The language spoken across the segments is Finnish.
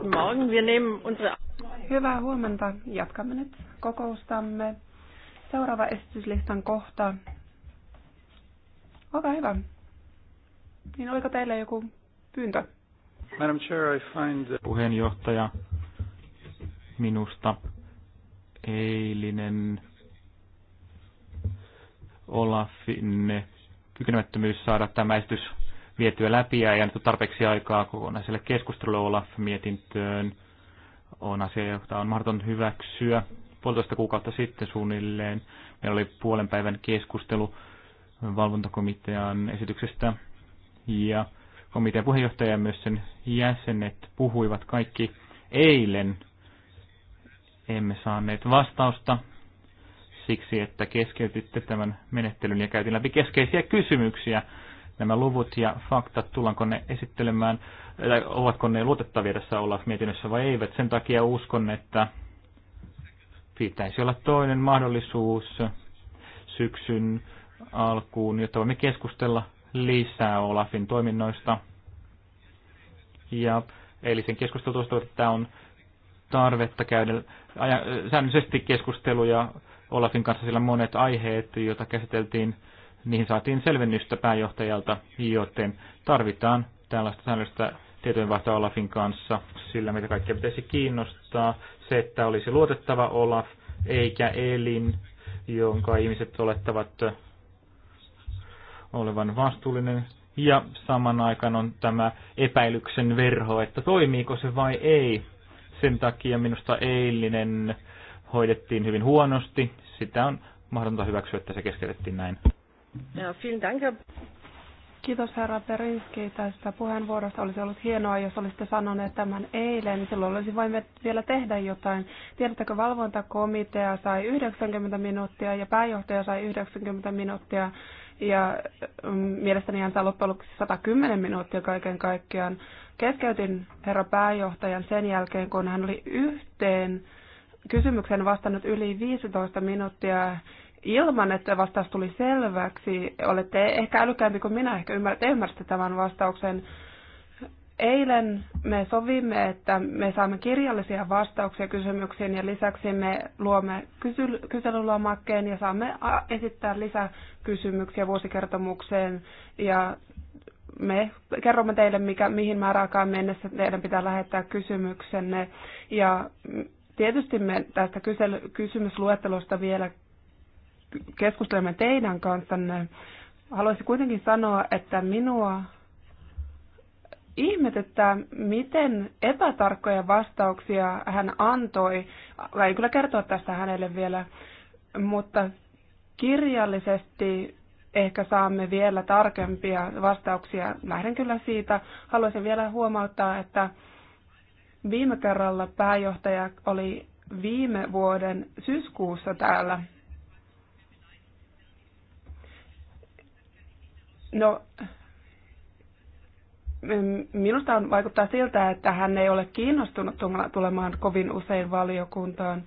Guten Morgen, wir nehmen unsere... Hyvää huomenta. Jatkamme nyt kokoustamme. Seuraava esityslistan kohta. Olkaa hyvä. Niin oliko teillä joku pyyntö? Madam Chair, I find... Puheenjohtaja, minusta eilinen Olafin kykenemättömyys saada tämä esitys vietyä läpi ja ei annettu tarpeeksi aikaa kokonaiselle keskustelulle Olaf-mietintöön. On asia, jota on mahdoton hyväksyä. Puolitoista kuukautta sitten suunnilleen meillä oli puolen päivän keskustelu valvontakomitean esityksestä ja komitean puheenjohtaja ja myös sen jäsenet puhuivat kaikki eilen. Emme saaneet vastausta siksi, että keskeytitte tämän menettelyn ja käytiin läpi keskeisiä kysymyksiä nämä luvut ja faktat, tullaanko ne esittelemään, tai ovatko ne luotettavia tässä Olaf-mietinnössä vai eivät. Sen takia uskon, että pitäisi olla toinen mahdollisuus syksyn alkuun, jotta voimme keskustella lisää Olafin toiminnoista. Ja sen keskustelu tuosta, että tämä on tarvetta käydä säännöllisesti keskusteluja Olafin kanssa, sillä monet aiheet, joita käsiteltiin niihin saatiin selvennystä pääjohtajalta, joten tarvitaan tällaista säännöllistä tietojenvaihtoa Olafin kanssa, sillä mitä kaikkea pitäisi kiinnostaa. Se, että olisi luotettava Olaf, eikä elin, jonka ihmiset olettavat olevan vastuullinen. Ja saman aikaan on tämä epäilyksen verho, että toimiiko se vai ei. Sen takia minusta eilinen hoidettiin hyvin huonosti. Sitä on mahdotonta hyväksyä, että se keskeytettiin näin. Ja, vielen Dank. Kiitos herra Perinski tästä puheenvuorosta. Olisi ollut hienoa, jos olisitte sanoneet tämän eilen, niin silloin olisi voimme vielä tehdä jotain. Tiedättekö, valvontakomitea sai 90 minuuttia ja pääjohtaja sai 90 minuuttia ja mm, mielestäni hän saa loppujen lopuksi 110 minuuttia kaiken kaikkiaan. Keskeytin herra pääjohtajan sen jälkeen, kun hän oli yhteen kysymykseen vastannut yli 15 minuuttia ilman, että vastaus tuli selväksi. Olette ehkä älykkäämpi kuin minä, ehkä ymmärrätte te tämän vastauksen. Eilen me sovimme, että me saamme kirjallisia vastauksia kysymyksiin ja lisäksi me luomme kysy- kyselylomakkeen ja saamme esittää lisäkysymyksiä vuosikertomukseen ja me kerromme teille, mikä, mihin määräaikaan mennessä teidän pitää lähettää kysymyksenne. Ja tietysti me tästä kysely- kysymysluettelosta vielä keskustelemme teidän kanssanne. Haluaisin kuitenkin sanoa, että minua ihmetyttää, miten epätarkkoja vastauksia hän antoi. Ei kyllä kertoa tästä hänelle vielä, mutta kirjallisesti ehkä saamme vielä tarkempia vastauksia. Lähden kyllä siitä. Haluaisin vielä huomauttaa, että viime kerralla pääjohtaja oli viime vuoden syyskuussa täällä No, minusta on, vaikuttaa siltä, että hän ei ole kiinnostunut tulemaan kovin usein valiokuntaan.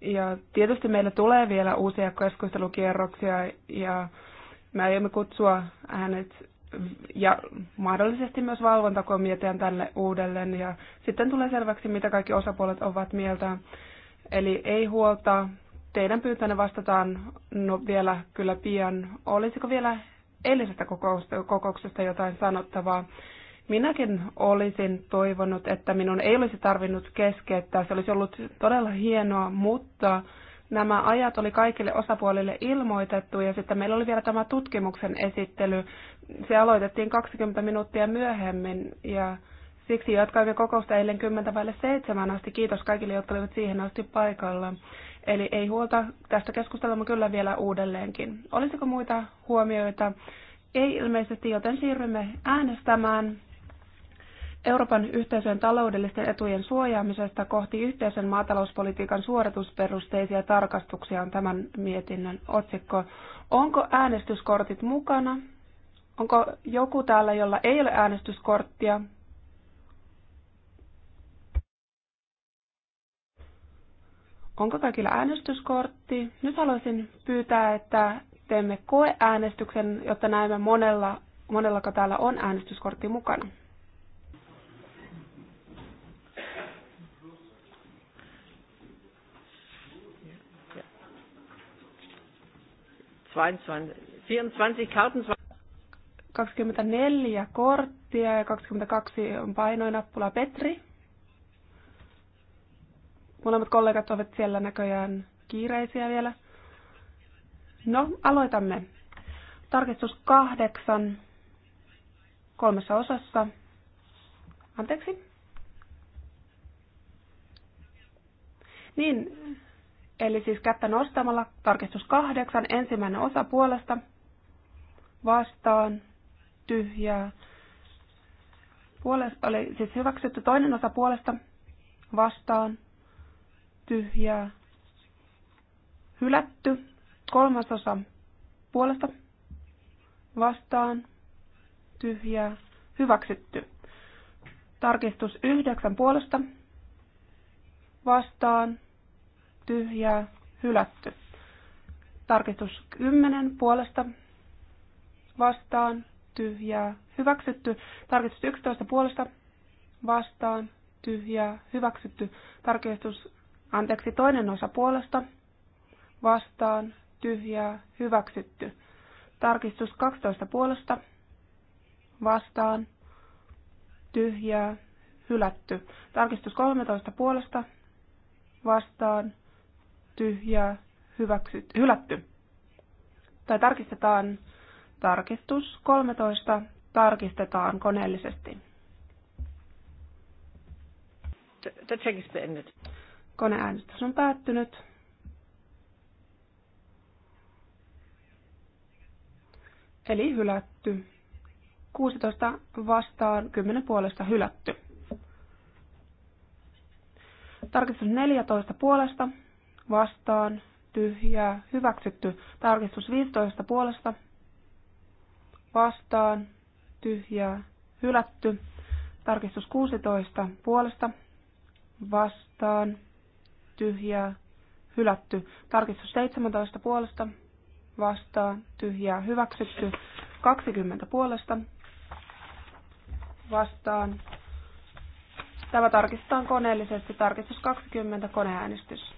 Ja tietysti meillä tulee vielä uusia keskustelukierroksia ja me aiomme kutsua hänet ja mahdollisesti myös valvontakomitean tälle uudelleen. Ja sitten tulee selväksi, mitä kaikki osapuolet ovat mieltä. Eli ei huolta, teidän pyyntönne vastataan no, vielä kyllä pian. Olisiko vielä eilisestä kokouksesta jotain sanottavaa. Minäkin olisin toivonut, että minun ei olisi tarvinnut keskeyttää. Se olisi ollut todella hienoa, mutta nämä ajat oli kaikille osapuolille ilmoitettu ja sitten meillä oli vielä tämä tutkimuksen esittely. Se aloitettiin 20 minuuttia myöhemmin ja siksi jatkoimme kokousta eilen 10 vaille 7 asti. Kiitos kaikille, jotka olivat siihen asti paikalla. Eli ei huolta, tästä keskustelemme kyllä vielä uudelleenkin. Olisiko muita huomioita? Ei ilmeisesti, joten siirrymme äänestämään Euroopan yhteisön taloudellisten etujen suojaamisesta kohti yhteisen maatalouspolitiikan suoritusperusteisia tarkastuksia on tämän mietinnön otsikko. Onko äänestyskortit mukana? Onko joku täällä, jolla ei ole äänestyskorttia? Onko kaikilla äänestyskortti? Nyt haluaisin pyytää, että teemme koeäänestyksen, jotta näemme monella, monellako täällä on äänestyskortti mukana. Karten, 24 korttia ja 22 on painoinappula Petri. Molemmat kollegat ovat siellä näköjään kiireisiä vielä. No, aloitamme. Tarkistus kahdeksan kolmessa osassa. Anteeksi. Niin, eli siis kättä nostamalla tarkistus kahdeksan, ensimmäinen osa puolesta, vastaan, tyhjää. Puolesta, oli siis hyväksytty toinen osa puolesta, vastaan, tyhjää, hylätty, Kolmasosa puolesta vastaan tyhjää hyväksytty. Tarkistus yhdeksän puolesta vastaan tyhjää hylätty. Tarkistus kymmenen puolesta vastaan tyhjää hyväksytty. Tarkistus yksitoista puolesta vastaan tyhjää hyväksytty. Tarkistus anteeksi toinen osa puolesta vastaan tyhjää, hyväksytty. Tarkistus 12 puolesta, vastaan, tyhjää, hylätty. Tarkistus 13 puolesta, vastaan, tyhjää, hyväksytty, hylätty. Tai tarkistetaan tarkistus 13, tarkistetaan koneellisesti. Koneäänestys on päättynyt. eli hylätty. 16 vastaan, 10 puolesta hylätty. Tarkistus 14 puolesta vastaan, tyhjää, hyväksytty. Tarkistus 15 puolesta vastaan, tyhjää, hylätty. Tarkistus 16 puolesta vastaan, tyhjää, hylätty. Tarkistus 17 puolesta vastaan, vastaan tyhjää hyväksytty. 20 puolesta vastaan. Tämä tarkistetaan koneellisesti. Tarkistus 20, koneäänestys.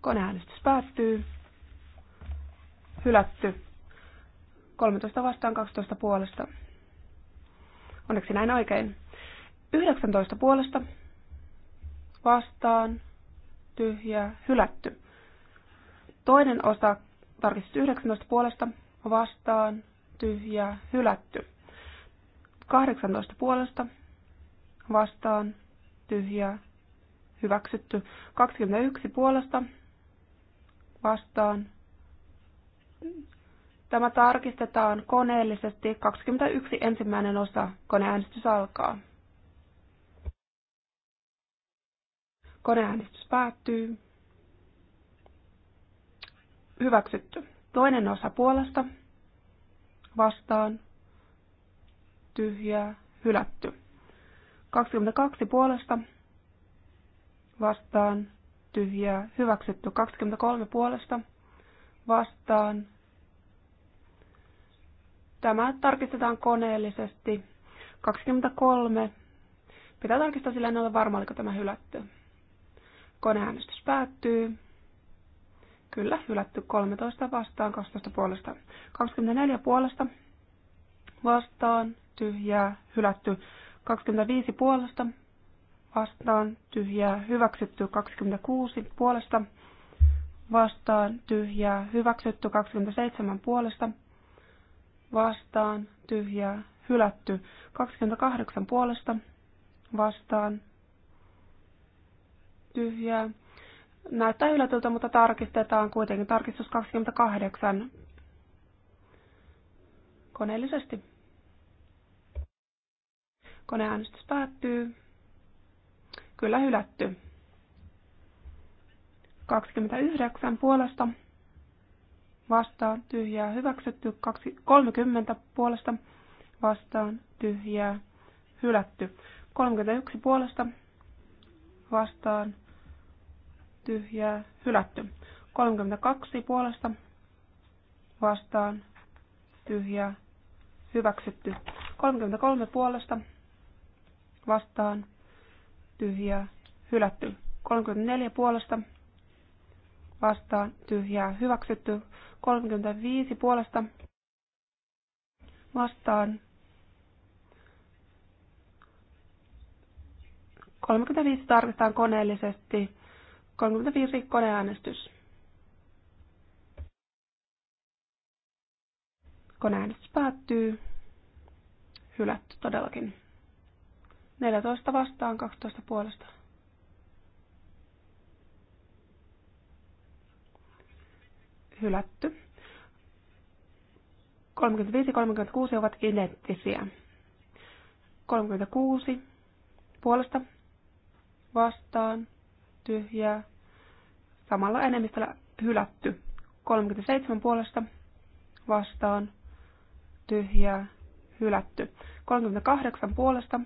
Koneäänestys päättyy. Hylätty. 13 vastaan 12 puolesta. Onneksi näin oikein. 19 puolesta vastaan tyhjä, hylätty. Toinen osa tarkistus 19 puolesta vastaan, tyhjä, hylätty. 18 puolesta vastaan, tyhjä, hyväksytty. 21 puolesta vastaan. Tämä tarkistetaan koneellisesti. 21 ensimmäinen osa. Koneäänestys alkaa. Koneäänestys päättyy. Hyväksytty. Toinen osa puolesta. Vastaan. Tyhjää. Hylätty. 22 puolesta. Vastaan. Tyhjää. Hyväksytty. 23 puolesta. Vastaan. Tämä tarkistetaan koneellisesti. 23. Pitää tarkistaa sillä en ole varma, oliko tämä hylätty. Koneäänestys päättyy. Kyllä, hylätty 13 vastaan, 12 puolesta. 24 puolesta vastaan, tyhjää, hylätty. 25 puolesta vastaan, tyhjää, hyväksytty. 26 puolesta vastaan, tyhjää, hyväksytty. 27 puolesta vastaan, tyhjää, hylätty. 28 puolesta vastaan, tyhjää. Näyttää hylätyltä, mutta tarkistetaan kuitenkin. Tarkistus 28 koneellisesti. Koneäänestys päättyy. Kyllä hylätty. 29 puolesta vastaan tyhjää hyväksytty. 30 puolesta vastaan tyhjää hylätty. 31 puolesta vastaan tyhjää, hylätty. 32 puolesta vastaan, tyhjää, hyväksytty. 33 puolesta vastaan, tyhjää, hylätty. 34 puolesta vastaan, tyhjää, hyväksytty. 35 puolesta vastaan, 35 tarvitaan koneellisesti. 35 koneäänestys. Koneäänestys päättyy. Hylätty todellakin. 14 vastaan, 12 puolesta. Hylätty. 35 ja 36 ovat identtisiä. 36 puolesta vastaan tyhjää, samalla enemmistöllä hylätty. 37 puolesta vastaan tyhjää, hylätty. 38 puolesta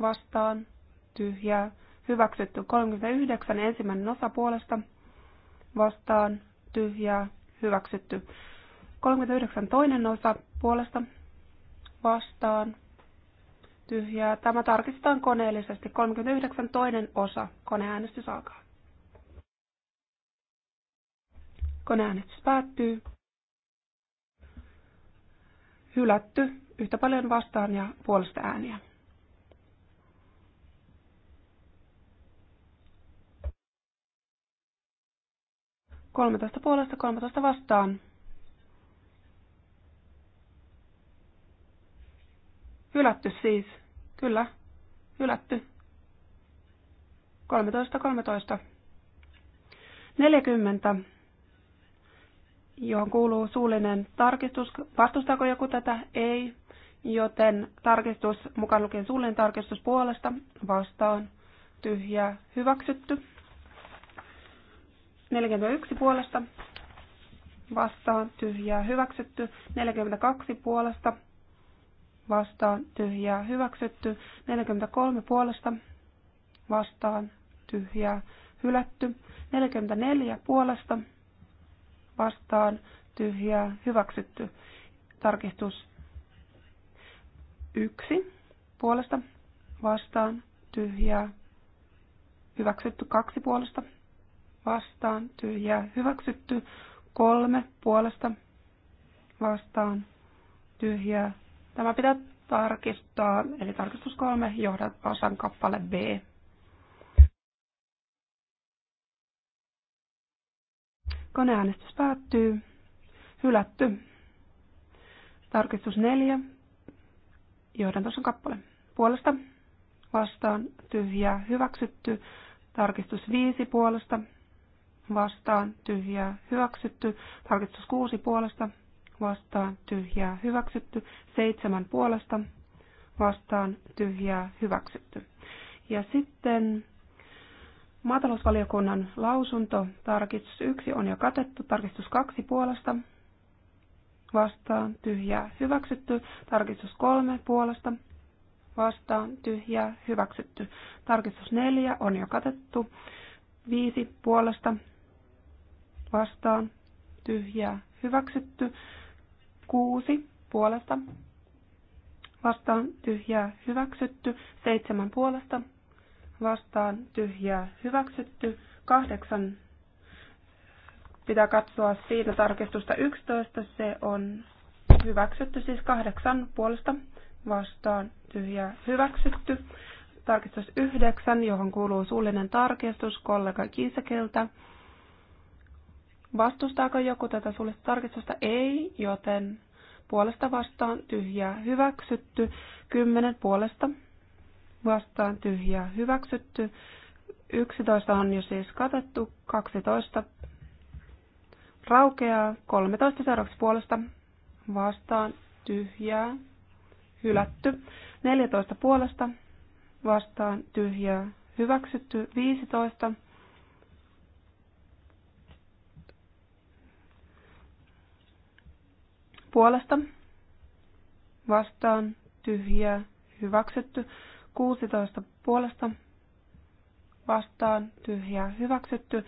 vastaan tyhjää, hyväksytty. 39 ensimmäinen osa puolesta vastaan tyhjää, hyväksytty. 39 toinen osa puolesta vastaan tyhjää. Tämä tarkistetaan koneellisesti. 39 toinen osa. Koneäänestys alkaa. Koneäänestys päättyy. Hylätty. Yhtä paljon vastaan ja puolesta ääniä. Kolmetoista puolesta, kolmetoista vastaan. Hylätty siis. Kyllä. Hylätty. 13, 13. 40, johon kuuluu suullinen tarkistus. Vastustaako joku tätä? Ei. Joten tarkistus, mukaan lukien suullinen tarkistus puolesta, vastaan, tyhjää, hyväksytty. 41 puolesta, vastaan, tyhjää, hyväksytty. 42 puolesta, vastaan tyhjää hyväksytty, 43 puolesta vastaan tyhjää hylätty, 44 puolesta vastaan tyhjää hyväksytty, tarkistus 1 puolesta vastaan tyhjää hyväksytty, 2 puolesta vastaan tyhjää hyväksytty, 3 puolesta vastaan tyhjää Tämä pitää tarkistaa, eli tarkistus 3, johda osan kappale B. Koneäänestys päättyy. Hylätty. Tarkistus 4. Johdantosan kappale. Puolesta. Vastaan. Tyhjää. Hyväksytty. Tarkistus 5. Puolesta. Vastaan. Tyhjää. Hyväksytty. Tarkistus 6. Puolesta vastaan tyhjää hyväksytty. Seitsemän puolesta vastaan tyhjää hyväksytty. Ja sitten maatalousvaliokunnan lausunto, tarkistus 1 on jo katettu, tarkistus 2 puolesta vastaan tyhjää hyväksytty, tarkistus 3 puolesta vastaan tyhjää hyväksytty, tarkistus 4 on jo katettu, 5 puolesta vastaan tyhjää hyväksytty, kuusi puolesta vastaan tyhjää hyväksytty, seitsemän puolesta vastaan tyhjää hyväksytty, kahdeksan pitää katsoa siitä tarkistusta 11, se on hyväksytty, siis kahdeksan puolesta vastaan tyhjää hyväksytty. Tarkistus 9, johon kuuluu suullinen tarkistus kollega Kiisekeltä Vastustaako joku tätä sulle tarkistusta? Ei, joten puolesta vastaan tyhjää hyväksytty. kymmenen puolesta vastaan tyhjää hyväksytty. 11 on jo siis katettu, 12 raukeaa, 13 seuraavaksi puolesta vastaan tyhjää hylätty, 14 puolesta vastaan tyhjää hyväksytty, 15 puolesta vastaan tyhjää hyväksytty. 16 puolesta vastaan tyhjää hyväksytty.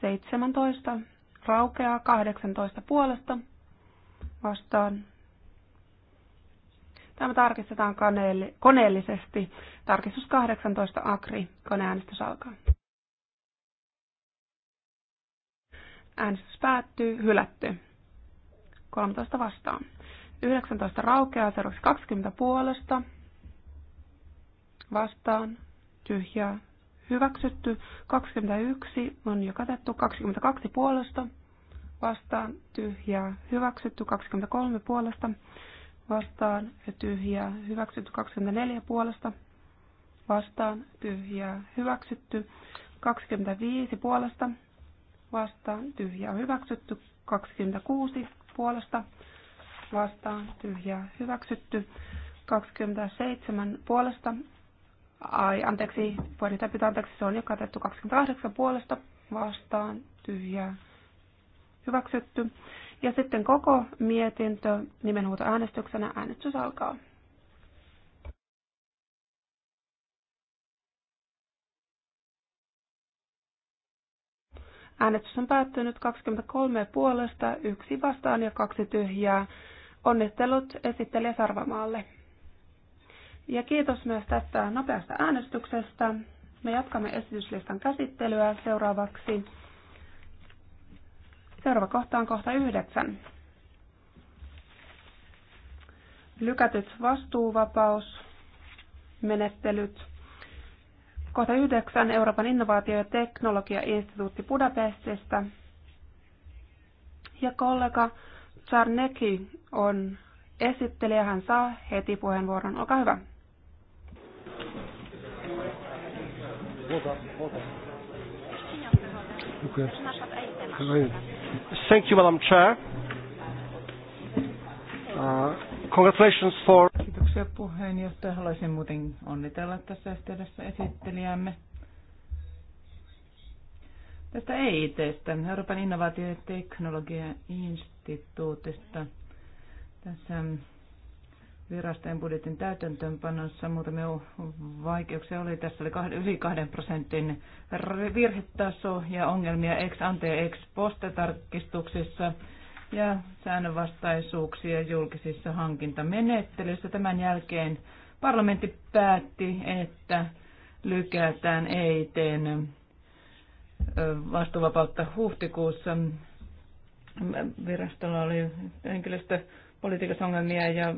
Seitsemäntoista raukeaa 18 puolesta vastaan. Tämä tarkistetaan koneellisesti. Tarkistus 18 akri. Koneäänestys alkaa. Äänestys päättyy, hylätty. 13 vastaan. 19 raukeaa, seuraavaksi 20 puolesta. Vastaan, tyhjää, hyväksytty. 21 on jo katettu, 22 puolesta. Vastaan, tyhjää, hyväksytty. 23 puolesta. Vastaan, tyhjää, hyväksytty. 24 puolesta. Vastaan, tyhjää, hyväksytty. 25 puolesta vastaan tyhjää hyväksytty. 26 puolesta vastaan tyhjää hyväksytty. 27 puolesta, ai anteeksi, voin pitää anteeksi, se on jo katettu 28 puolesta vastaan tyhjää hyväksytty. Ja sitten koko mietintö nimenhuuto äänestyksenä äänestys alkaa. Äänestys on päättynyt 23 puolesta, yksi vastaan ja kaksi tyhjää. Onnittelut esittelijä Sarvamaalle. Ja kiitos myös tästä nopeasta äänestyksestä. Me jatkamme esityslistan käsittelyä seuraavaksi. Seuraava kohta on kohta yhdeksän. Lykätyt vastuuvapausmenettelyt. Kohta yhdeksän Euroopan innovaatio- ja teknologiainstituutti Budapestista. Ja kollega Czarnecki on esittelijä. Hän saa heti puheenvuoron. Olkaa hyvä. Thank you, Madam Chair. Uh, congratulations for Kiitoksia puheenjohtaja. Haluaisin muuten onnitella tässä yhteydessä esittelijämme. Tästä EIT-stä, Euroopan innovaatio- ja teknologiainstituutista. Tässä virastojen budjetin täytäntöönpanossa muutamia vaikeuksia oli. Tässä oli yli 2 prosentin virhetaso ja ongelmia ex ante ex poste tarkistuksissa ja säännönvastaisuuksia julkisissa hankintamenettelyissä. Tämän jälkeen parlamentti päätti, että lykätään EITn vastuuvapautta huhtikuussa. Virastolla oli henkilöstöpolitiikassa ongelmia ja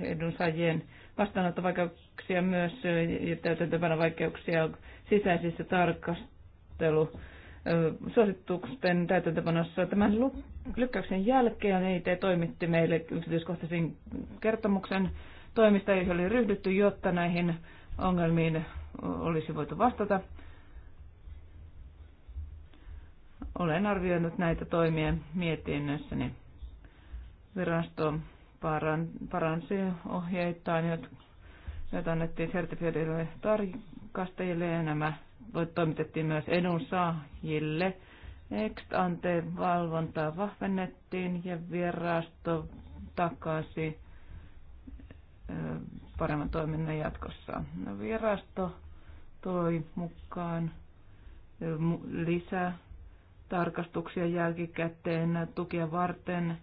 edunsaajien vastaanottovaikeuksia myös ja täytäntöpäivän vaikeuksia sisäisissä tarkastelu suositusten täytäntöpanossa. Tämän lykkäyksen jälkeen IT e toimitti meille yksityiskohtaisen kertomuksen toimista, joihin oli ryhdytty, jotta näihin ongelmiin olisi voitu vastata. Olen arvioinut näitä toimia mietinnössäni. Virasto paransi ohjeitaan, joita annettiin sertifioidille tarkastajille ja nämä toimitettiin myös edunsaajille – Ex-ante-valvontaa vahvennettiin ja virasto takasi paremman toiminnan jatkossa. No, virasto toi mukaan lisää tarkastuksia jälkikäteen tukia varten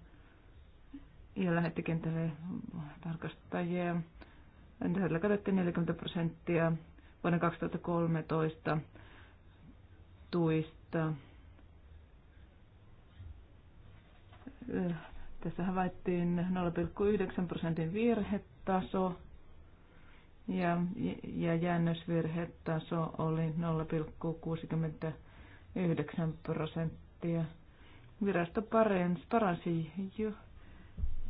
ja lähetti kentälle tarkastajia. Tällä katsottiin 40 prosenttia vuonna 2013 tuista. Tässä havaittiin 0,9 prosentin virhetaso ja, ja jäännösvirhetaso oli 0,69 prosenttia. Virasto parens, paransi jo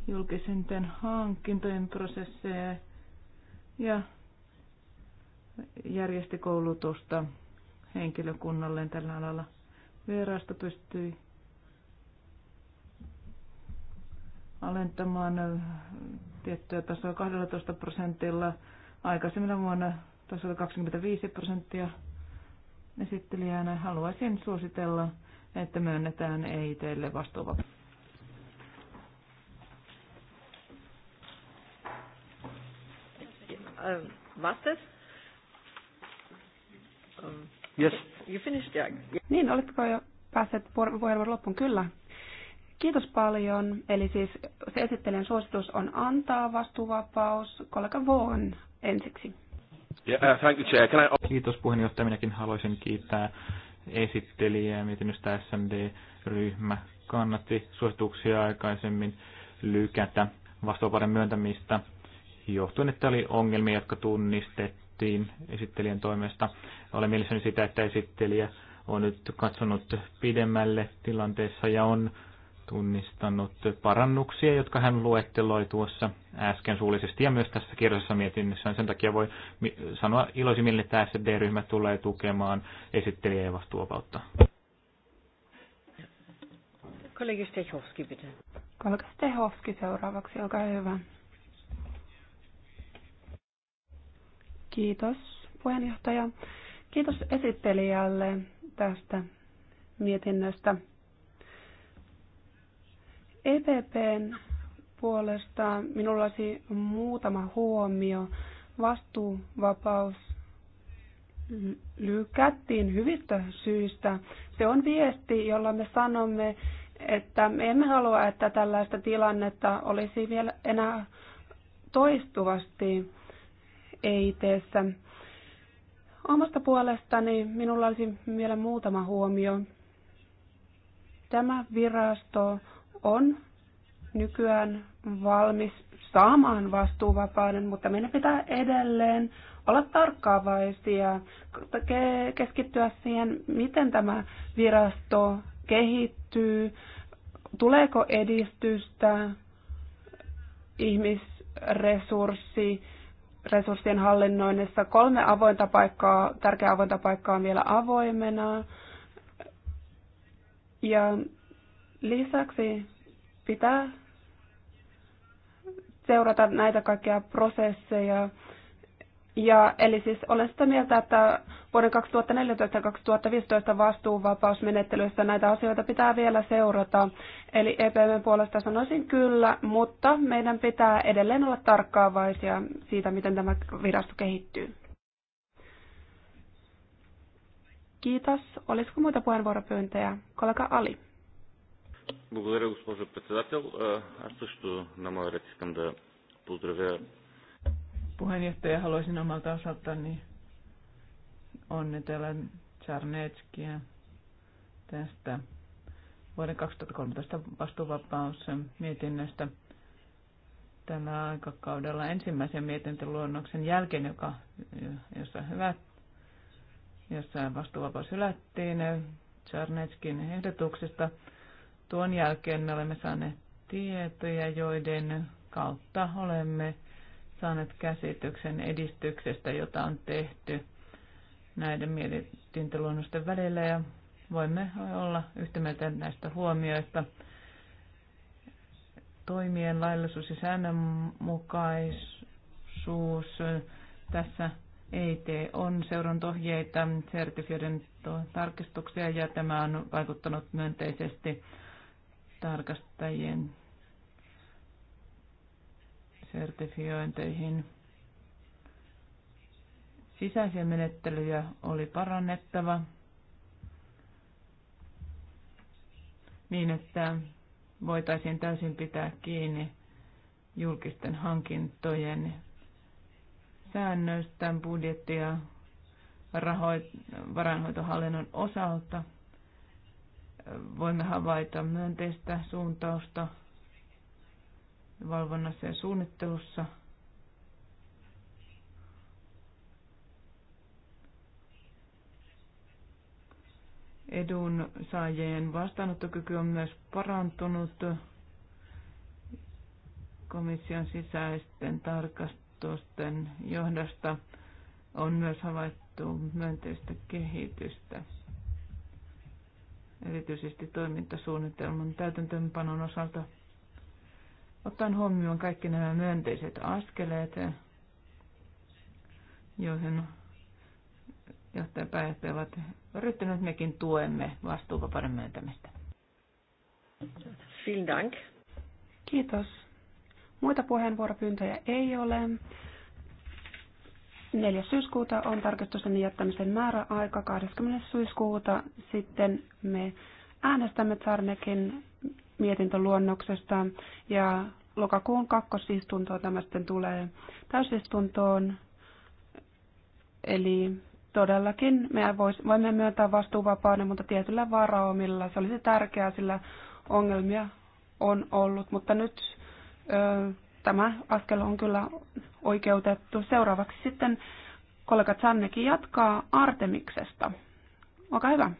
julkisinten hankintojen prosesseja ja järjesti koulutusta henkilökunnalle tällä alalla. Virasto pystyi alentamaan tiettyä tasoa 12 prosentilla. Aikaisemmin vuonna tasolla 25 prosenttia esittelijänä. Haluaisin suositella, että myönnetään ei teille vastuva. Vastes? Vastas? yes. You finished, yeah. Niin, oletko jo päässeet puheenvuoron loppuun? Kyllä, Kiitos paljon. Eli siis se esittelijän suositus on antaa vastuuvapaus. Kollega Vaughan ensiksi. Yeah, uh, thank you, Chair. Can I... Kiitos puheenjohtaja. Minäkin haluaisin kiittää esittelijää. Mietinnöstä SMD-ryhmä kannatti suosituksia aikaisemmin lykätä vastuuvapauden myöntämistä johtuen, että oli ongelmia, jotka tunnistettiin esittelijän toimesta. Olen mielessäni sitä, että esittelijä on nyt katsonut pidemmälle tilanteessa ja on tunnistanut parannuksia, jotka hän luetteloi tuossa äsken suullisesti ja myös tässä kirjassa mietinnössä. Sen takia voi sanoa iloisimmin, että SD-ryhmä tulee tukemaan esittelijä ja vastuuvautta. Kollegi Stehovski, bitte. Kollega Stehovski seuraavaksi, olkaa hyvä. Kiitos puheenjohtaja. Kiitos esittelijälle tästä mietinnöstä. EPPn puolesta minulla olisi muutama huomio. Vastuuvapaus lykättiin hyvistä syistä. Se on viesti, jolla me sanomme, että me emme halua, että tällaista tilannetta olisi vielä enää toistuvasti EITssä. Omasta puolestani minulla olisi vielä muutama huomio. Tämä virasto on nykyään valmis saamaan vastuuvapauden, mutta meidän pitää edelleen olla tarkkaavaisia, keskittyä siihen, miten tämä virasto kehittyy, tuleeko edistystä ihmisresurssi, resurssien hallinnoinnissa. Kolme avointa paikkaa, tärkeä avointa paikkaa on vielä avoimena. Ja Lisäksi pitää seurata näitä kaikkia prosesseja. Ja, eli siis olen sitä mieltä, että vuoden 2014-2015 vastuuvapausmenettelyssä näitä asioita pitää vielä seurata. Eli EPMn puolesta sanoisin kyllä, mutta meidän pitää edelleen olla tarkkaavaisia siitä, miten tämä virasto kehittyy. Kiitos. Olisiko muita puheenvuoropyyntöjä? Kollega Ali. Благодаря, госпожо председател. Аз също на моя ред искам да поздравя. Puheenjohtaja, haluaisin omalta osaltani onnitella Czarneckia tästä vuoden 2013 vastuuvapaus mietinnöstä tällä aikakaudella ensimmäisen mietintöluonnoksen jälkeen, joka, jossa, hyvät, jossa vastuuvapaus hylättiin Czarneckin ehdotuksesta. Tuon jälkeen me olemme saaneet tietoja, joiden kautta olemme saaneet käsityksen edistyksestä, jota on tehty näiden mietintöluonnosten välillä ja voimme olla yhtä mieltä näistä huomioista. Toimien laillisuus ja säännönmukaisuus. Tässä EIT on seurantohjeita, sertifioiden tarkistuksia ja tämä on vaikuttanut myönteisesti tarkastajien sertifiointeihin. Sisäisiä menettelyjä oli parannettava niin, että voitaisiin täysin pitää kiinni julkisten hankintojen säännöistä budjettia ja rahoit- varainhoitohallinnon osalta – voimme havaita myönteistä suuntausta valvonnassa ja suunnittelussa. Edun saajien vastaanottokyky on myös parantunut komission sisäisten tarkastusten johdosta on myös havaittu myönteistä kehitystä erityisesti toimintasuunnitelman täytäntöönpanon osalta. Ottaen huomioon kaikki nämä myönteiset askeleet, joihin johtajapäijät ovat ryhtyneet, mekin tuemme vastuuvapauden myöntämistä. Vielen Dank. Kiitos. Muita puheenvuoropyyntöjä ei ole. 4. syyskuuta on tarkistusten jättämisen määräaika, 20. syyskuuta sitten me äänestämme Tsarnekin mietintöluonnoksesta ja lokakuun kakkosistuntoa tämä sitten tulee täysistuntoon. Eli todellakin me voimme myöntää vastuuvapauden, mutta tietyllä varaumilla. Se olisi tärkeää, sillä ongelmia on ollut, mutta nyt ö, tämä askel on kyllä oikeutettu. Seuraavaksi sitten kollega Zannekin jatkaa Artemiksesta. Olkaa hyvä.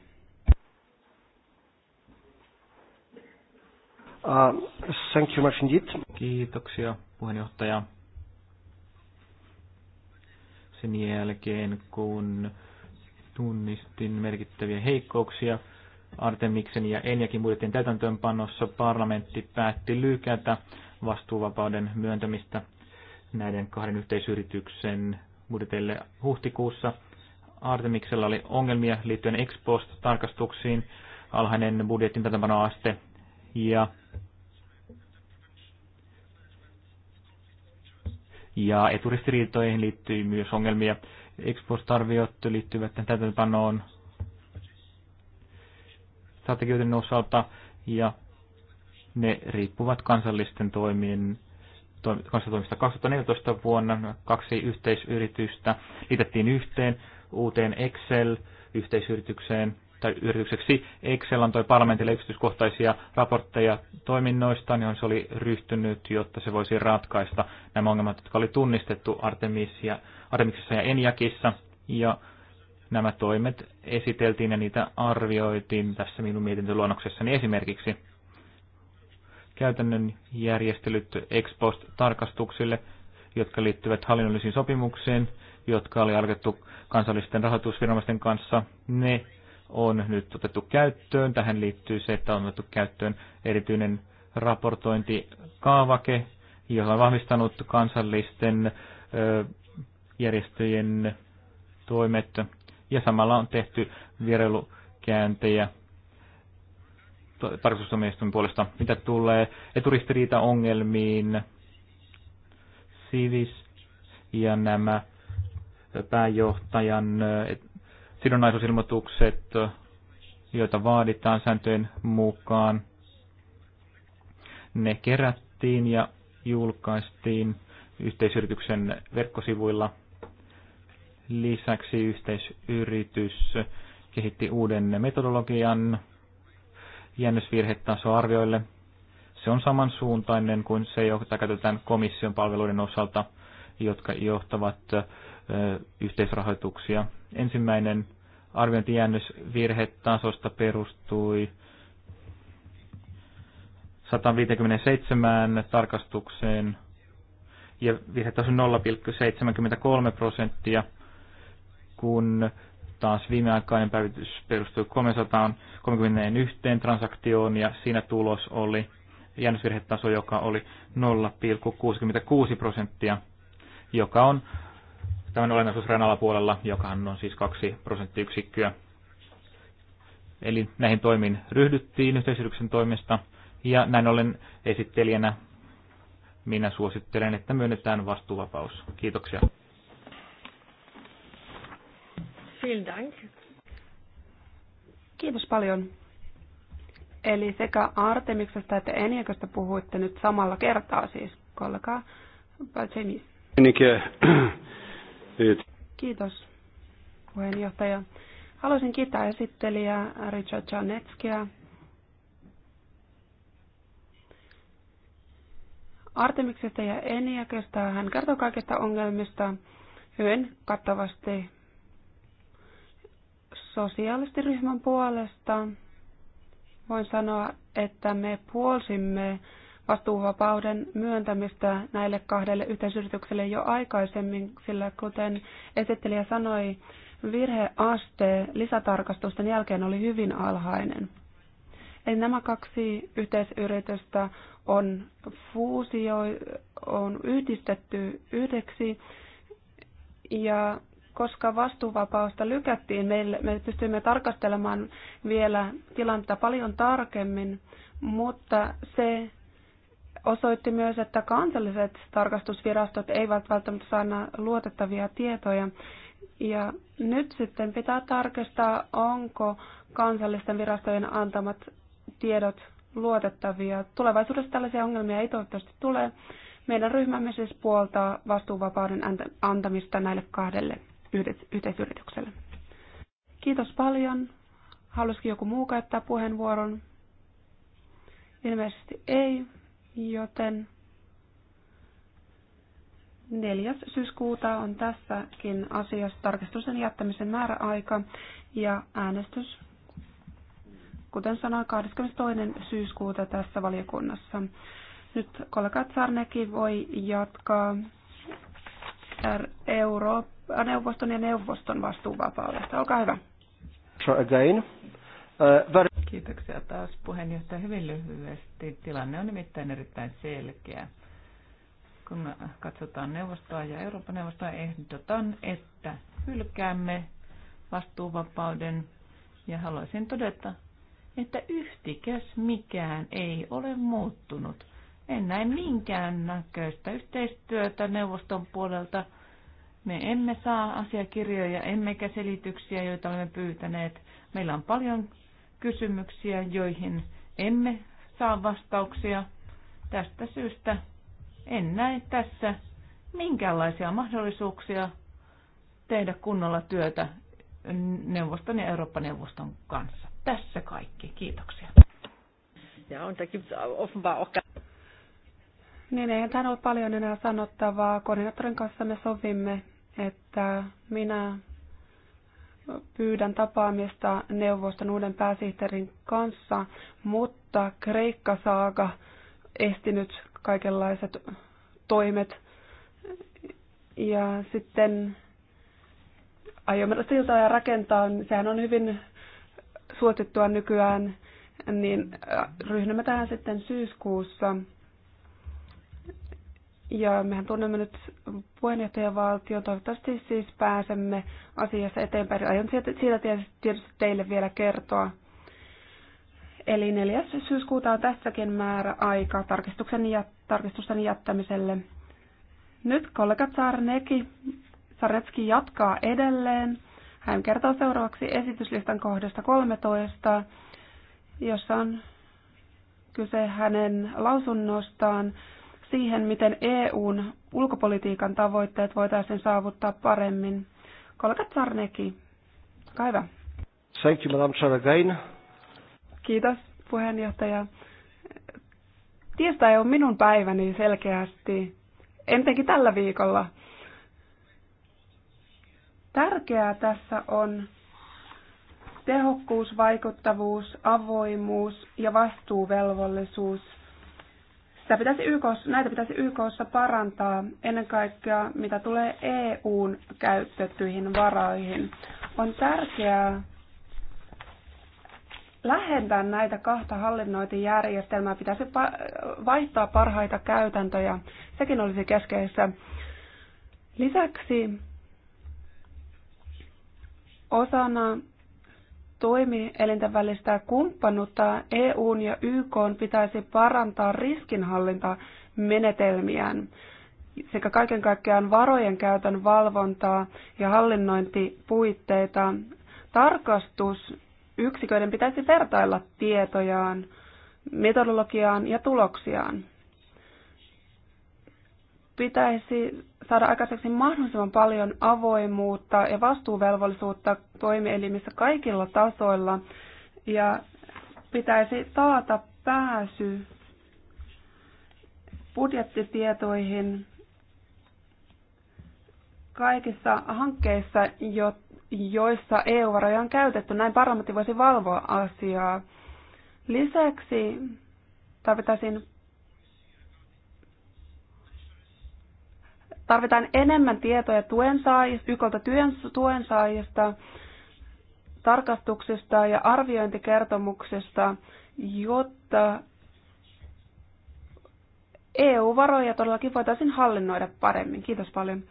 Uh, thank you much indeed. Kiitoksia puheenjohtaja. Sen jälkeen kun tunnistin merkittäviä heikkouksia Artemiksen ja Enjakin budjetin täytäntöönpanossa parlamentti päätti lykätä vastuuvapauden myöntämistä näiden kahden yhteisyrityksen budjetille huhtikuussa. Artemiksella oli ongelmia liittyen ex tarkastuksiin alhainen budjetin täytäntöpanoaste ja ja eturistiriitoihin liittyy myös ongelmia. ex arviot liittyvät täytäntöpanoon strategioiden osalta ja ne riippuvat kansallisten toimien kanssatoimista 2014 vuonna. Kaksi yhteisyritystä liitettiin yhteen uuteen Excel-yhteisyritykseen tai yritykseksi. Excel antoi parlamentille yksityiskohtaisia raportteja toiminnoista, johon se oli ryhtynyt, jotta se voisi ratkaista nämä ongelmat, jotka oli tunnistettu Artemisia, Artemiksessa ja Enjakissa. Ja nämä toimet esiteltiin ja niitä arvioitiin tässä minun mietintöluonnoksessani esimerkiksi käytännön järjestelyt ex post tarkastuksille, jotka liittyvät hallinnollisiin sopimuksiin, jotka oli alkettu kansallisten rahoitusviranomaisten kanssa. Ne on nyt otettu käyttöön. Tähän liittyy se, että on otettu käyttöön erityinen raportointikaavake, joka on vahvistanut kansallisten järjestöjen toimet. Ja samalla on tehty vierailukäyntejä tarkastustuomioistuimen puolesta, mitä tulee eturistiriitaongelmiin, Sivis ja nämä pääjohtajan sidonnaisuusilmoitukset, joita vaaditaan sääntöjen mukaan. Ne kerättiin ja julkaistiin yhteisyrityksen verkkosivuilla. Lisäksi yhteisyritys kehitti uuden metodologian jännösvirhetaso arvioille. Se on samansuuntainen kuin se, jota käytetään komission palveluiden osalta, jotka johtavat yhteisrahoituksia. Ensimmäinen arviointijäännös perustui 157 tarkastukseen ja virhetaso 0,73 prosenttia, kun taas viimeaikainen päivitys perustui 331 transaktioon ja siinä tulos oli jännysvirhetaso, joka oli 0,66 prosenttia, joka on tämän olennaisuusrajan alapuolella, joka on siis 2 prosenttiyksikköä. Eli näihin toimiin ryhdyttiin yhteisyrityksen toimesta ja näin ollen esittelijänä minä suosittelen, että myönnetään vastuuvapaus. Kiitoksia. vielen Dank. Kiitos paljon. Eli sekä Artemiksesta että Eniakosta puhuitte nyt samalla kertaa siis, kollega Balcenis. Kiitos, puheenjohtaja. Haluaisin kiittää esittelijää Richard Janetskia. Artemiksesta ja Eniakosta hän kertoo kaikista ongelmista hyvin kattavasti sosiaalistiryhmän puolesta voin sanoa, että me puolsimme vastuuvapauden myöntämistä näille kahdelle yhteisyritykselle jo aikaisemmin, sillä kuten esittelijä sanoi, virheaste lisätarkastusten jälkeen oli hyvin alhainen. Eli nämä kaksi yhteisyritystä on, fuusio, on yhdistetty yhdeksi ja koska vastuuvapausta lykättiin, meille, me pystyimme tarkastelemaan vielä tilannetta paljon tarkemmin, mutta se osoitti myös, että kansalliset tarkastusvirastot eivät välttämättä saa luotettavia tietoja. Ja nyt sitten pitää tarkistaa, onko kansallisten virastojen antamat tiedot luotettavia. Tulevaisuudessa tällaisia ongelmia ei toivottavasti tule. Meidän ryhmämme siis puoltaa vastuuvapauden antamista näille kahdelle yhteisyritykselle. Kiitos paljon. Haluaisikin joku muu käyttää puheenvuoron? Ilmeisesti ei, joten 4. syyskuuta on tässäkin asiassa tarkistuksen jättämisen määräaika ja äänestys, kuten sanoin, 22. syyskuuta tässä valiokunnassa. Nyt kollega Tsarneki voi jatkaa Euroopan neuvoston ja neuvoston vastuuvapaudesta. Olkaa hyvä. Again. Uh, Kiitoksia taas puheenjohtaja. Hyvin lyhyesti. Tilanne on nimittäin erittäin selkeä. Kun katsotaan neuvostoa ja Euroopan neuvostoa, ehdotan, että hylkäämme vastuuvapauden ja haluaisin todeta, että yhtikäs mikään ei ole muuttunut. En näe minkään näköistä yhteistyötä neuvoston puolelta – me emme saa asiakirjoja emmekä selityksiä, joita olemme pyytäneet. Meillä on paljon kysymyksiä, joihin emme saa vastauksia. Tästä syystä en näe tässä minkäänlaisia mahdollisuuksia tehdä kunnolla työtä neuvoston ja Eurooppa-neuvoston kanssa. Tässä kaikki. Kiitoksia. Ja, on da offenbar auch niin ei tähän ole paljon enää sanottavaa. Koordinaattorin kanssa me sovimme, että minä pyydän tapaamista neuvoston uuden pääsihteerin kanssa, mutta Kreikka saaga estinyt kaikenlaiset toimet. Ja sitten aiomme siltaa ja rakentaa, sehän on hyvin suosittua nykyään, niin äh, ryhdymme tähän sitten syyskuussa. Ja mehän tunnemme nyt puheenjohtajavaltion. Toivottavasti siis pääsemme asiassa eteenpäin. Aion siitä tietysti teille vielä kertoa. Eli 4. syyskuuta on tässäkin määrä aika tarkistuksen ja, tarkistusten jättämiselle. Nyt kollega Tsarneki, Saretski jatkaa edelleen. Hän kertoo seuraavaksi esityslistan kohdasta 13, jossa on kyse hänen lausunnostaan siihen, miten EUn ulkopolitiikan tavoitteet voitaisiin saavuttaa paremmin. Kollega Tsarneki, kaiva. Thank you, Madam Saragain. Kiitos, puheenjohtaja. Tiistai on minun päiväni selkeästi, entenkin tällä viikolla. Tärkeää tässä on tehokkuus, vaikuttavuus, avoimuus ja vastuuvelvollisuus – sitä pitäisi YKssa, näitä pitäisi YKssa parantaa ennen kaikkea, mitä tulee EUn käytettyihin varoihin. On tärkeää lähentää näitä kahta hallinnointijärjestelmää, pitäisi vaihtaa parhaita käytäntöjä, sekin olisi keskeistä. Lisäksi osana toimielintä välistä kumppanuutta EUn ja YK pitäisi parantaa riskinhallintamenetelmiään sekä kaiken kaikkiaan varojen käytön valvontaa ja hallinnointipuitteita. Tarkastusyksiköiden pitäisi vertailla tietojaan, metodologiaan ja tuloksiaan pitäisi saada aikaiseksi mahdollisimman paljon avoimuutta ja vastuuvelvollisuutta toimielimissä kaikilla tasoilla ja pitäisi taata pääsy budjettitietoihin kaikissa hankkeissa, joissa EU-varoja on käytetty. Näin parlamentti voisi valvoa asiaa. Lisäksi tarvitaan tarvitaan enemmän tietoja tuen saajista, YKlta työn, tuen saajista, tarkastuksista ja arviointikertomuksista, jotta EU-varoja todellakin voitaisiin hallinnoida paremmin. Kiitos paljon.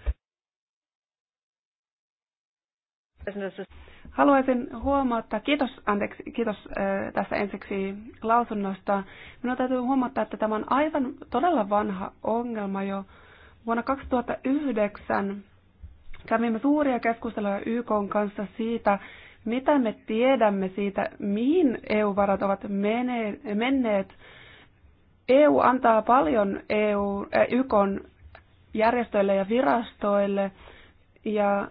Haluaisin huomauttaa, kiitos, anteeksi, kiitos äh, tästä ensiksi lausunnosta. Minun täytyy huomauttaa, että tämä on aivan todella vanha ongelma jo Vuonna 2009 kävimme suuria keskusteluja YK kanssa siitä, mitä me tiedämme siitä, mihin EU-varat ovat menneet. EU antaa paljon EU, äh, YK järjestöille ja virastoille, ja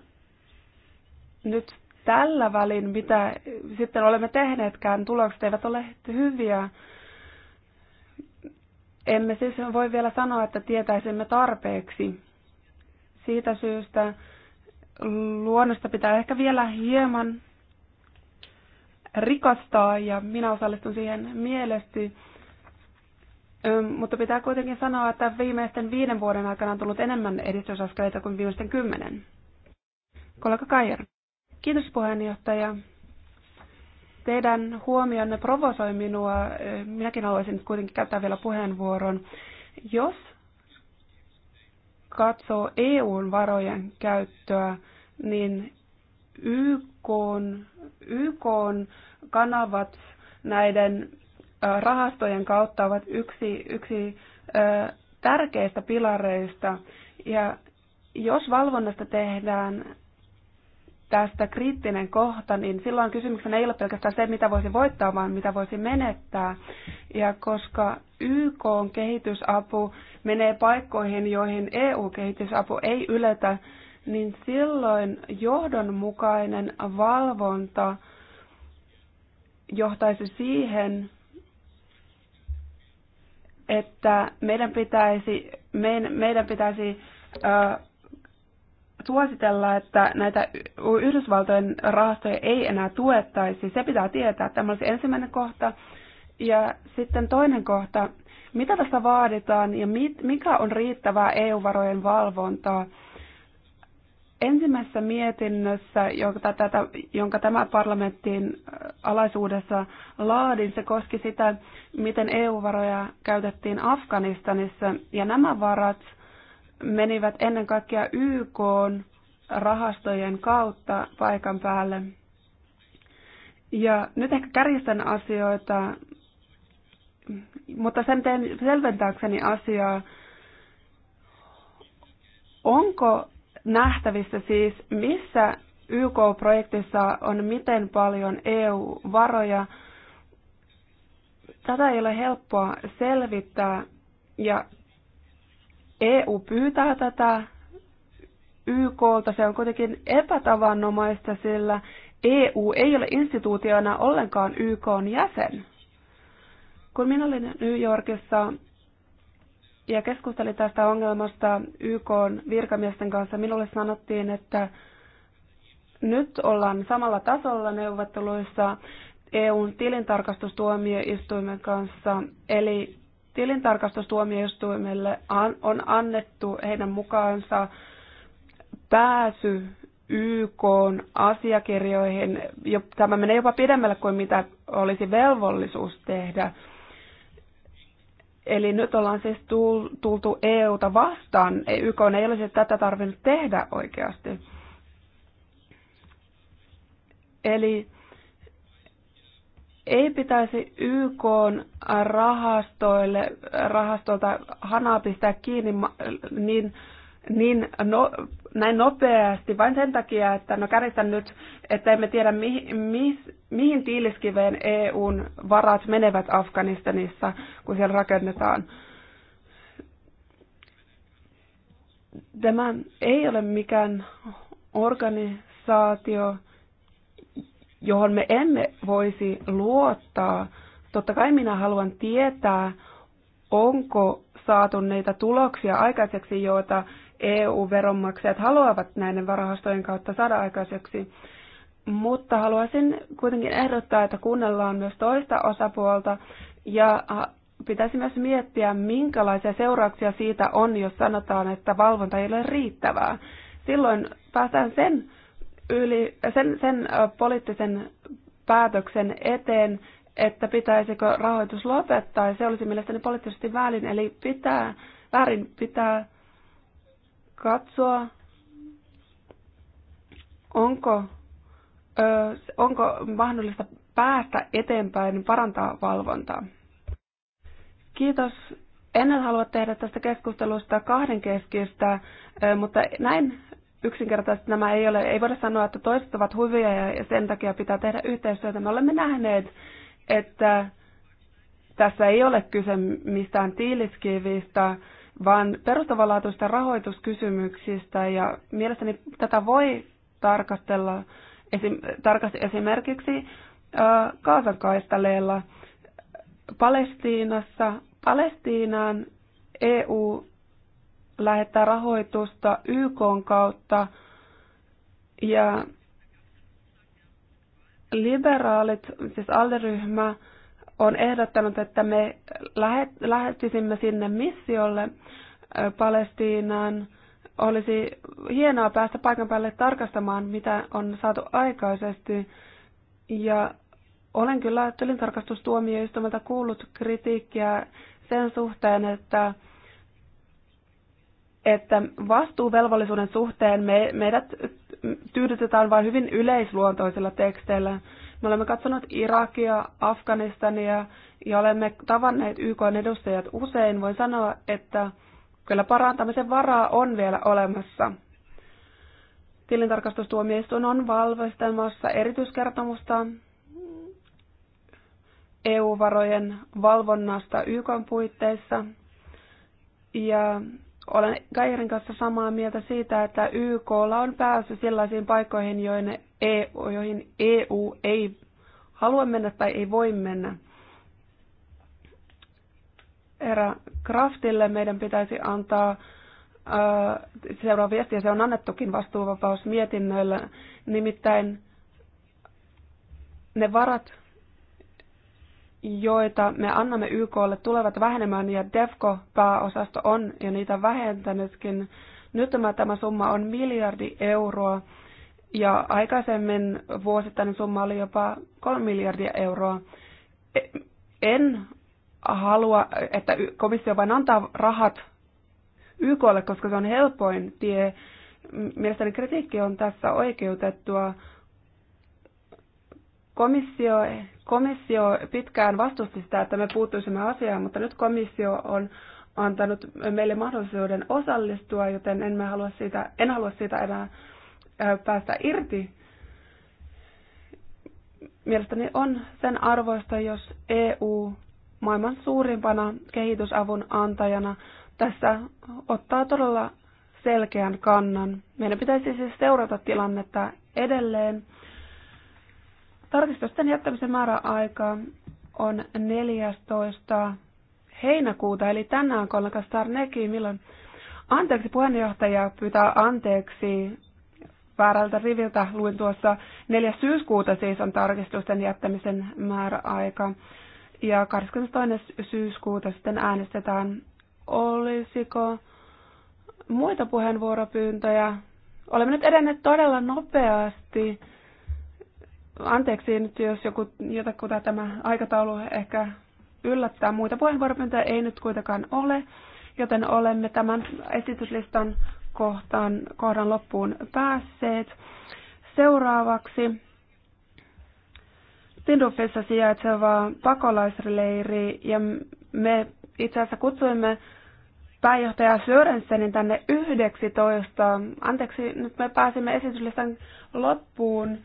nyt tällä välin, mitä sitten olemme tehneetkään, tulokset eivät ole hyviä. Emme siis voi vielä sanoa, että tietäisimme tarpeeksi. Siitä syystä luonnosta pitää ehkä vielä hieman rikastaa ja minä osallistun siihen mielesti. Mutta pitää kuitenkin sanoa, että viimeisten viiden vuoden aikana on tullut enemmän edistysaskeleita kuin viimeisten kymmenen. Kollega Kajer. Kiitos puheenjohtaja. Teidän huomionne provosoi minua. Minäkin haluaisin kuitenkin käyttää vielä puheenvuoron. Jos katsoo EUn varojen käyttöä, niin YK, YK kanavat näiden rahastojen kautta ovat yksi, yksi tärkeistä pilareista. Ja jos valvonnasta tehdään tästä kriittinen kohta, niin silloin kysymyksenä ei ole pelkästään se, mitä voisi voittaa, vaan mitä voisi menettää. Ja koska YK kehitysapu menee paikkoihin, joihin EU-kehitysapu ei yletä, niin silloin johdonmukainen valvonta johtaisi siihen, että meidän pitäisi, meidän, meidän pitäisi suositella, että näitä Yhdysvaltojen rahastoja ei enää tuettaisi. Se pitää tietää. Tämä olisi ensimmäinen kohta. Ja sitten toinen kohta, mitä tässä vaaditaan ja mikä on riittävää EU-varojen valvontaa? Ensimmäisessä mietinnössä, jonka, tätä, jonka tämä parlamenttiin äh, alaisuudessa laadin, se koski sitä, miten EU-varoja käytettiin Afganistanissa. Ja nämä varat – menivät ennen kaikkea YK rahastojen kautta paikan päälle. Ja nyt ehkä kärjistän asioita, mutta sen teen selventääkseni asiaa. Onko nähtävissä siis, missä YK-projektissa on miten paljon EU-varoja? Tätä ei ole helppoa selvittää ja EU pyytää tätä YKlta. Se on kuitenkin epätavanomaista sillä EU ei ole instituutiona ollenkaan YKn jäsen. Kun minä olin New Yorkissa ja keskustelin tästä ongelmasta YKn virkamiesten kanssa, minulle sanottiin, että nyt ollaan samalla tasolla neuvotteluissa EUn tilintarkastustuomioistuimen kanssa, eli tilintarkastustuomioistuimelle on annettu heidän mukaansa pääsy YK asiakirjoihin. Tämä menee jopa pidemmälle kuin mitä olisi velvollisuus tehdä. Eli nyt ollaan siis tultu EUta vastaan. E, YK ei olisi tätä tarvinnut tehdä oikeasti. Eli ei pitäisi YK rahastoille, rahastolta hanaa pistää kiinni niin, niin no, näin nopeasti vain sen takia, että no kärjestän nyt, että emme tiedä mihin, mis, mihin tiiliskiveen EUn varat menevät Afganistanissa, kun siellä rakennetaan. Tämä ei ole mikään organisaatio, johon me emme voisi luottaa. Totta kai minä haluan tietää, onko saatu niitä tuloksia aikaiseksi, joita EU-veronmaksajat haluavat näiden varahastojen kautta saada aikaiseksi. Mutta haluaisin kuitenkin ehdottaa, että kuunnellaan myös toista osapuolta ja pitäisi myös miettiä, minkälaisia seurauksia siitä on, jos sanotaan, että valvonta ei ole riittävää. Silloin päästään sen yli, sen, sen poliittisen päätöksen eteen, että pitäisikö rahoitus lopettaa, ja se olisi mielestäni poliittisesti väärin, eli pitää, väärin pitää katsoa, onko, ö, onko mahdollista päästä eteenpäin, parantaa valvontaa. Kiitos. En halua tehdä tästä keskustelusta kahdenkeskistä, mutta näin yksinkertaisesti nämä ei ole, ei voida sanoa, että toiset ovat hyviä ja sen takia pitää tehdä yhteistyötä. Me olemme nähneet, että tässä ei ole kyse mistään tiiliskivistä, vaan perustavanlaatuista rahoituskysymyksistä ja mielestäni tätä voi tarkastella esim, tarkasti esimerkiksi Kaasankaistaleella Palestiinassa. Palestiinaan EU lähettää rahoitusta YK kautta ja liberaalit, siis alderyhmä, on ehdottanut, että me lähettisimme sinne missiolle Palestiinaan. Olisi hienoa päästä paikan päälle tarkastamaan, mitä on saatu aikaisesti. Ja olen kyllä tilintarkastustuomioistuimelta kuullut kritiikkiä sen suhteen, että että vastuuvelvollisuuden suhteen me, meidät tyydytetään vain hyvin yleisluontoisilla teksteillä. Me olemme katsoneet Irakia, Afganistania ja olemme tavanneet YK edustajat usein. Voin sanoa, että kyllä parantamisen varaa on vielä olemassa. Tilintarkastustuomioistuin on valmistelmassa erityiskertomusta EU-varojen valvonnasta YK puitteissa. Ja olen Gairin kanssa samaa mieltä siitä, että YK on päässyt sellaisiin paikkoihin, joihin EU, joihin EU ei halua mennä tai ei voi mennä. Erä Kraftille meidän pitäisi antaa äh, seuraava viesti, ja se on annettukin vastuuvapausmietinnöillä, nimittäin ne varat, joita me annamme YKlle, tulevat vähenemään ja DEFCO-pääosasto on ja niitä vähentänytkin. Nyt tämä, tämä summa on miljardi euroa ja aikaisemmin vuosittainen summa oli jopa 3 miljardia euroa. E, en halua, että komissio vain antaa rahat YKlle, koska se on helpoin tie. Mielestäni kritiikki on tässä oikeutettua. Komissio, komissio pitkään vastusti sitä, että me puuttuisimme asiaan, mutta nyt komissio on antanut meille mahdollisuuden osallistua, joten en, halua siitä, en halua siitä enää päästä irti. Mielestäni on sen arvoista, jos EU maailman suurimpana kehitysavun antajana tässä ottaa todella selkeän kannan. Meidän pitäisi siis seurata tilannetta edelleen Tarkistusten jättämisen määräaika on 14. heinäkuuta, eli tänään kollega Starneki, milloin... Anteeksi, puheenjohtaja pyytää anteeksi väärältä riviltä. Luin tuossa 4. syyskuuta siis on tarkistusten jättämisen määräaika. Ja 22. syyskuuta sitten äänestetään. Olisiko muita puheenvuoropyyntöjä? Olemme nyt edenneet todella nopeasti. Anteeksi nyt, jos joku, jotakuta tämä aikataulu ehkä yllättää. Muita puheenvuoropyyntöjä ei nyt kuitenkaan ole, joten olemme tämän esityslistan kohtaan, kohdan loppuun päässeet. Seuraavaksi Tindufissa sijaitseva pakolaisleiri ja me itse asiassa kutsuimme pääjohtaja Sörensenin tänne 11. Anteeksi, nyt me pääsimme esityslistan loppuun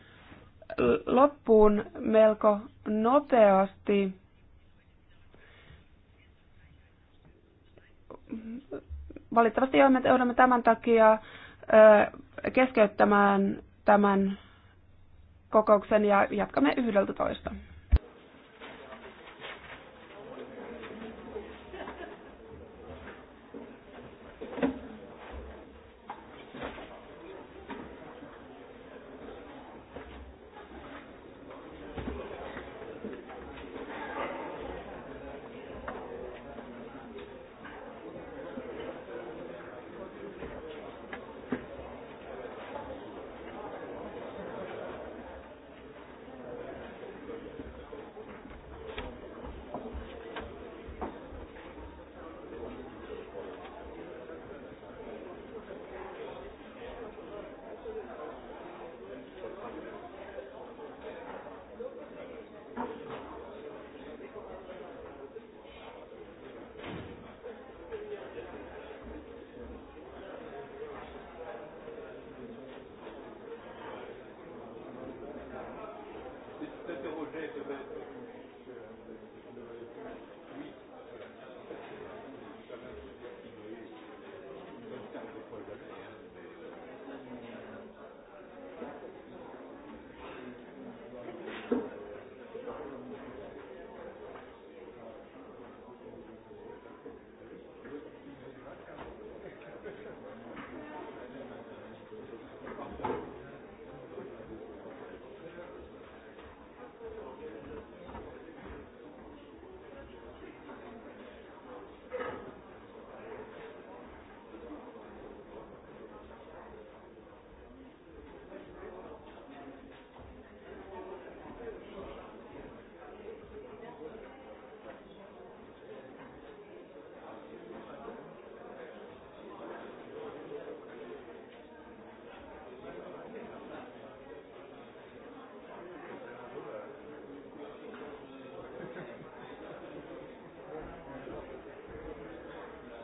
loppuun melko nopeasti. Valitettavasti joudumme tämän takia keskeyttämään tämän kokouksen ja jatkamme yhdeltä toista.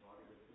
Sorry.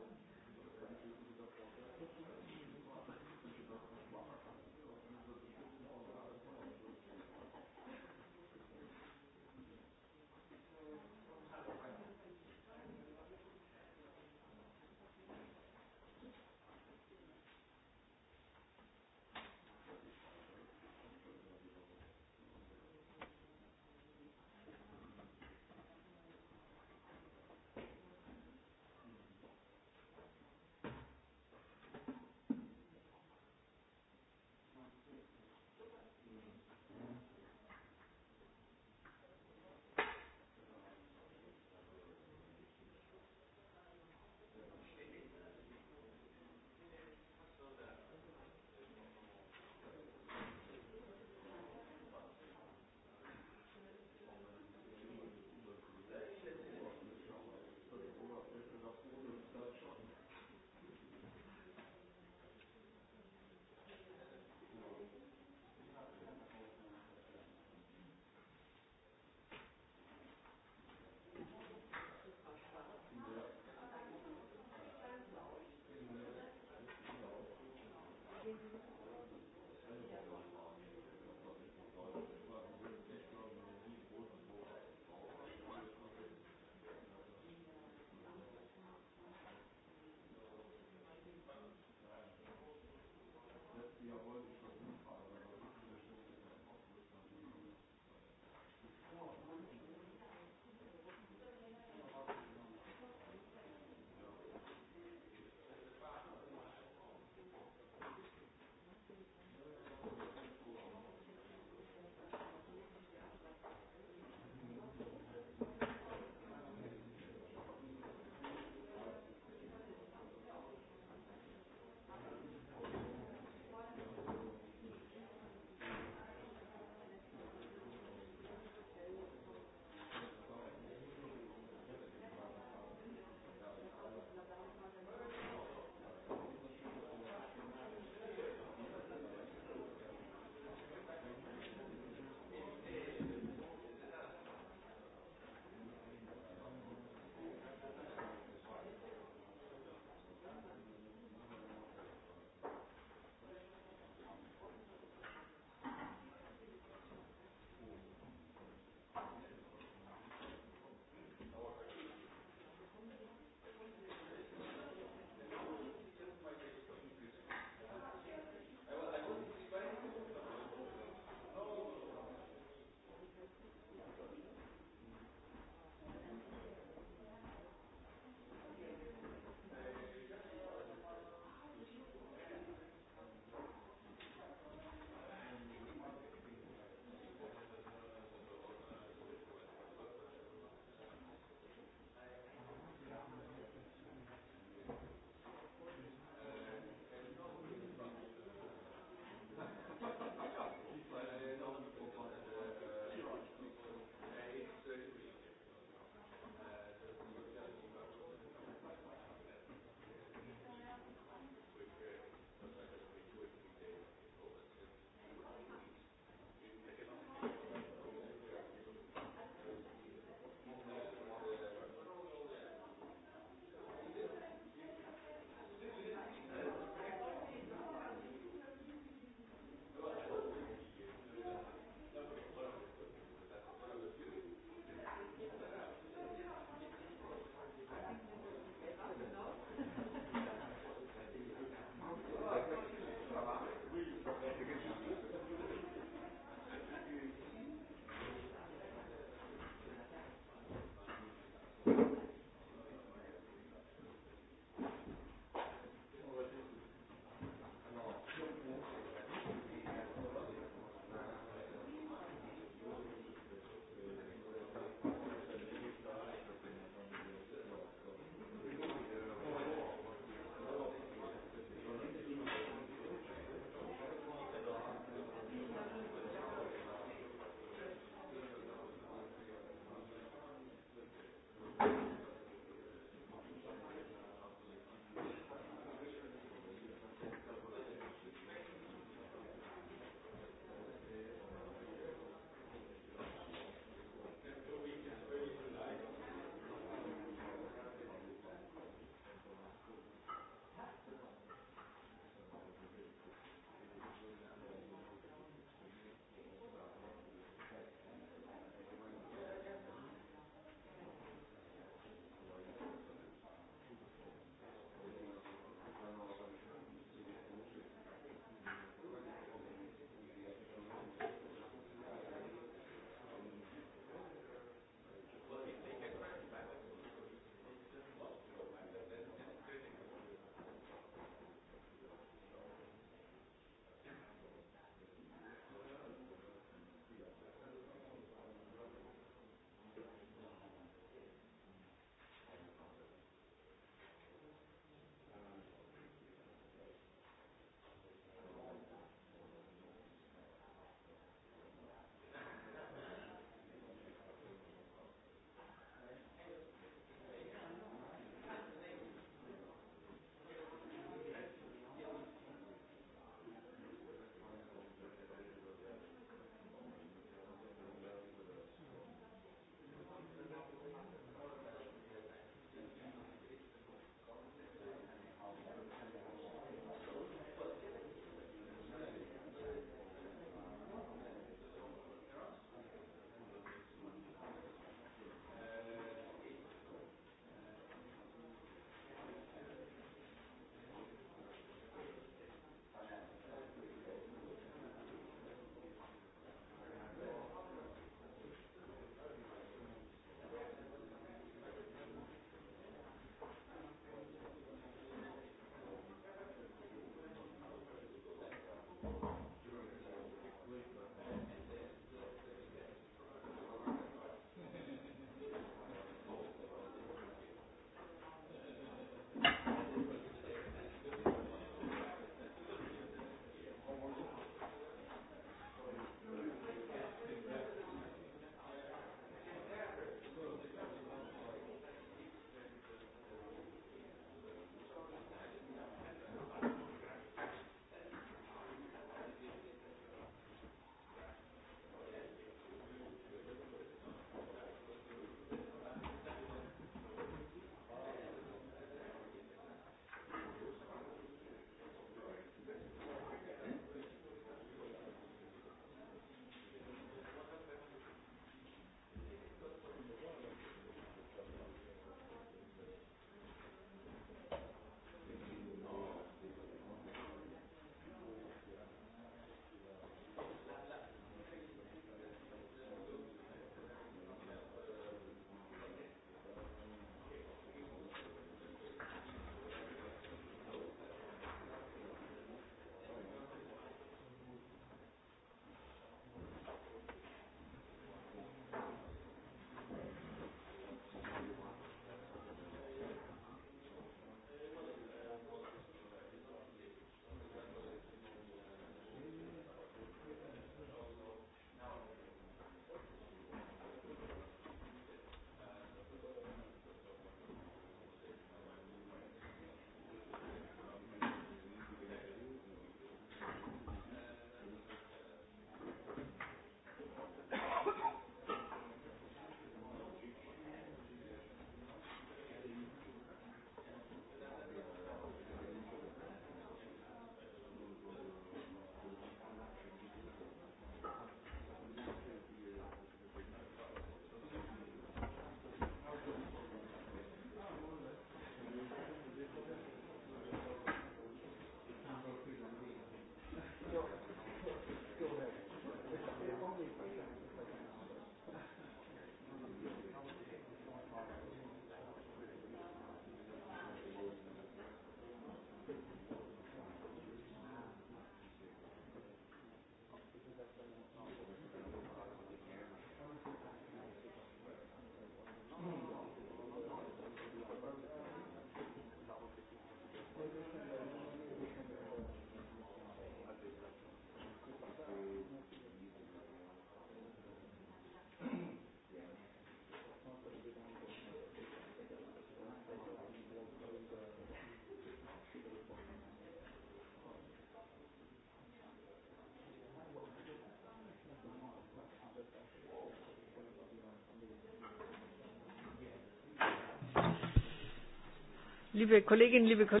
Liebe Kollegin, liebe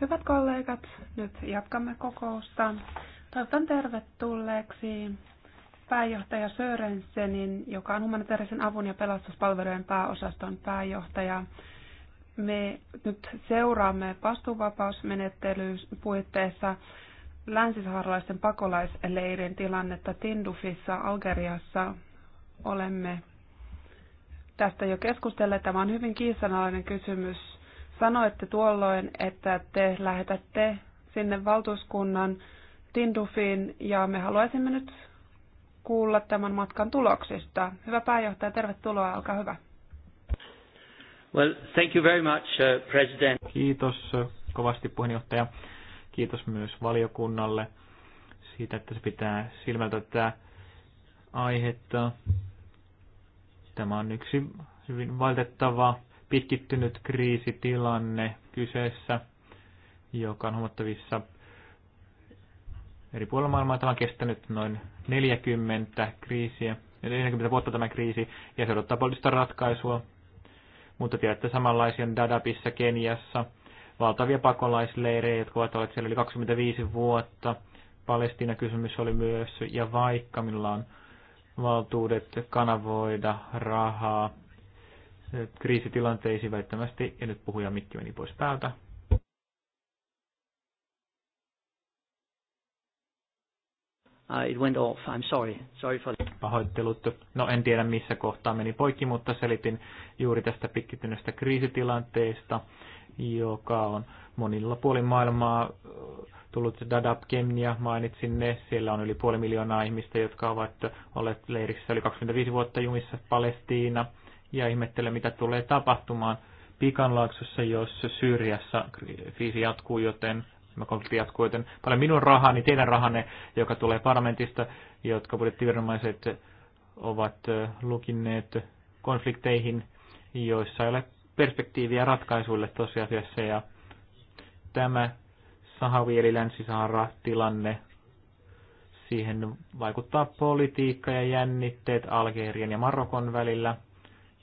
Hyvät kollegat, nyt jatkamme kokousta. Toivotan tervetulleeksi pääjohtaja Sörensenin, joka on humanitaarisen avun ja pelastuspalvelujen pääosaston pääjohtaja. Me nyt seuraamme vastuuvapausmenettelyn puitteissa länsisaharalaisten pakolaisleirin tilannetta Tindufissa, Algeriassa. Olemme tästä jo keskustelleet. Tämä on hyvin kiistanalainen kysymys Sanoitte tuolloin, että te lähetätte sinne valtuuskunnan Tindufiin ja me haluaisimme nyt kuulla tämän matkan tuloksista. Hyvä pääjohtaja, tervetuloa, olkaa hyvä. Well, thank you very much, uh, President. Kiitos uh, kovasti puheenjohtaja. Kiitos myös valiokunnalle siitä, että se pitää silmältä tätä aihetta. Tämä on yksi hyvin valitettava pitkittynyt kriisitilanne kyseessä, joka on huomattavissa eri puolilla maailmaa. Tämä on kestänyt noin 40 kriisiä, 40 vuotta tämä kriisi, ja se odottaa poliittista ratkaisua. Mutta tiedätte samanlaisia on Dadabissa, Keniassa, valtavia pakolaisleirejä, jotka ovat olleet siellä yli 25 vuotta. palestina kysymys oli myös, ja vaikka millä on valtuudet kanavoida rahaa Äh, kriisitilanteisiin väittämästi, ja nyt puhuja mikki meni pois päältä. Uh, it went off. I'm sorry. Sorry for Pahoittelut. No en tiedä missä kohtaa meni poikki, mutta selitin juuri tästä pitkittyneestä kriisitilanteesta, joka on monilla puolin maailmaa äh, tullut Dadaab Kemnia, mainitsin ne. Siellä on yli puoli miljoonaa ihmistä, jotka ovat olleet leirissä yli 25 vuotta jumissa Palestiina ja ihmettele, mitä tulee tapahtumaan Pikanlaaksossa, jos Syyriassa kriisi jatkuu, joten konflikti jatkuu, joten paljon minun rahani, teidän rahanne, joka tulee parlamentista, jotka budjettiviranomaiset ovat lukinneet konflikteihin, joissa ei ole perspektiiviä ratkaisuille tosiasiassa, ja tämä Sahavi eli Länsi-Sahara tilanne siihen vaikuttaa politiikka ja jännitteet Algerian ja Marokon välillä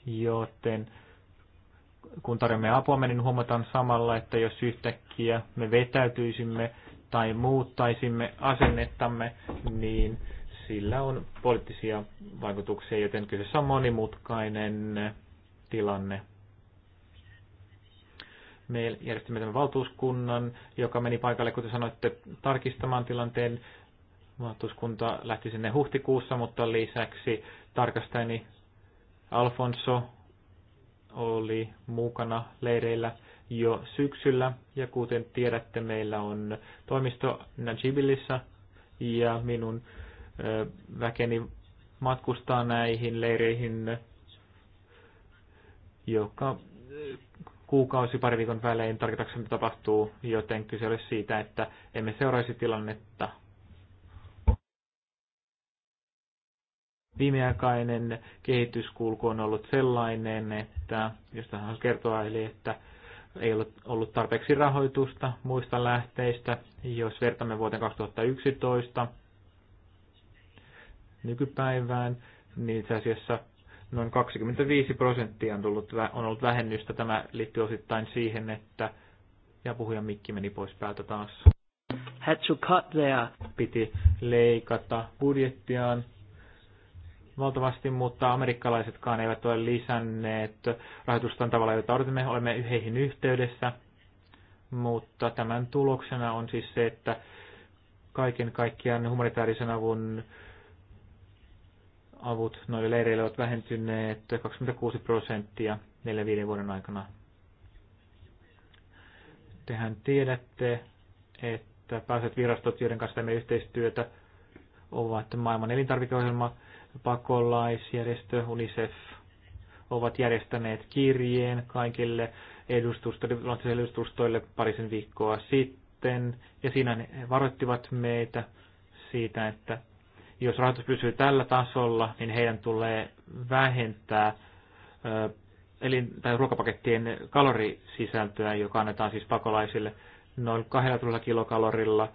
joten kun tarjoamme apua, niin huomataan samalla, että jos yhtäkkiä me vetäytyisimme tai muuttaisimme asennettamme, niin sillä on poliittisia vaikutuksia, joten kyseessä on monimutkainen tilanne. Me järjestimme tämän valtuuskunnan, joka meni paikalle, kuten sanoitte, tarkistamaan tilanteen. Valtuuskunta lähti sinne huhtikuussa, mutta lisäksi tarkastajani Alfonso oli mukana leireillä jo syksyllä ja kuten tiedätte, meillä on toimisto Najibilissa ja minun väkeni matkustaa näihin leireihin joka kuukausi pari viikon välein tarkoitakseni tapahtuu, joten kyse olisi siitä, että emme seuraisi tilannetta viimeaikainen kehityskulku on ollut sellainen, että, josta hän kertoa, eli että ei ole ollut tarpeeksi rahoitusta muista lähteistä, jos vertaamme vuoteen 2011 nykypäivään, niin itse asiassa noin 25 prosenttia on, tullut, on ollut vähennystä. Tämä liittyy osittain siihen, että ja puhujan mikki meni pois päältä taas. Had to cut there. Piti leikata budjettiaan valtavasti, mutta amerikkalaisetkaan eivät ole lisänneet rahoitustaan tavalla, jota odotimme. Olemme heihin yhteydessä, mutta tämän tuloksena on siis se, että kaiken kaikkiaan humanitaarisen avun avut noille leireille ovat vähentyneet 26 prosenttia 4-5 vuoden aikana. Tehän tiedätte, että pääset virastot, joiden kanssa teemme yhteistyötä, ovat maailman elintarvikeohjelma, pakolaisjärjestö UNICEF ovat järjestäneet kirjeen kaikille edustustoille, edustustoille parisen viikkoa sitten, ja siinä ne varoittivat meitä siitä, että jos rahoitus pysyy tällä tasolla, niin heidän tulee vähentää eli, tai ruokapakettien kalorisisältöä, joka annetaan siis pakolaisille noin 200 kilokalorilla –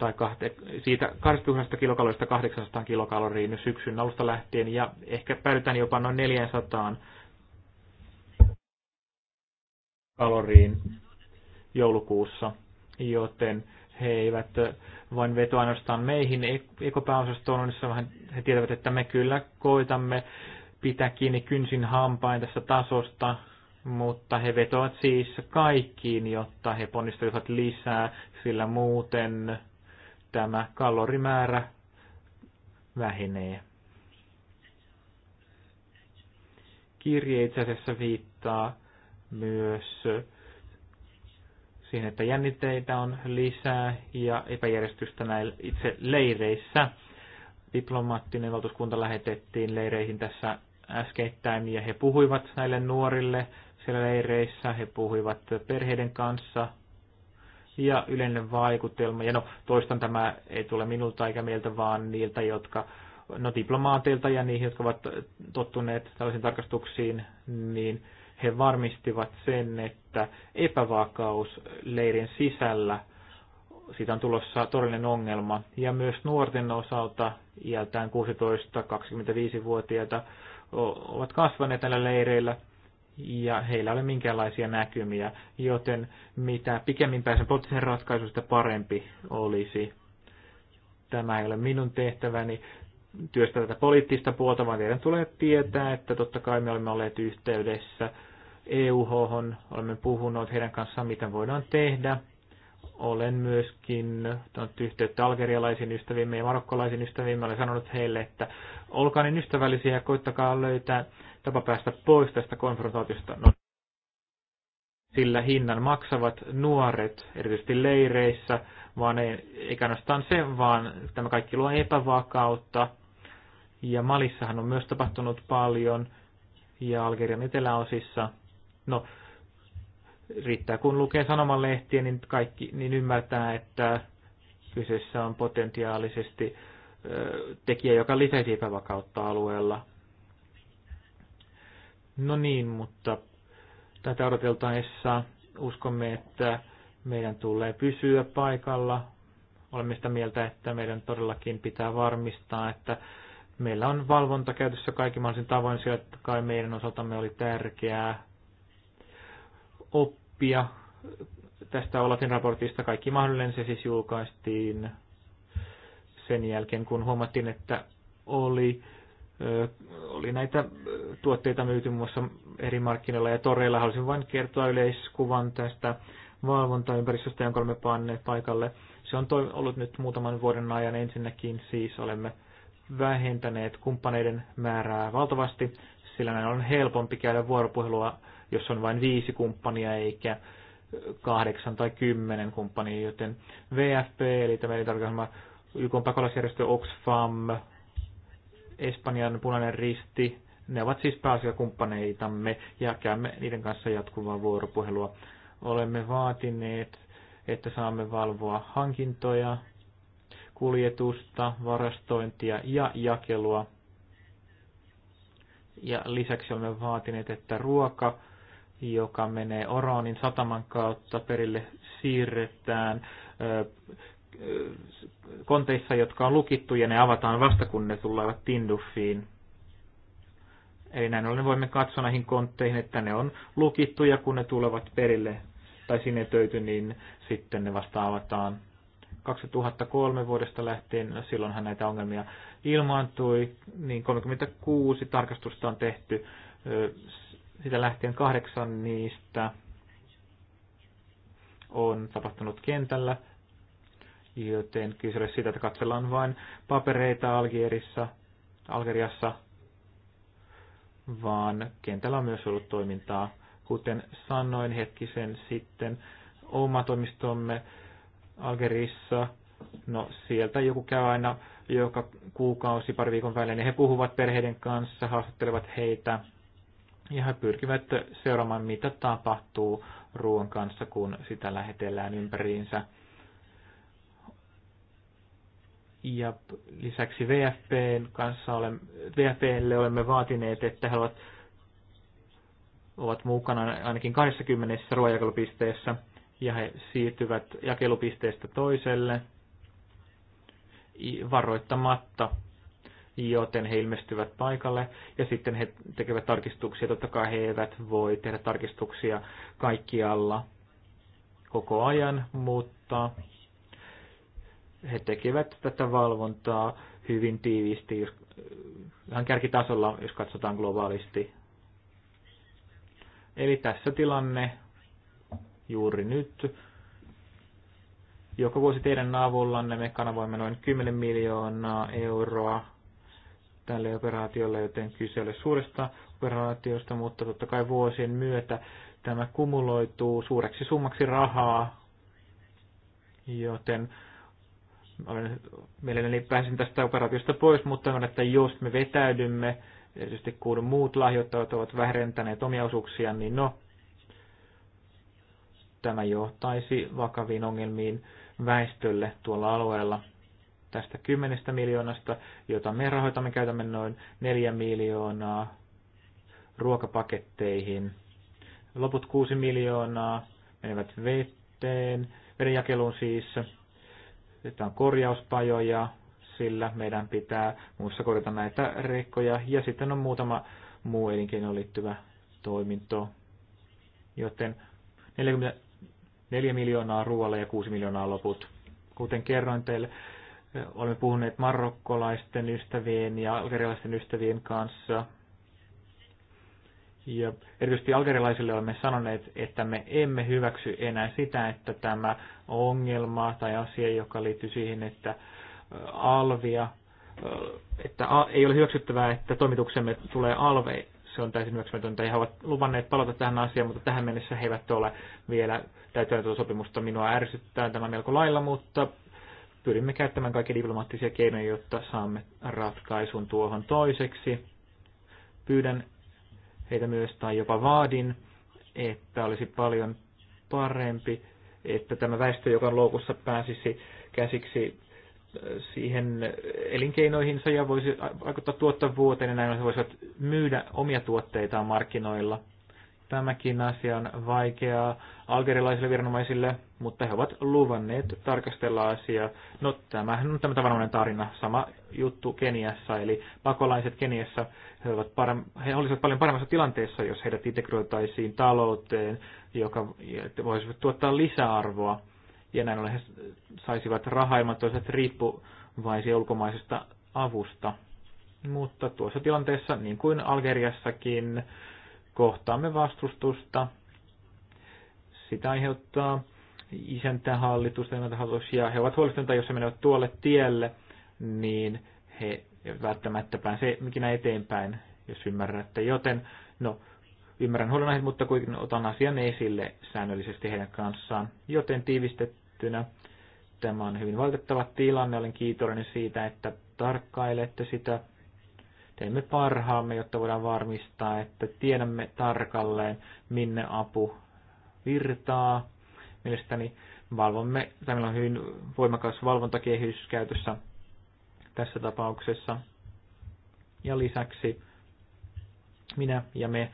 tai kahte, siitä 2000 kilokaloista 800 kilokaloriin syksyn alusta lähtien ja ehkä päädytään jopa noin 400 kaloriin joulukuussa, joten he eivät vain veto ainoastaan meihin e-, ekopääosastoon, jossa vähän he tietävät, että me kyllä koitamme pitää kiinni kynsin hampain tässä tasosta, mutta he vetoavat siis kaikkiin, jotta he ponnistuisivat lisää, sillä muuten tämä kalorimäärä vähenee. Kirje itse asiassa viittaa myös siihen, että jännitteitä on lisää ja epäjärjestystä näillä itse leireissä. Diplomaattinen valtuuskunta lähetettiin leireihin tässä äskeittäin ja he puhuivat näille nuorille siellä leireissä, he puhuivat perheiden kanssa, ja yleinen vaikutelma. Ja no, toistan tämä ei tule minulta eikä mieltä vaan niiltä, jotka, no diplomaateilta ja niihin, jotka ovat tottuneet tällaisiin tarkastuksiin, niin he varmistivat sen, että epävakaus leirin sisällä, siitä on tulossa todellinen ongelma. Ja myös nuorten osalta, iältään 16-25-vuotiaita, ovat kasvaneet näillä leireillä ja heillä ole minkäänlaisia näkymiä, joten mitä pikemmin pääsen poliittisen ratkaisusta parempi olisi. Tämä ei ole minun tehtäväni työstä tätä poliittista puolta, vaan teidän tulee tietää, että totta kai me olemme olleet yhteydessä EUH, olemme puhuneet heidän kanssaan, mitä voidaan tehdä. Olen myöskin tuonut yhteyttä algerialaisiin ystäviimme ja marokkolaisiin ystäviimme. Olen sanonut heille, että olkaa niin ystävällisiä ja koittakaa löytää tapa päästä pois tästä konfrontaatiosta. No, sillä hinnan maksavat nuoret, erityisesti leireissä, vaan ei, eikä ainoastaan se, vaan tämä kaikki luo epävakautta. Ja Malissahan on myös tapahtunut paljon, ja Algerian eteläosissa. No, riittää kun lukee sanomalehtiä, niin kaikki niin ymmärtää, että kyseessä on potentiaalisesti tekijä, joka lisäisi epävakautta alueella. No niin, mutta tätä odoteltaessa uskomme, että meidän tulee pysyä paikalla. Olemme sitä mieltä, että meidän todellakin pitää varmistaa, että meillä on valvonta käytössä kaikki mahdollisin tavoin, sillä kai meidän osaltamme oli tärkeää oppia tästä Olafin raportista kaikki mahdollinen. Se siis julkaistiin sen jälkeen, kun huomattiin, että oli oli näitä tuotteita myyty muun muassa eri markkinoilla ja toreilla. Haluaisin vain kertoa yleiskuvan tästä valvontaympäristöstä, jonka olemme panneet paikalle. Se on ollut nyt muutaman vuoden ajan. Ensinnäkin siis olemme vähentäneet kumppaneiden määrää valtavasti, sillä näin on helpompi käydä vuoropuhelua, jos on vain viisi kumppania eikä kahdeksan tai kymmenen kumppania, joten VFP, eli tämä elintarvikeohjelma YK pakolaisjärjestö Oxfam, Espanjan punainen risti, ne ovat siis pääasiakumppaneitamme ja käymme niiden kanssa jatkuvaa vuoropuhelua. Olemme vaatineet, että saamme valvoa hankintoja, kuljetusta, varastointia ja jakelua. Ja lisäksi olemme vaatineet, että ruoka, joka menee Oronin sataman kautta perille, siirretään konteissa, jotka on lukittu, ja ne avataan vasta, kun ne tulevat Tinduffiin. Eli näin ollen voimme katsoa näihin kontteihin, että ne on lukittu, ja kun ne tulevat perille tai sinne töyty, niin sitten ne vasta avataan. 2003 vuodesta lähtien, silloinhan näitä ongelmia ilmaantui, niin 36 tarkastusta on tehty, sitä lähtien kahdeksan niistä on tapahtunut kentällä, joten kyse ole siitä, että katsellaan vain papereita Algerissa, Algeriassa, vaan kentällä on myös ollut toimintaa. Kuten sanoin hetkisen sitten, oma toimistomme Algerissa, no sieltä joku käy aina joka kuukausi, pari viikon välein, niin he puhuvat perheiden kanssa, haastattelevat heitä, ja he pyrkivät seuraamaan, mitä tapahtuu ruoan kanssa, kun sitä lähetellään ympäriinsä ja lisäksi VFPn kanssa olem, VFPlle olemme vaatineet, että he ovat, ovat mukana ainakin 20 ruoajakelupisteessä ja he siirtyvät jakelupisteestä toiselle varoittamatta, joten he ilmestyvät paikalle ja sitten he tekevät tarkistuksia. Totta kai he eivät voi tehdä tarkistuksia kaikkialla koko ajan, mutta he tekevät tätä valvontaa hyvin tiiviisti, jos, ihan kärkitasolla, jos katsotaan globaalisti. Eli tässä tilanne juuri nyt. Joka vuosi teidän avullanne me kanavoimme noin 10 miljoonaa euroa tälle operaatiolle, joten kyse oli suuresta operaatiosta, mutta totta kai vuosien myötä tämä kumuloituu suureksi summaksi rahaa, joten olen mielelläni pääsin tästä operaatiosta pois, mutta on, että jos me vetäydymme, erityisesti kun muut lahjoittajat ovat vähentäneet omia osuuksia, niin no, tämä johtaisi vakaviin ongelmiin väestölle tuolla alueella. Tästä 10 miljoonasta, jota me rahoitamme, käytämme noin 4 miljoonaa ruokapaketteihin. Loput 6 miljoonaa menevät veteen, vedenjakeluun siis, sitten on korjauspajoja, sillä meidän pitää muussa korjata näitä rekkoja. Ja sitten on muutama muu elinkeinoon liittyvä toiminto. Joten 44 miljoonaa ruoalla ja 6 miljoonaa loput. Kuten kerroin teille, olemme puhuneet marokkolaisten ystävien ja algerialaisten ystävien kanssa – ja erityisesti algerilaisille olemme sanoneet, että me emme hyväksy enää sitä, että tämä ongelma tai asia, joka liittyy siihen, että alvia, että ei ole hyväksyttävää, että toimituksemme tulee alve, se on täysin hyväksymätöntä. he ovat luvanneet palata tähän asiaan, mutta tähän mennessä he eivät ole vielä tuota sopimusta. Minua ärsyttää tämä melko lailla, mutta pyrimme käyttämään kaikki diplomaattisia keinoja, jotta saamme ratkaisun tuohon toiseksi. Pyydän heitä myös, tai jopa vaadin, että olisi paljon parempi, että tämä väestö, joka on loukussa, pääsisi käsiksi äh, siihen elinkeinoihinsa ja voisi vaikuttaa tuottavuuteen ja näin he voisivat myydä omia tuotteitaan markkinoilla. Tämäkin asia on vaikeaa algerilaisille viranomaisille, mutta he ovat luvanneet tarkastella asiaa. No tämä on tämä tavanomainen tarina, sama juttu Keniassa, eli pakolaiset Keniassa, he, ovat param- he olisivat paljon paremmassa tilanteessa, jos heidät integroitaisiin talouteen, joka voisi tuottaa lisäarvoa, ja näin ollen he saisivat rahaa ilman toiset riippuvaisia ulkomaisesta avusta. Mutta tuossa tilanteessa, niin kuin Algeriassakin, kohtaamme vastustusta. Sitä aiheuttaa isäntähallitus ja hallitus, ja he ovat huolestuneita, jos he menevät tuolle tielle, niin he välttämättä pääse mikinä eteenpäin, jos ymmärrätte. Joten, no, ymmärrän huolenaiheet, mutta kuitenkin otan asian esille säännöllisesti heidän kanssaan. Joten tiivistettynä tämä on hyvin valitettava tilanne. Olen kiitollinen siitä, että tarkkailette sitä Teemme parhaamme, jotta voidaan varmistaa, että tiedämme tarkalleen, minne apu virtaa. Mielestäni valvomme, tai meillä on hyvin voimakas valvontakehys käytössä tässä tapauksessa. Ja lisäksi minä ja me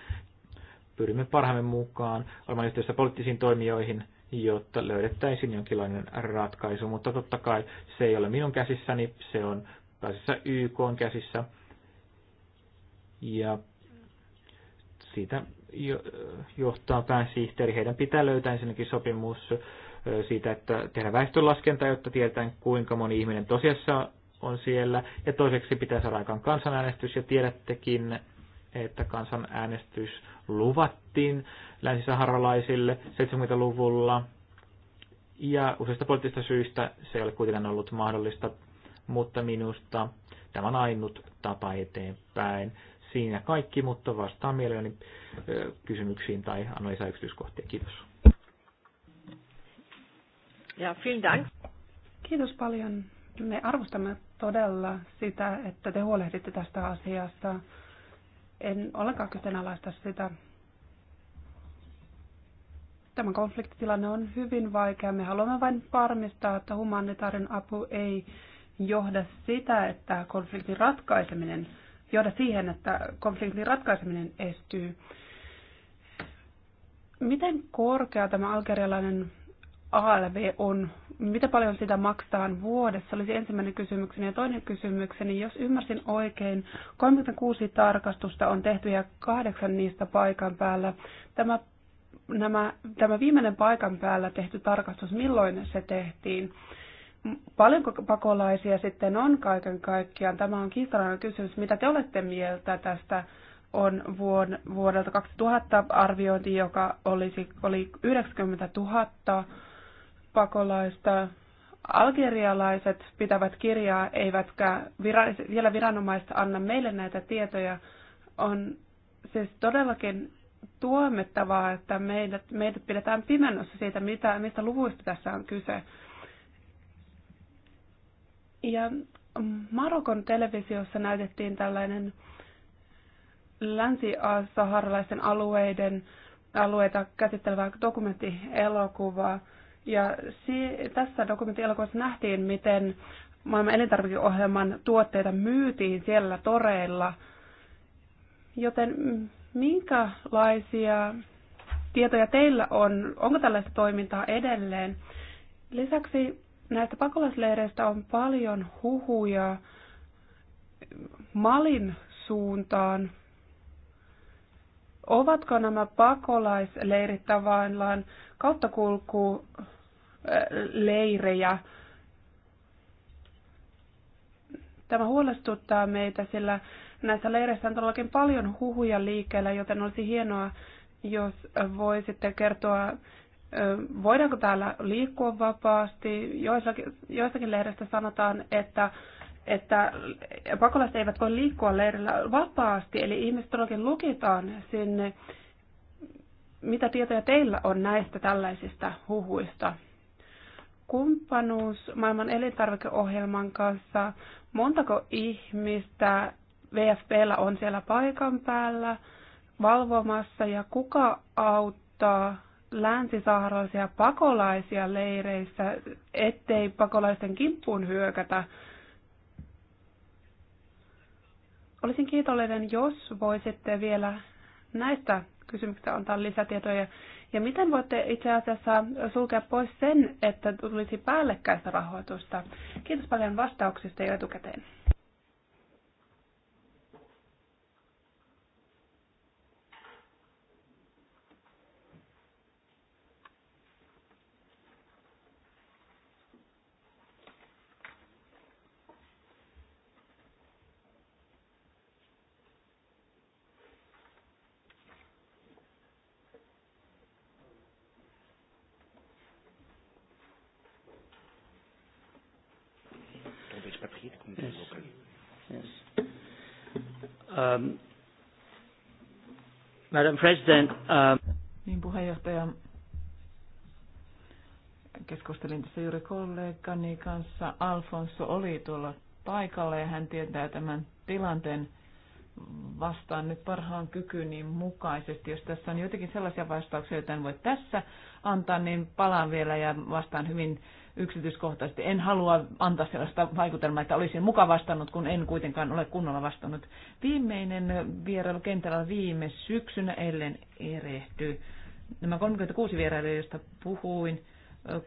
pyrimme parhaamme mukaan olemaan yhteydessä poliittisiin toimijoihin, jotta löydettäisiin jonkinlainen ratkaisu. Mutta totta kai se ei ole minun käsissäni, se on pääsissä YK on käsissä, ja siitä johtaa pääsihteeri. Heidän pitää löytää ensinnäkin sopimus siitä, että tehdään väestönlaskenta, jotta tietää kuinka moni ihminen tosiasiassa on siellä. Ja toiseksi pitää saada aikaan kansanäänestys ja tiedättekin, että kansanäänestys luvattiin länsisaharalaisille 70-luvulla. Ja useista poliittisista syistä se ei ole kuitenkaan ollut mahdollista, mutta minusta tämä on ainut tapa eteenpäin. Siinä kaikki, mutta vastaan mielelläni kysymyksiin tai annoin lisää yksityiskohtia. Kiitos. Ja vielen dank. Kiitos paljon. Me arvostamme todella sitä, että te huolehditte tästä asiasta. En ollenkaan kyseenalaista sitä. Tämä konfliktitilanne on hyvin vaikea. Me haluamme vain varmistaa, että humanitaarinen apu ei johda sitä, että konfliktin ratkaiseminen johda siihen, että konfliktin ratkaiseminen estyy. Miten korkea tämä algerialainen ALV on? Mitä paljon sitä maksaa vuodessa? Olisi ensimmäinen kysymykseni. Ja toinen kysymykseni, jos ymmärsin oikein, 36 tarkastusta on tehty ja kahdeksan niistä paikan päällä. Tämä, nämä, tämä viimeinen paikan päällä tehty tarkastus, milloin se tehtiin? paljonko pakolaisia sitten on kaiken kaikkiaan? Tämä on kiistalainen kysymys. Mitä te olette mieltä tästä? On vuon, vuodelta 2000 arviointi, joka olisi, oli 90 000 pakolaista. Algerialaiset pitävät kirjaa, eivätkä vira, vielä viranomaiset anna meille näitä tietoja. On siis todellakin tuomettavaa, että meidät, meidät pidetään pimennossa siitä, mitä, mistä luvuista tässä on kyse ja Marokon televisiossa näytettiin tällainen länsi-saharalaisten alueiden alueita käsittelevä dokumenttielokuva. Ja si- tässä dokumenttielokuvassa nähtiin, miten maailman elintarvikeohjelman tuotteita myytiin siellä toreilla. Joten minkälaisia tietoja teillä on? Onko tällaista toimintaa edelleen? Lisäksi Näistä pakolaisleireistä on paljon huhuja Malin suuntaan. Ovatko nämä pakolaisleirit tavallaan kauttakulkuleirejä? Äh, Tämä huolestuttaa meitä, sillä näissä leireissä on todellakin paljon huhuja liikkeellä, joten olisi hienoa, jos voisitte kertoa, voidaanko täällä liikkua vapaasti. Joissakin, joissakin lehdestä sanotaan, että, että pakolaiset eivät voi liikkua leirillä vapaasti, eli ihmiset todellakin lukitaan sinne. Mitä tietoja teillä on näistä tällaisista huhuista? Kumppanuus maailman elintarvikeohjelman kanssa. Montako ihmistä VFPllä on siellä paikan päällä valvomassa ja kuka auttaa länsisaharalaisia pakolaisia leireissä, ettei pakolaisten kimppuun hyökätä. Olisin kiitollinen, jos voisitte vielä näistä kysymyksistä antaa lisätietoja. Ja miten voitte itse asiassa sulkea pois sen, että tulisi päällekkäistä rahoitusta? Kiitos paljon vastauksista jo etukäteen. Um, Madam President. Um, niin puheenjohtaja, keskustelin tässä juuri kollegani kanssa. Alfonso oli tuolla paikalla ja hän tietää tämän tilanteen vastaan nyt parhaan kykyni mukaisesti. Jos tässä on jotenkin sellaisia vastauksia, joita en voi tässä antaa, niin palaan vielä ja vastaan hyvin yksityiskohtaisesti. En halua antaa sellaista vaikutelmaa, että olisin muka vastannut, kun en kuitenkaan ole kunnolla vastannut. Viimeinen vierailu kentällä viime syksynä, ellen erehty. Nämä 36 vierailuja, joista puhuin,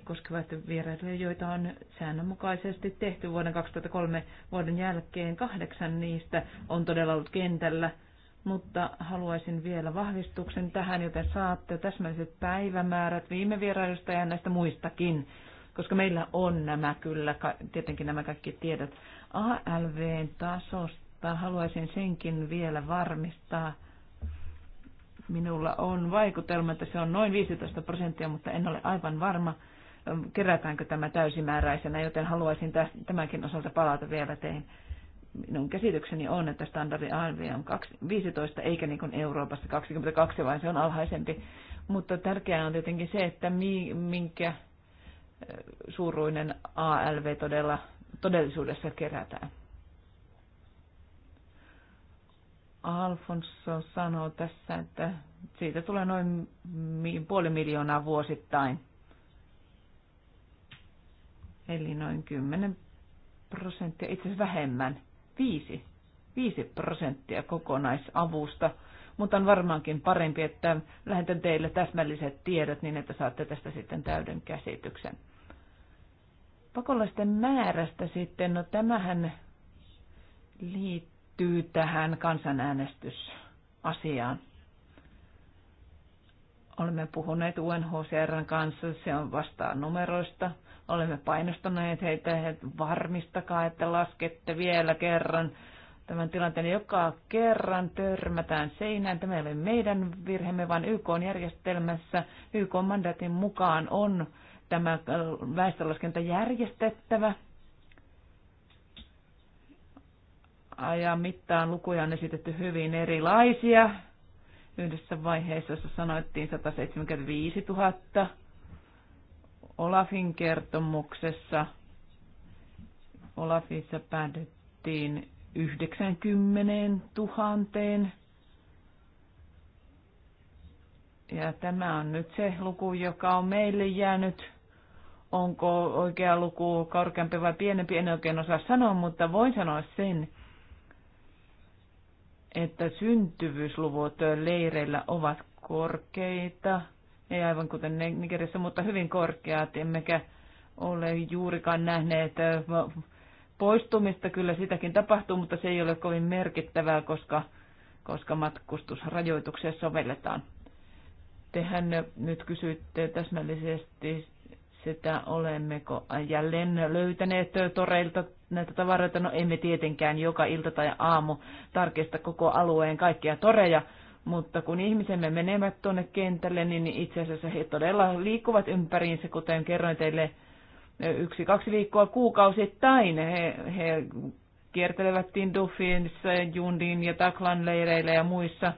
koskevat vierailuja, joita on säännönmukaisesti tehty vuoden 2003 vuoden jälkeen. Kahdeksan niistä on todella ollut kentällä, mutta haluaisin vielä vahvistuksen tähän, joten saatte täsmälliset päivämäärät viime vierailusta ja näistä muistakin, koska meillä on nämä kyllä, tietenkin nämä kaikki tiedot. ALVn tasosta haluaisin senkin vielä varmistaa. Minulla on vaikutelma, että se on noin 15 prosenttia, mutta en ole aivan varma kerätäänkö tämä täysimääräisenä, joten haluaisin tämänkin osalta palata vielä teihin. Minun käsitykseni on, että standardi ALV on 15 eikä niin kuin Euroopassa 22, vaan se on alhaisempi. Mutta tärkeää on tietenkin se, että minkä suuruinen ALV todella, todellisuudessa kerätään. Alfonso sanoo tässä, että siitä tulee noin puoli miljoonaa vuosittain eli noin 10 prosenttia, itse asiassa vähemmän, 5, 5 prosenttia kokonaisavusta. Mutta on varmaankin parempi, että lähetän teille täsmälliset tiedot niin, että saatte tästä sitten täyden käsityksen. Pakolaisten määrästä sitten, no tämähän liittyy tähän kansanäänestysasiaan. Olemme puhuneet UNHCRn kanssa, se on vastaan numeroista – Olemme painostaneet heitä, että varmistakaa, että laskette vielä kerran tämän tilanteen. Joka kerran törmätään seinään. Tämä ei ole meidän virhemme, vaan YK-järjestelmässä YK-mandaatin mukaan on tämä väestölaskenta järjestettävä. Ajan mittaan lukuja on esitetty hyvin erilaisia. Yhdessä vaiheessa sanoittiin 175 000 Olafin kertomuksessa Olafissa päädyttiin 90 000 ja tämä on nyt se luku, joka on meille jäänyt. Onko oikea luku korkeampi vai pienempi, en oikein osaa sanoa, mutta voin sanoa sen, että syntyvyysluvut leireillä ovat korkeita ei aivan kuten Nigerissä, mutta hyvin korkeat, emmekä ole juurikaan nähneet poistumista. Kyllä sitäkin tapahtuu, mutta se ei ole kovin merkittävää, koska, koska matkustusrajoituksia sovelletaan. Tehän nyt kysyitte täsmällisesti sitä, olemmeko jälleen löytäneet toreilta näitä tavaroita. No emme tietenkään joka ilta tai aamu tarkista koko alueen kaikkia toreja, mutta kun ihmisemme menevät tuonne kentälle, niin itse asiassa he todella liikkuvat ympäriinsä, kuten kerroin teille yksi, kaksi viikkoa kuukausittain. He, he kiertelevät Tindufinissa, Jundin ja Taklan leireillä ja muissa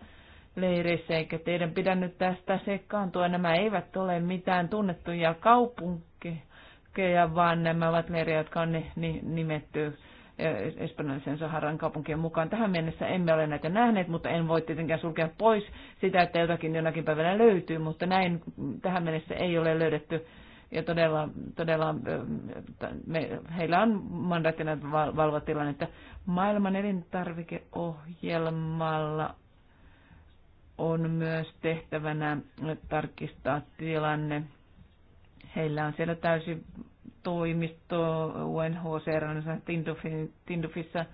leireissä, eikä teidän pidä nyt tästä sekaantua. Nämä eivät ole mitään tunnettuja kaupunkeja, vaan nämä ovat leirejä, jotka on nimetty Eh, espanjalaisen Saharan kaupunkien mukaan. Tähän mennessä emme ole näitä nähneet, mutta en voi tietenkään sulkea pois sitä, että jotakin jonakin päivänä löytyy, mutta näin tähän mennessä ei ole löydetty. Ja todella, todella eh, me, heillä on mandaattina valvoa tilannetta. Maailman elintarvikeohjelmalla on myös tehtävänä tarkistaa tilanne. Heillä on siellä täysin toimisto UNHCR on Tindufissa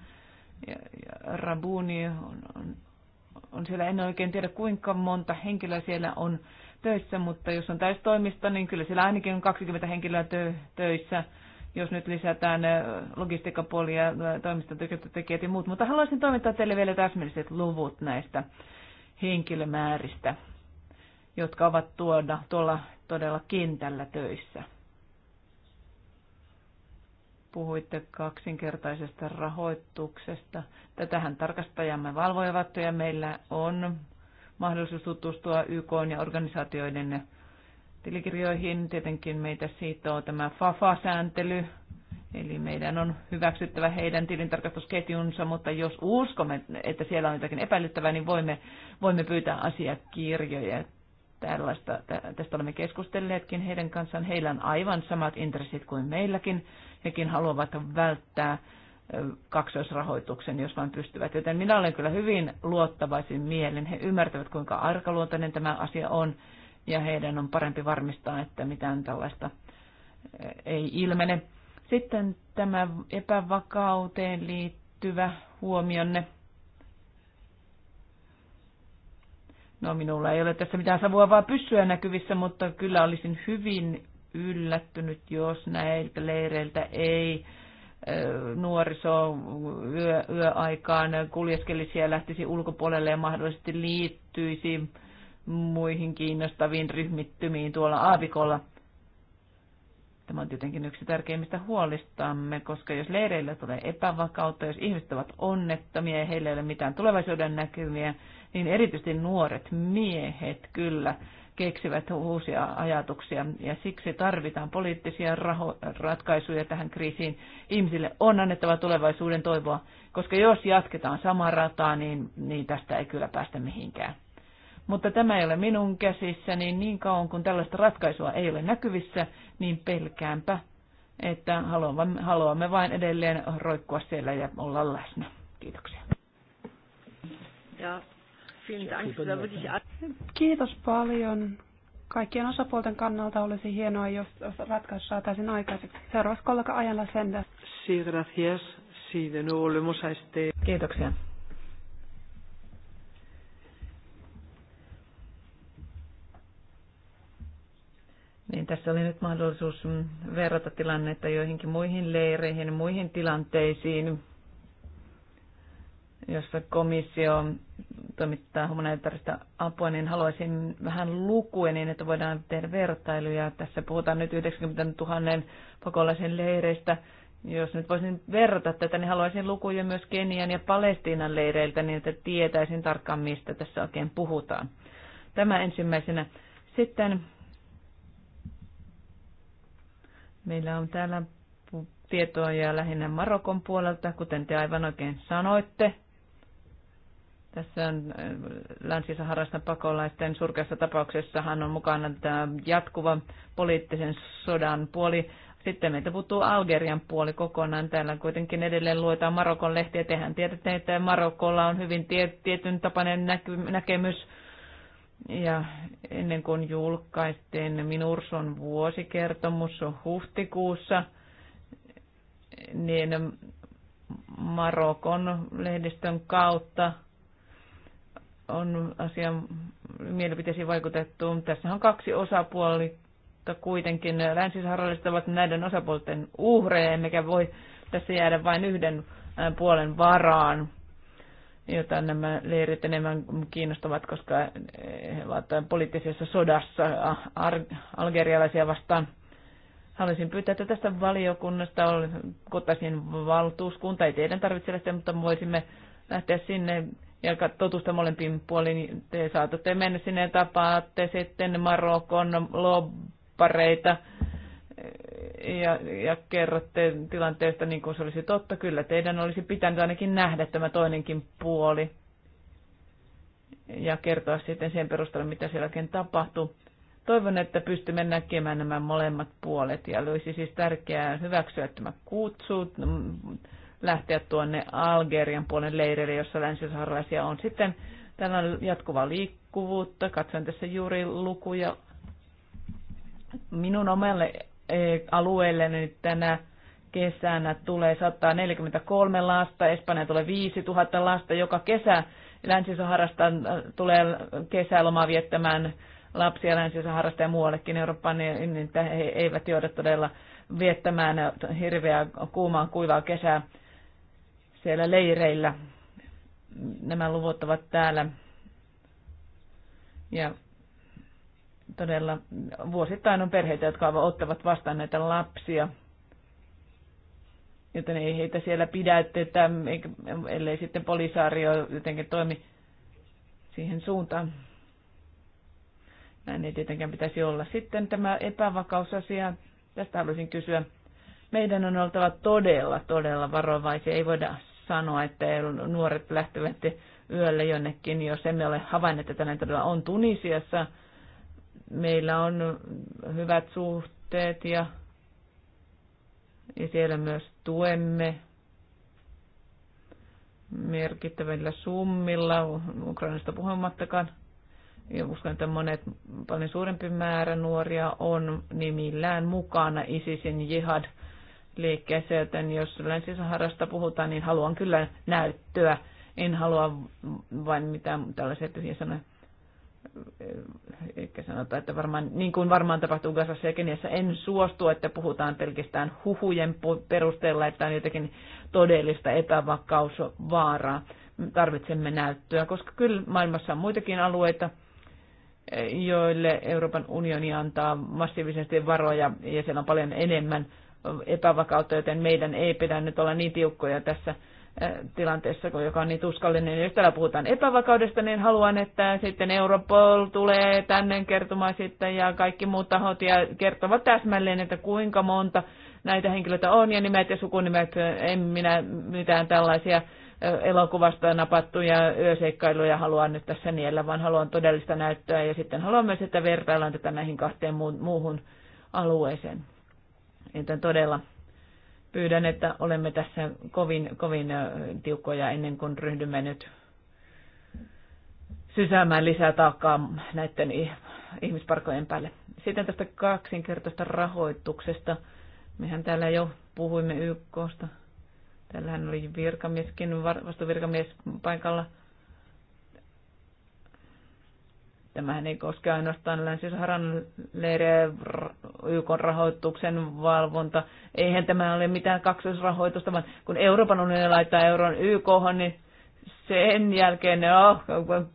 ja, ja Rabuni on, on, on siellä. En oikein tiedä kuinka monta henkilöä siellä on töissä, mutta jos on toimisto, niin kyllä siellä ainakin on 20 henkilöä tö, töissä jos nyt lisätään logistiikkapuoli ja toimistotykötekijät ja muut, mutta haluaisin toimittaa teille vielä täsmälliset luvut näistä henkilömääristä, jotka ovat tuoda, tuolla todella kentällä töissä puhuitte kaksinkertaisesta rahoituksesta. Tätähän tarkastajamme valvoivat ja meillä on mahdollisuus tutustua YK ja organisaatioiden tilikirjoihin. Tietenkin meitä on tämä FAFA-sääntely, eli meidän on hyväksyttävä heidän tilintarkastusketjunsa, mutta jos uskomme, että siellä on jotakin epäilyttävää, niin voimme, voimme pyytää asiakirjoja. Tällaista, tästä olemme keskustelleetkin heidän kanssaan. Heillä on aivan samat intressit kuin meilläkin nekin haluavat välttää kaksoisrahoituksen, jos vain pystyvät. Joten minä olen kyllä hyvin luottavaisin mielin, He ymmärtävät, kuinka arkaluontainen tämä asia on, ja heidän on parempi varmistaa, että mitään tällaista ei ilmene. Sitten tämä epävakauteen liittyvä huomionne. No minulla ei ole tässä mitään savua vaan pyssyä näkyvissä, mutta kyllä olisin hyvin yllättynyt, jos näiltä leireiltä ei nuoriso yö, yöaikaan kuljeskelisi ja lähtisi ulkopuolelle ja mahdollisesti liittyisi muihin kiinnostaviin ryhmittymiin tuolla aavikolla. Tämä on tietenkin yksi tärkeimmistä huolistamme, koska jos leireillä tulee epävakautta, jos ihmiset ovat onnettomia ja heillä ei ole mitään tulevaisuuden näkymiä, niin erityisesti nuoret miehet kyllä keksivät uusia ajatuksia ja siksi tarvitaan poliittisia raho- ratkaisuja tähän kriisiin. Ihmisille on annettava tulevaisuuden toivoa, koska jos jatketaan samaa rataa, niin, niin tästä ei kyllä päästä mihinkään. Mutta tämä ei ole minun käsissä, niin, niin kauan kun tällaista ratkaisua ei ole näkyvissä, niin pelkäänpä, että haluamme, haluamme vain edelleen roikkua siellä ja olla läsnä. Kiitoksia. Ja Kiitos paljon. Kaikkien osapuolten kannalta olisi hienoa, jos ratkaisu saataisiin aikaiseksi. Seuraavaksi kollega Ajalla Sendas. Sí, gracias. Sí, de nuevo volvemos a este... Kiitoksia. Niin tässä oli nyt mahdollisuus verrata tilannetta joihinkin muihin leireihin, muihin tilanteisiin, jossa komissio toimittaa humanitaarista apua, niin haluaisin vähän lukuja niin, että voidaan tehdä vertailuja. Tässä puhutaan nyt 90 000 pakolaisen leireistä. Jos nyt voisin verrata tätä, niin haluaisin lukuja myös Kenian ja Palestiinan leireiltä niin, että tietäisin tarkkaan, mistä tässä oikein puhutaan. Tämä ensimmäisenä. Sitten meillä on täällä tietoa ja lähinnä Marokon puolelta, kuten te aivan oikein sanoitte tässä on äh, Länsi-Saharasta pakolaisten surkeassa tapauksessahan on mukana tämä jatkuva poliittisen sodan puoli. Sitten meitä puuttuu Algerian puoli kokonaan. Täällä kuitenkin edelleen luetaan Marokon lehtiä. Tehän tiedätte, että Marokolla on hyvin tie, tietyn tapainen näky, näkemys. Ja ennen kuin julkaistiin Minurson vuosikertomus huhtikuussa, niin Marokon lehdistön kautta – on asian mielipiteisiin vaikutettu. Tässä on kaksi osapuolta kuitenkin. Länsisaharalliset ovat näiden osapuolten uhreja, emmekä voi tässä jäädä vain yhden puolen varaan, jota nämä leirit enemmän kiinnostavat, koska he ovat poliittisessa sodassa algerialaisia vastaan. Haluaisin pyytää, että tästä valiokunnasta kotaisiin valtuuskunta, ei teidän tarvitse lähteä, mutta voisimme lähteä sinne ja totusta molempiin puolin. Niin te saatatte mennä sinne ja tapaatte sitten Marokon loppareita ja, ja kerrotte tilanteesta niin kuin se olisi totta. Kyllä teidän olisi pitänyt ainakin nähdä tämä toinenkin puoli ja kertoa sitten sen perusteella, mitä sielläkin tapahtuu. Toivon, että pystymme näkemään nämä molemmat puolet ja olisi siis tärkeää hyväksyä tämä kutsu lähteä tuonne Algerian puolen leirille, jossa länsisaharalaisia on. Sitten täällä on jatkuvaa liikkuvuutta. Katsoin tässä juuri lukuja minun omalle eh, alueelleni nyt tänä kesänä tulee 143 lasta, Espanja tulee 5000 lasta joka kesä. Länsi-Saharasta tulee kesälomaa viettämään lapsia Länsi-Saharasta ja muuallekin Eurooppaan, niin, niin he eivät jouda todella viettämään hirveää kuumaan kuivaa kesää siellä leireillä. Nämä luvut ovat täällä. Ja todella vuosittain on perheitä, jotka ottavat vastaan näitä lapsia. Joten ei heitä siellä pidätetä, ellei sitten polisaario jotenkin toimi siihen suuntaan. Näin ei tietenkään pitäisi olla. Sitten tämä epävakausasia, tästä haluaisin kysyä. Meidän on oltava todella, todella varovaisia. Ei voida sanoa, että nuoret lähtevät yöllä jonnekin, jos emme ole havainneet, että näin todella on Tunisiassa. Meillä on hyvät suhteet ja, ja siellä myös tuemme merkittävillä summilla, Ukrainasta puhumattakaan. Ja uskon, että monet, paljon suurempi määrä nuoria on nimillään mukana ISISin jihad liikkeessä, joten jos Länsi-Saharasta puhutaan, niin haluan kyllä näyttöä. En halua vain mitään tällaisia tyhjiä sanoja. Eikä sanota, että varmaan, niin kuin varmaan tapahtuu Gazassa ja Keniassa, en suostu, että puhutaan pelkästään huhujen perusteella, että on jotenkin todellista epävakausvaaraa. Tarvitsemme näyttöä, koska kyllä maailmassa on muitakin alueita, joille Euroopan unioni antaa massiivisesti varoja ja siellä on paljon enemmän epävakautta, joten meidän ei pidä nyt olla niin tiukkoja tässä eh, tilanteessa, joka on niin tuskallinen. Jos täällä puhutaan epävakaudesta, niin haluan, että sitten Europol tulee tänne kertomaan sitten ja kaikki muut tahot ja kertovat täsmälleen, että kuinka monta näitä henkilöitä on ja nimet ja sukunimet. En minä mitään tällaisia eh, elokuvasta napattuja yöseikkailuja haluan nyt tässä niellä, vaan haluan todellista näyttöä ja sitten haluan myös, että vertaillaan tätä näihin kahteen muuhun alueeseen. Joten todella pyydän, että olemme tässä kovin, kovin tiukkoja ennen kuin ryhdymme nyt sysäämään lisää taakkaa näiden ihmisparkojen päälle. Sitten tästä kaksinkertaista rahoituksesta. Mehän täällä jo puhuimme YKsta. Täällähän oli virkamieskin, vastuvirkamies paikalla – Tämähän ei koske ainoastaan Länsi-Saharan leirejä, YK rahoituksen valvonta. Eihän tämä ole mitään kaksoisrahoitusta, vaan kun Euroopan unioni laittaa euron YK, niin sen jälkeen, oh,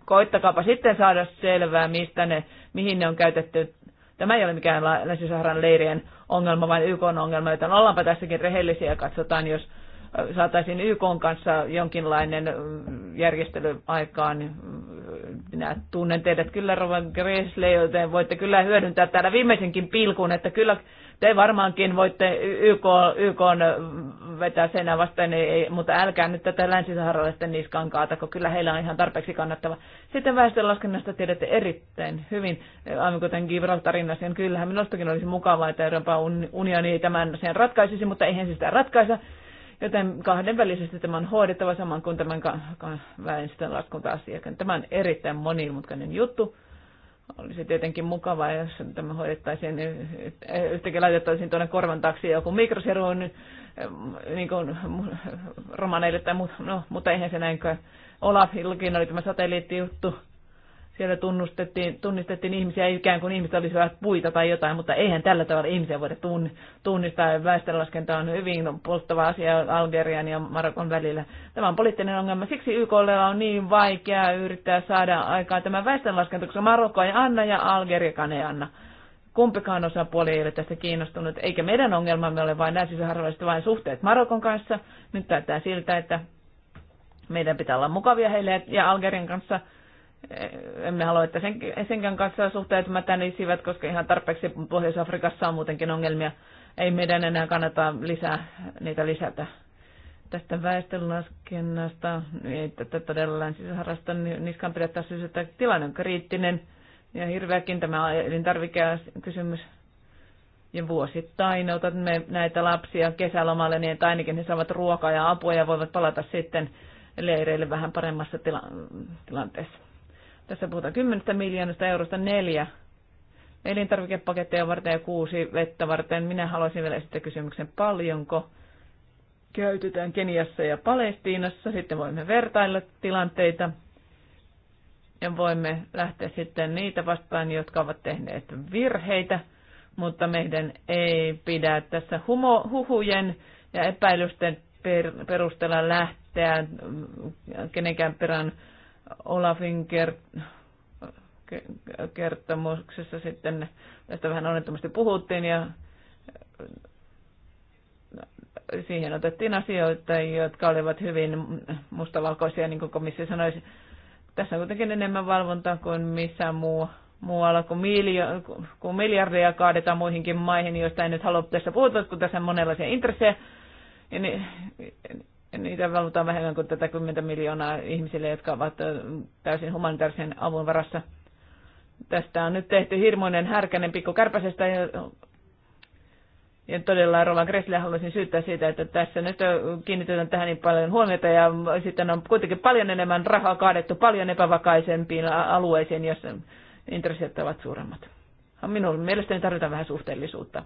koittakaapa sitten saada selvää, mistä ne, mihin ne on käytetty. Tämä ei ole mikään Länsi-Saharan leirien ongelma, vaan YK on ongelma, joten ollaanpa tässäkin rehellisiä ja katsotaan, jos saataisiin YK kanssa jonkinlainen järjestely aikaan. Minä tunnen teidät kyllä, Rovan Gresle, joten voitte kyllä hyödyntää täällä viimeisenkin pilkun, että kyllä te varmaankin voitte YK, YK vetää senä vastaan, ei, mutta älkää nyt tätä länsisaharalaisten niskaan kaatako, kyllä heillä on ihan tarpeeksi kannattava. Sitten väestönlaskennasta tiedätte erittäin hyvin, aivan kuten Gibraltarin asian, kyllähän minustakin olisi mukavaa, että Euroopan unioni tämän asian ratkaisisi, mutta eihän se sitä ratkaisa Joten kahdenvälisesti tämä on hoidettava saman kuin tämän väestön lakkunta-asiakan. Tämä on erittäin monimutkainen juttu. Olisi tietenkin mukavaa, jos tämä hoidettaisiin, yhtäkkiä laitettaisiin tuonne korvan taakse joku mikroseru eh, niin kuin romaneille tai muuta. No, mutta eihän se näinkö. Olafillakin oli tämä satelliittijuttu. Siellä tunnustettiin, tunnistettiin ihmisiä ikään kuin ihmiset olisivat puita tai jotain, mutta eihän tällä tavalla ihmisiä voida tunnistaa. Väestönlaskenta on hyvin polttava asia Algerian ja Marokon välillä. Tämä on poliittinen ongelma. Siksi YKlla on niin vaikea yrittää saada aikaa tämä väestönlaskenta, koska Marokko ei anna ja Algeriakaan ei anna kumpikaan osapuoli ei ole tästä kiinnostunut, eikä meidän ongelmamme ole vain länsisaharalaiset, vain suhteet Marokon kanssa. Nyt täyttää siltä, että meidän pitää olla mukavia heille ja Algerian kanssa emme halua, että sen, senkään kanssa suhteet mätänisivät, koska ihan tarpeeksi Pohjois-Afrikassa on muutenkin ongelmia. Ei meidän enää kannata lisää, niitä lisätä. Tästä väestönlaskennasta, ei tätä todella länsisaharasta niskaan pidä taas että tilanne on kriittinen ja hirveäkin tämä elintarvikekysymys. Ja vuosittain otamme näitä lapsia kesälomalle niin, että ainakin he saavat ruokaa ja apua ja voivat palata sitten leireille vähän paremmassa tila- tilanteessa. Tässä puhutaan 10 miljoonasta eurosta neljä elintarvikepaketteja varten ja kuusi vettä varten. Minä haluaisin vielä esittää kysymyksen, paljonko käytetään Keniassa ja Palestiinassa. Sitten voimme vertailla tilanteita ja voimme lähteä sitten niitä vastaan, jotka ovat tehneet virheitä, mutta meidän ei pidä tässä humo, huhujen ja epäilysten perusteella lähteä kenenkään perään Olafin kert- kertomuksessa sitten tästä vähän onnettomasti puhuttiin ja siihen otettiin asioita, jotka olivat hyvin mustavalkoisia, niin kuin komissio sanoisi. Tässä on kuitenkin enemmän valvontaa kuin missään muu, muualla, kun, miljo- kun miljardeja kaadetaan muihinkin maihin, joista en nyt halua tässä puhuta, kun tässä on monenlaisia intressejä. Ja niin, niitä valvotaan vähemmän kuin tätä 10 miljoonaa ihmisille, jotka ovat täysin humanitaarisen avun varassa. Tästä on nyt tehty hirmoinen, härkänen kärpäsestä. ja, ja todella Rovan Gressille haluaisin syyttää siitä, että tässä nyt kiinnitetään tähän niin paljon huomiota ja sitten on kuitenkin paljon enemmän rahaa kaadettu paljon epävakaisempiin alueisiin, jos intressit ovat suuremmat. Minun mielestäni tarvitaan vähän suhteellisuutta.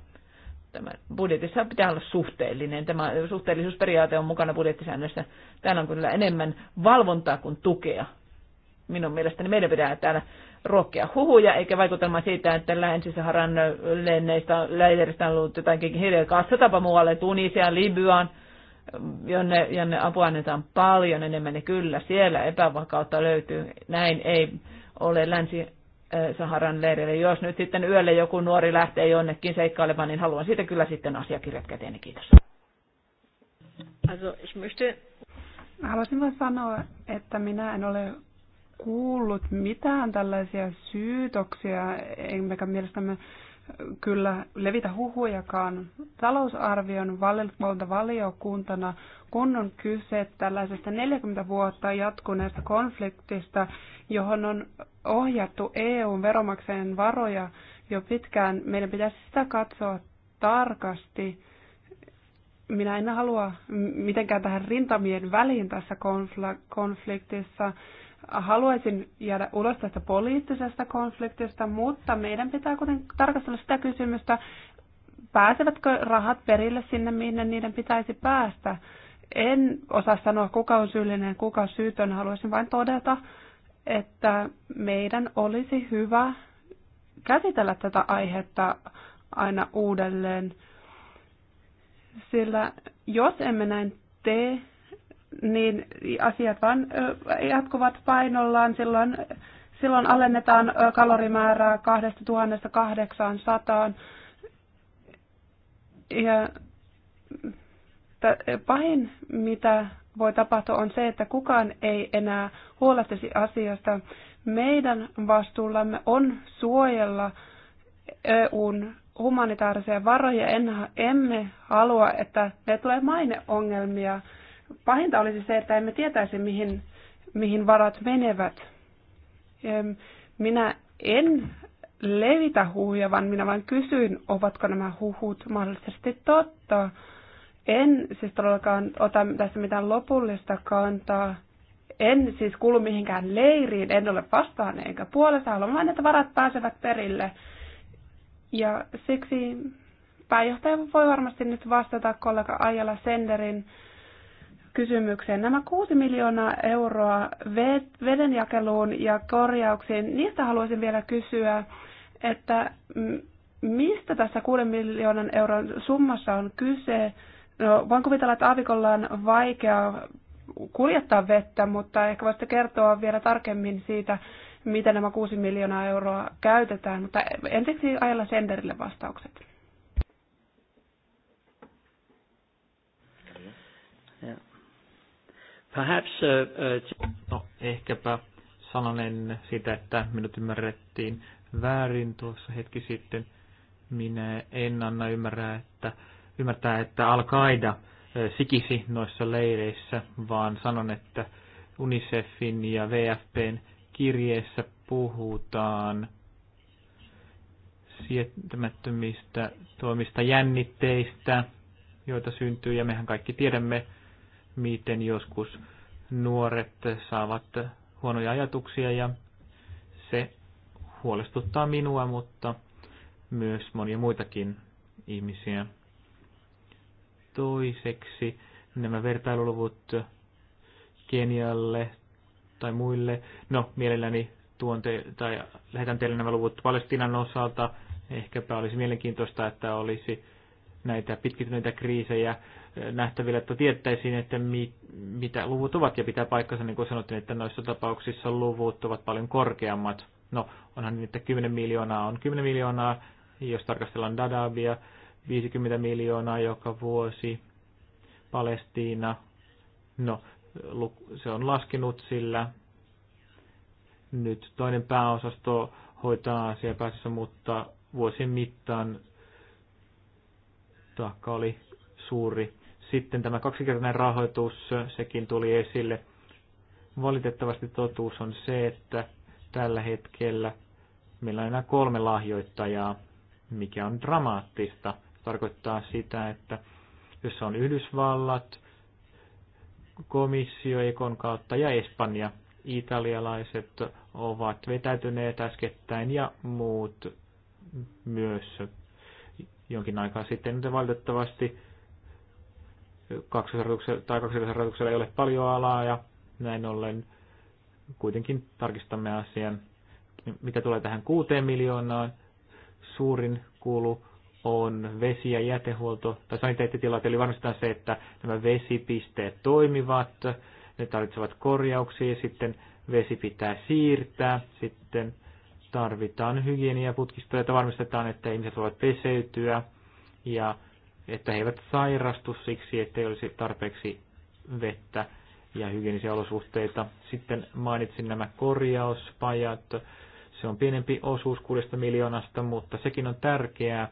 Tämä budjetissa pitää olla suhteellinen. Tämä suhteellisuusperiaate on mukana budjettisäännössä. Täällä on kyllä enemmän valvontaa kuin tukea. Minun mielestäni meidän pitää täällä ruokkia huhuja, eikä vaikutelma siitä, että Länsi-Saharan leireistä on ollut jotain hirveä kassatapa muualle, Tunisiaan, Libyaan, jonne, jonne apua annetaan paljon enemmän, niin kyllä siellä epävakautta löytyy. Näin ei ole länsi Saharan leirille. Jos nyt sitten yöllä joku nuori lähtee jonnekin seikkailemaan, niin haluan siitä kyllä sitten asiakirjat käteeni. Kiitos. Also, ich möchte... Haluaisin vain sanoa, että minä en ole kuullut mitään tällaisia syytöksiä, emmekä mielestämme kyllä levitä huhujakaan. Talousarvion valiokuntana, kun on kyse tällaisesta 40 vuotta jatkuneesta konfliktista, johon on ohjattu EUn veromaksajien varoja jo pitkään. Meidän pitäisi sitä katsoa tarkasti. Minä en halua mitenkään tähän rintamien väliin tässä konfliktissa. Haluaisin jäädä ulos tästä poliittisesta konfliktista, mutta meidän pitää kuitenkin tarkastella sitä kysymystä, pääsevätkö rahat perille sinne, minne niiden pitäisi päästä. En osaa sanoa, kuka on syyllinen, kuka on syytön. Haluaisin vain todeta, että meidän olisi hyvä käsitellä tätä aihetta aina uudelleen, sillä jos emme näin tee, niin asiat vain jatkuvat painollaan, silloin, silloin alennetaan kalorimäärää 2800. Ja pahin, mitä voi tapahtua, on se, että kukaan ei enää huolehtisi asiasta. Meidän vastuullamme on suojella EUn humanitaarisia varoja. En, emme halua, että ne tulee maineongelmia. Pahinta olisi se, että emme tietäisi, mihin, mihin varat menevät. Minä en levitä huhuja, vaan minä vain kysyin, ovatko nämä huhut mahdollisesti totta. En siis todellakaan ota tässä mitään lopullista kantaa. En siis kuulu mihinkään leiriin, en ole vastaan eikä puolesta. Haluan vain, että varat pääsevät perille. Ja siksi pääjohtaja voi varmasti nyt vastata kollega Ajala Senderin kysymykseen. Nämä 6 miljoonaa euroa vedenjakeluun ja korjauksiin, niistä haluaisin vielä kysyä, että mistä tässä 6 miljoonan euron summassa on kyse? No, voin kuvitella, että aavikolla on vaikea kuljettaa vettä, mutta ehkä voisitte kertoa vielä tarkemmin siitä, miten nämä 6 miljoonaa euroa käytetään. Mutta ensiksi ajalla senderille vastaukset. Perhaps, uh, uh, no, ehkäpä sananen sitä, että minut ymmärrettiin väärin tuossa hetki sitten. Minä en anna ymmärrä, että ymmärtää, että Al-Qaida sikisi noissa leireissä, vaan sanon, että UNICEFin ja VFPn kirjeessä puhutaan sietämättömistä toimista jännitteistä, joita syntyy, ja mehän kaikki tiedämme, miten joskus nuoret saavat huonoja ajatuksia, ja se huolestuttaa minua, mutta myös monia muitakin ihmisiä toiseksi nämä vertailuluvut Kenialle tai muille. No, mielelläni tuon te, tai lähetän teille nämä luvut Palestinan osalta. Ehkäpä olisi mielenkiintoista, että olisi näitä pitkittyneitä kriisejä eh, nähtävillä, että tiettäisiin, että mi, mitä luvut ovat ja pitää paikkansa, niin kuin sanottiin, että noissa tapauksissa luvut ovat paljon korkeammat. No, onhan niin, että 10 miljoonaa on 10 miljoonaa, jos tarkastellaan Dadaabia, 50 miljoonaa joka vuosi. Palestiina, no se on laskenut sillä. Nyt toinen pääosasto hoitaa asiaa päässä, mutta vuosien mittaan taakka oli suuri. Sitten tämä kaksikertainen rahoitus, sekin tuli esille. Valitettavasti totuus on se, että tällä hetkellä meillä on enää kolme lahjoittajaa, mikä on dramaattista – tarkoittaa sitä, että jos on Yhdysvallat, komissio Ekon kautta ja Espanja, italialaiset ovat vetäytyneet äskettäin ja muut myös jonkin aikaa sitten, mutta valitettavasti kaksoisrahoituksella ei ole paljon alaa ja näin ollen kuitenkin tarkistamme asian. Mitä tulee tähän kuuteen miljoonaan, suurin kuulu on vesi- ja jätehuolto tai saniteettitilat, eli varmistetaan se, että nämä vesipisteet toimivat, ne tarvitsevat korjauksia ja sitten vesi pitää siirtää, sitten tarvitaan hygieniaputkistoja, että varmistetaan, että ihmiset voivat peseytyä ja että he eivät sairastu siksi, että ei olisi tarpeeksi vettä ja hygienisiä olosuhteita. Sitten mainitsin nämä korjauspajat. Se on pienempi osuus 6 miljoonasta, mutta sekin on tärkeää,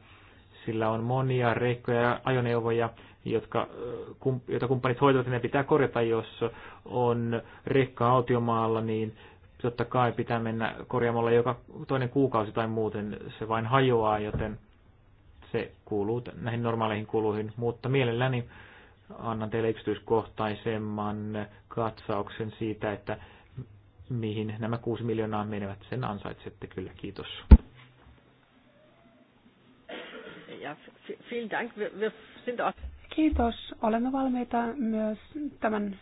sillä on monia reikkoja ja ajoneuvoja, jotka, joita kumppanit hoitavat, ja ne pitää korjata, jos on rekka autiomaalla, niin totta kai pitää mennä korjaamalla joka toinen kuukausi tai muuten se vain hajoaa, joten se kuuluu näihin normaaleihin kuluihin, mutta mielelläni annan teille yksityiskohtaisemman katsauksen siitä, että mihin nämä kuusi miljoonaa menevät, sen ansaitsette kyllä, kiitos. Ja, vielen Dank. Wir, wir sind auch... Kiitos. Olemme valmiita myös tämän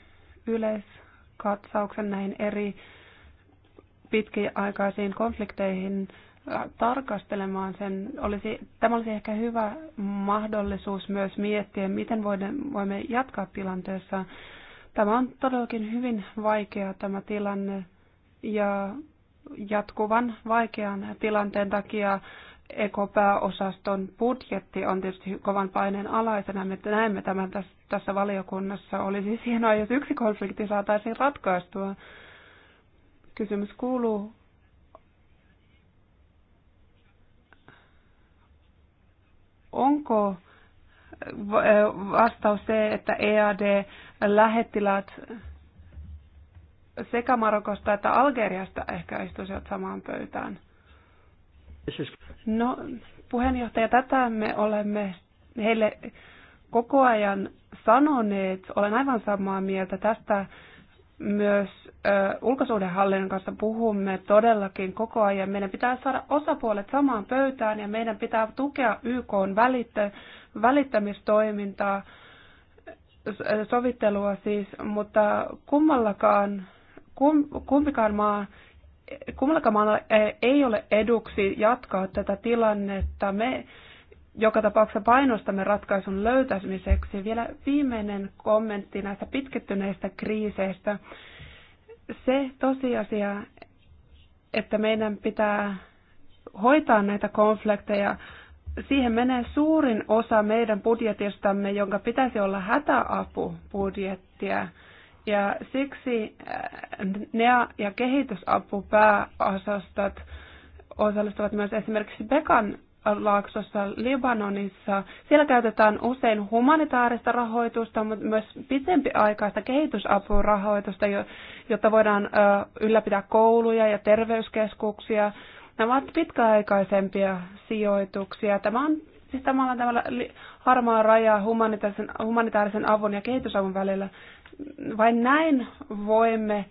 yleiskatsauksen näihin eri pitkäaikaisiin konflikteihin äh, tarkastelemaan sen. Olisi, tämä olisi ehkä hyvä mahdollisuus myös miettiä, miten voimme jatkaa tilanteessa. Tämä on todellakin hyvin vaikea tämä tilanne ja jatkuvan vaikean tilanteen takia ekopääosaston budjetti on tietysti kovan paineen alaisena. Me näemme tämän tässä valiokunnassa. Olisi hienoa, jos yksi konflikti saataisiin ratkaistua. Kysymys kuuluu, onko äh, vastaus se, että ead lähettilät sekä Marokosta että Algeriasta ehkä istuisivat samaan pöytään – No, puheenjohtaja, tätä me olemme heille koko ajan sanoneet. Olen aivan samaa mieltä tästä myös ö, ulkosuhdehallinnon kanssa puhumme todellakin koko ajan. Meidän pitää saada osapuolet samaan pöytään ja meidän pitää tukea YK välittä, välittämistoimintaa, sovittelua siis, mutta kummallakaan, kum, kumpikaan maa kummallakaan maalla ei ole eduksi jatkaa tätä tilannetta. Me joka tapauksessa painostamme ratkaisun löytämiseksi. Vielä viimeinen kommentti näistä pitkittyneistä kriiseistä. Se tosiasia, että meidän pitää hoitaa näitä konflikteja, siihen menee suurin osa meidän budjetistamme, jonka pitäisi olla hätäapubudjettia. budjettia ja siksi äh, NEA ja kehitysapu pääosastot osallistuvat myös esimerkiksi Bekan laaksossa Libanonissa. Siellä käytetään usein humanitaarista rahoitusta, mutta myös pitempiaikaista kehitysapurahoitusta, jotta voidaan ylläpitää kouluja ja terveyskeskuksia. Nämä ovat pitkäaikaisempia sijoituksia. Tämä on siis tämä harmaa raja humanitaarisen, humanitaarisen avun ja kehitysavun välillä vain näin voimme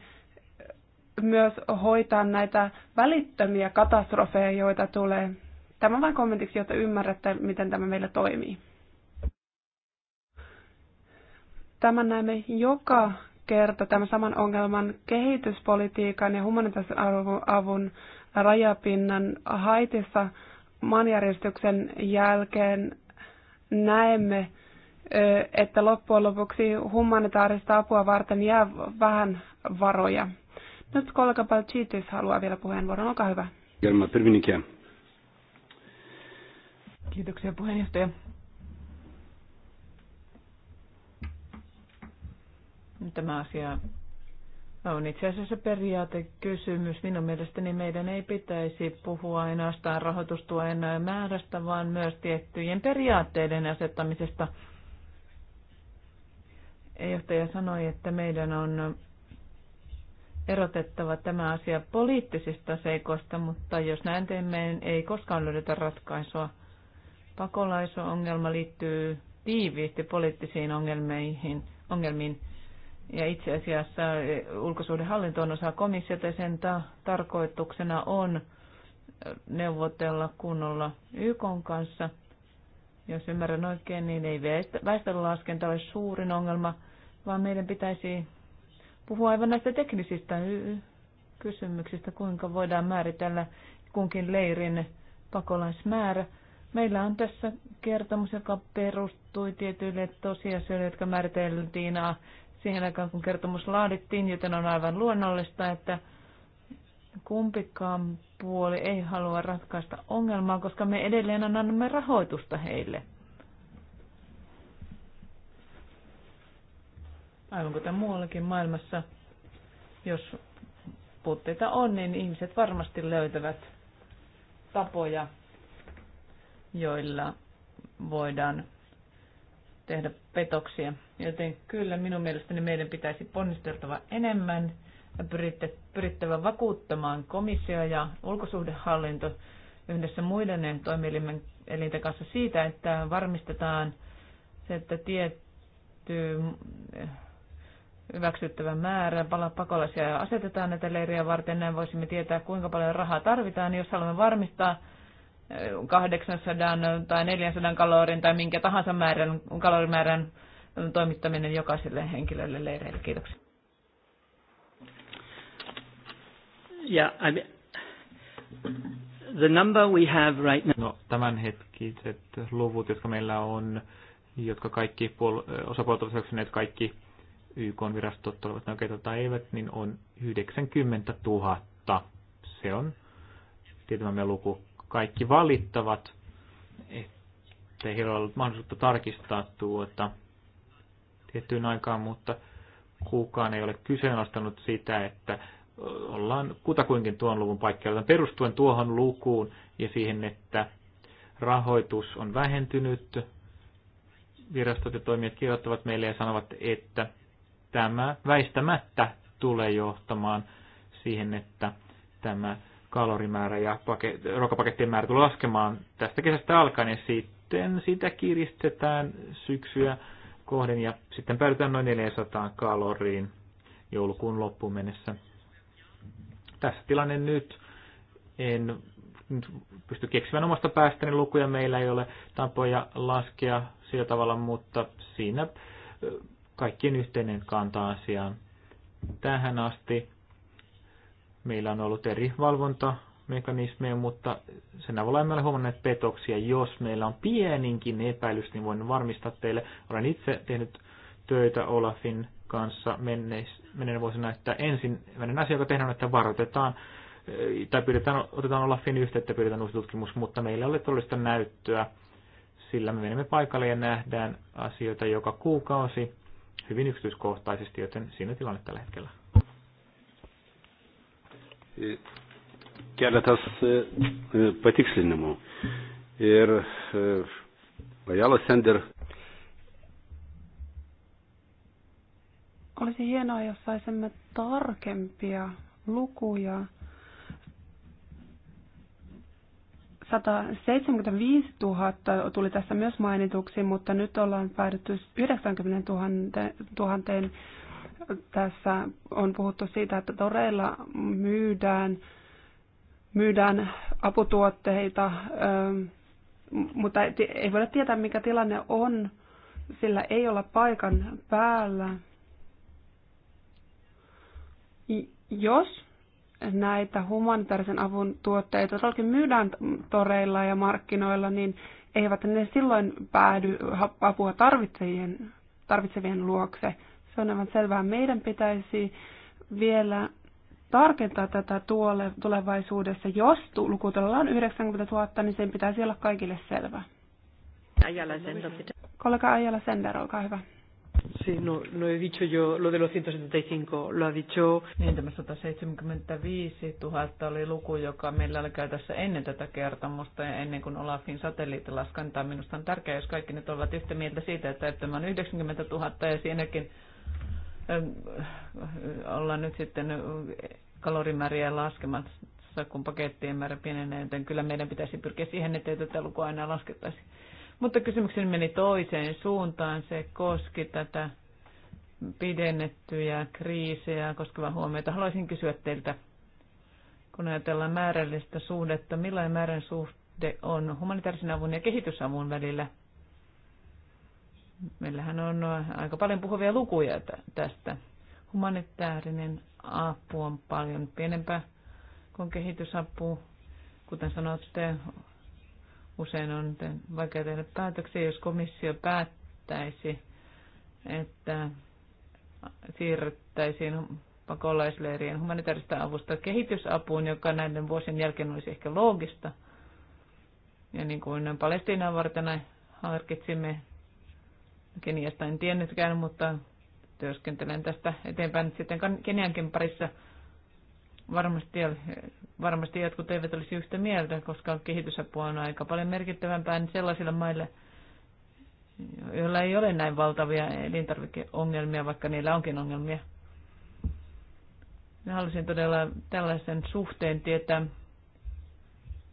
myös hoitaa näitä välittömiä katastrofeja, joita tulee. Tämä vain kommentiksi, jotta ymmärrätte, miten tämä meillä toimii. Tämän näemme joka kerta tämän saman ongelman kehityspolitiikan ja humanitaarisen avun rajapinnan haitissa maanjärjestyksen jälkeen näemme että loppujen lopuksi humanitaarista apua varten jää vähän varoja. Nyt kollega Balchitis haluaa vielä puheenvuoron. Olkaa hyvä. Kiitoksia puheenjohtaja. Tämä asia on itse asiassa periaatekysymys. Minun mielestäni meidän ei pitäisi puhua ainoastaan rahoitustuen määrästä, vaan myös tiettyjen periaatteiden asettamisesta – johtaja sanoi, että meidän on erotettava tämä asia poliittisista seikoista, mutta jos näin teemme, ei koskaan löydetä ratkaisua. Pakolaisongelma liittyy tiiviisti poliittisiin ongelmiin, ongelmiin ja itse asiassa ulkosuhdehallinto on osa komissiota ja sen ta- tarkoituksena on neuvotella kunnolla YK kanssa. Jos ymmärrän oikein, niin ei väestönlaskenta ole suurin ongelma – vaan meidän pitäisi puhua aivan näistä teknisistä kysymyksistä, kuinka voidaan määritellä kunkin leirin pakolaismäärä. Meillä on tässä kertomus, joka perustui tietyille tosiasioille, jotka määriteltiin siihen aikaan, kun kertomus laadittiin, joten on aivan luonnollista, että kumpikaan puoli ei halua ratkaista ongelmaa, koska me edelleen annamme rahoitusta heille. aivan kuten muuallakin maailmassa, jos puutteita on, niin ihmiset varmasti löytävät tapoja, joilla voidaan tehdä petoksia. Joten kyllä minun mielestäni meidän pitäisi ponnisteltava enemmän ja pyrittävä vakuuttamaan komissio ja ulkosuhdehallinto yhdessä muiden toimielimen elinten kanssa siitä, että varmistetaan se, että tietty hyväksyttävä määrä pakolaisia asetetaan näitä leiriä varten. Näin voisimme tietää, kuinka paljon rahaa tarvitaan, jos haluamme varmistaa 800 eh, tai 400 kalorin tai minkä tahansa määrän, kalorimäärän toimittaminen jokaiselle henkilölle leireille. Kiitoksia. Yeah, I mean, the number we have right now. No, tämänhetkiset luvut, jotka meillä on, jotka kaikki puol- osapuolet ovat kaikki YK-virastot olivat oikeita tota tai eivät, niin on 90 000. Se on tietämämme luku. Kaikki valittavat, ettei heillä ollut mahdollisuutta tarkistaa tuota tiettyyn aikaan, mutta kukaan ei ole kyseenalaistanut sitä, että ollaan kutakuinkin tuon luvun paikkeilla. Perustuen tuohon lukuun ja siihen, että rahoitus on vähentynyt, virastot ja toimijat kirjoittavat meille ja sanovat, että tämä väistämättä tulee johtamaan siihen, että tämä kalorimäärä ja paket- ruokapakettien määrä tulee laskemaan tästä kesästä alkaen ja sitten sitä kiristetään syksyä kohden ja sitten päädytään noin 400 kaloriin joulukuun loppuun mennessä. Tässä tilanne nyt. En pysty keksimään omasta päästäni lukuja. Meillä ei ole tapoja laskea sillä tavalla, mutta siinä kaikkien yhteinen kanta asiaan. Tähän asti meillä on ollut eri valvontamekanismeja, mutta sen avulla emme ole huomanneet petoksia. Jos meillä on pieninkin epäilys, niin voin varmistaa teille. Olen itse tehnyt töitä Olafin kanssa menneen vuosina, että ensimmäinen asia, joka tehdään, että varoitetaan eh, tai pyydetään, otetaan Olafin yhteyttä, pyydetään uusi tutkimus, mutta meillä ei ole todellista näyttöä, sillä me menemme paikalle ja nähdään asioita joka kuukausi hyvin yksityiskohtaisesti, joten siinä tilanne tällä hetkellä. Keletas eh, eh, patikslinimų. Ir eh, Ajala Sender. Olisi hienoa, jos saisimme tarkempia lukuja 175 000 tuli tässä myös mainituksi, mutta nyt ollaan päädytty 90 000, 000. Tässä on puhuttu siitä, että toreilla myydään, myydään aputuotteita, ähm, mutta ei voida tietää, mikä tilanne on, sillä ei olla paikan päällä. Jos näitä humanitaarisen avun tuotteita todellakin myydään toreilla ja markkinoilla, niin eivät ne silloin päädy apua tarvitsevien, tarvitsevien luokse. Se on aivan selvää. Meidän pitäisi vielä tarkentaa tätä tuolle tulevaisuudessa. Jos luku on 90 000, niin sen pitäisi olla kaikille selvä. Ajala Sender. Kollega Ajala Sender, olkaa hyvä. Sí, no, no he dicho yo lo de los 175, lo ha dicho... Niin, tämä 175 000 oli luku, joka meillä oli käytössä ennen tätä kertomusta ja ennen kuin Olafin satelliittilaskantaa. Minusta on tärkeää, jos kaikki nyt ovat yhtä mieltä siitä, että tämä on 90 000 ja siinäkin ähm, äh, ollaan nyt sitten kalorimääriä laskemassa, kun pakettien määrä pienenee, joten kyllä meidän pitäisi pyrkiä siihen, että tätä lukua aina laskettaisiin. Mutta kysymykseni meni toiseen suuntaan. Se koski tätä pidennettyjä kriisejä koskevaa huomiota. Haluaisin kysyä teiltä, kun ajatellaan määrällistä suhdetta, millainen määrän suhde on humanitaarisen avun ja kehitysavun välillä? Meillähän on aika paljon puhuvia lukuja tästä. Humanitaarinen apu on paljon pienempää kuin kehitysapu. Kuten sanotte, Usein on vaikea tehdä päätöksiä, jos komissio päättäisi, että siirryttäisiin pakolaisleirien humanitaarista avusta kehitysapuun, joka näiden vuosien jälkeen olisi ehkä loogista. Ja niin kuin Palestiinan varten harkitsimme, Keniasta en tiennytkään, mutta työskentelen tästä eteenpäin sitten Keniankin parissa – Varmasti, varmasti jotkut eivät olisi yhtä mieltä, koska kehitysapu on aika paljon merkittävämpää niin sellaisilla mailla, joilla ei ole näin valtavia elintarvikeongelmia, vaikka niillä onkin ongelmia. Mä haluaisin todella tällaisen suhteen tietää,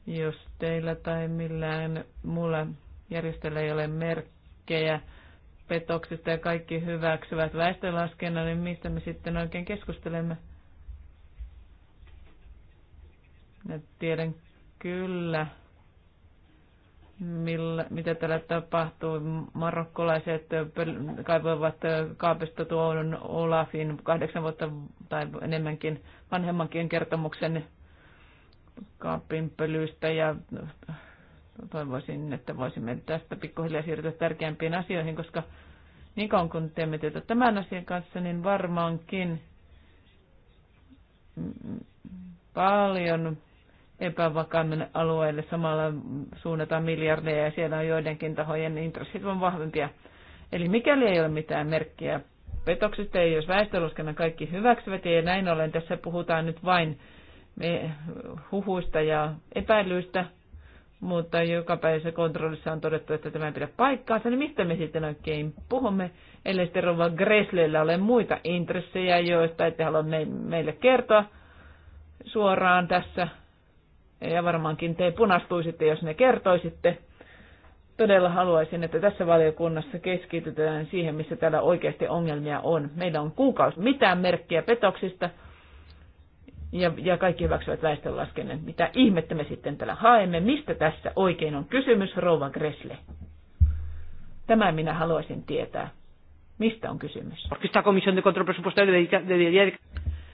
jos teillä tai millään muulla järjestöllä ei ole merkkejä petoksista ja kaikki hyväksyvät väestölaskennan, niin mistä me sitten oikein keskustelemme? Ja tiedän kyllä, millä, mitä täällä tapahtuu. Marokkolaiset kaivoivat kaapista tuon Olafin kahdeksan vuotta tai enemmänkin vanhemmankin kertomuksen kaapin pölystä ja toivoisin, että voisimme tästä pikkuhiljaa siirtyä tärkeämpiin asioihin, koska niin kauan kun teemme työtä tämän asian kanssa, niin varmaankin paljon epävakaammille alueille. Samalla suunnataan miljardeja ja siellä on joidenkin tahojen intressit on vahvempia. Eli mikäli ei ole mitään merkkiä petoksista, ei jos väestöluskennan kaikki hyväksyvät, ja näin ollen tässä puhutaan nyt vain huhuista ja epäilyistä, mutta joka päivässä kontrollissa on todettu, että tämä ei pidä paikkaansa, niin mistä me sitten oikein puhumme, ellei sitten Rova Gresleillä ole muita intressejä, joista ette halua meille kertoa suoraan tässä ja varmaankin te punastuisitte, jos ne kertoisitte. Todella haluaisin, että tässä valiokunnassa keskitytään siihen, missä täällä oikeasti ongelmia on. Meillä on kuukausi mitään merkkiä petoksista ja, ja kaikki hyväksyvät väestönlaskennan. Mitä ihmettä me sitten täällä haemme? Mistä tässä oikein on kysymys, rouva Gresle? Tämä minä haluaisin tietää. Mistä on kysymys? Porque esta comisión de control presupuestario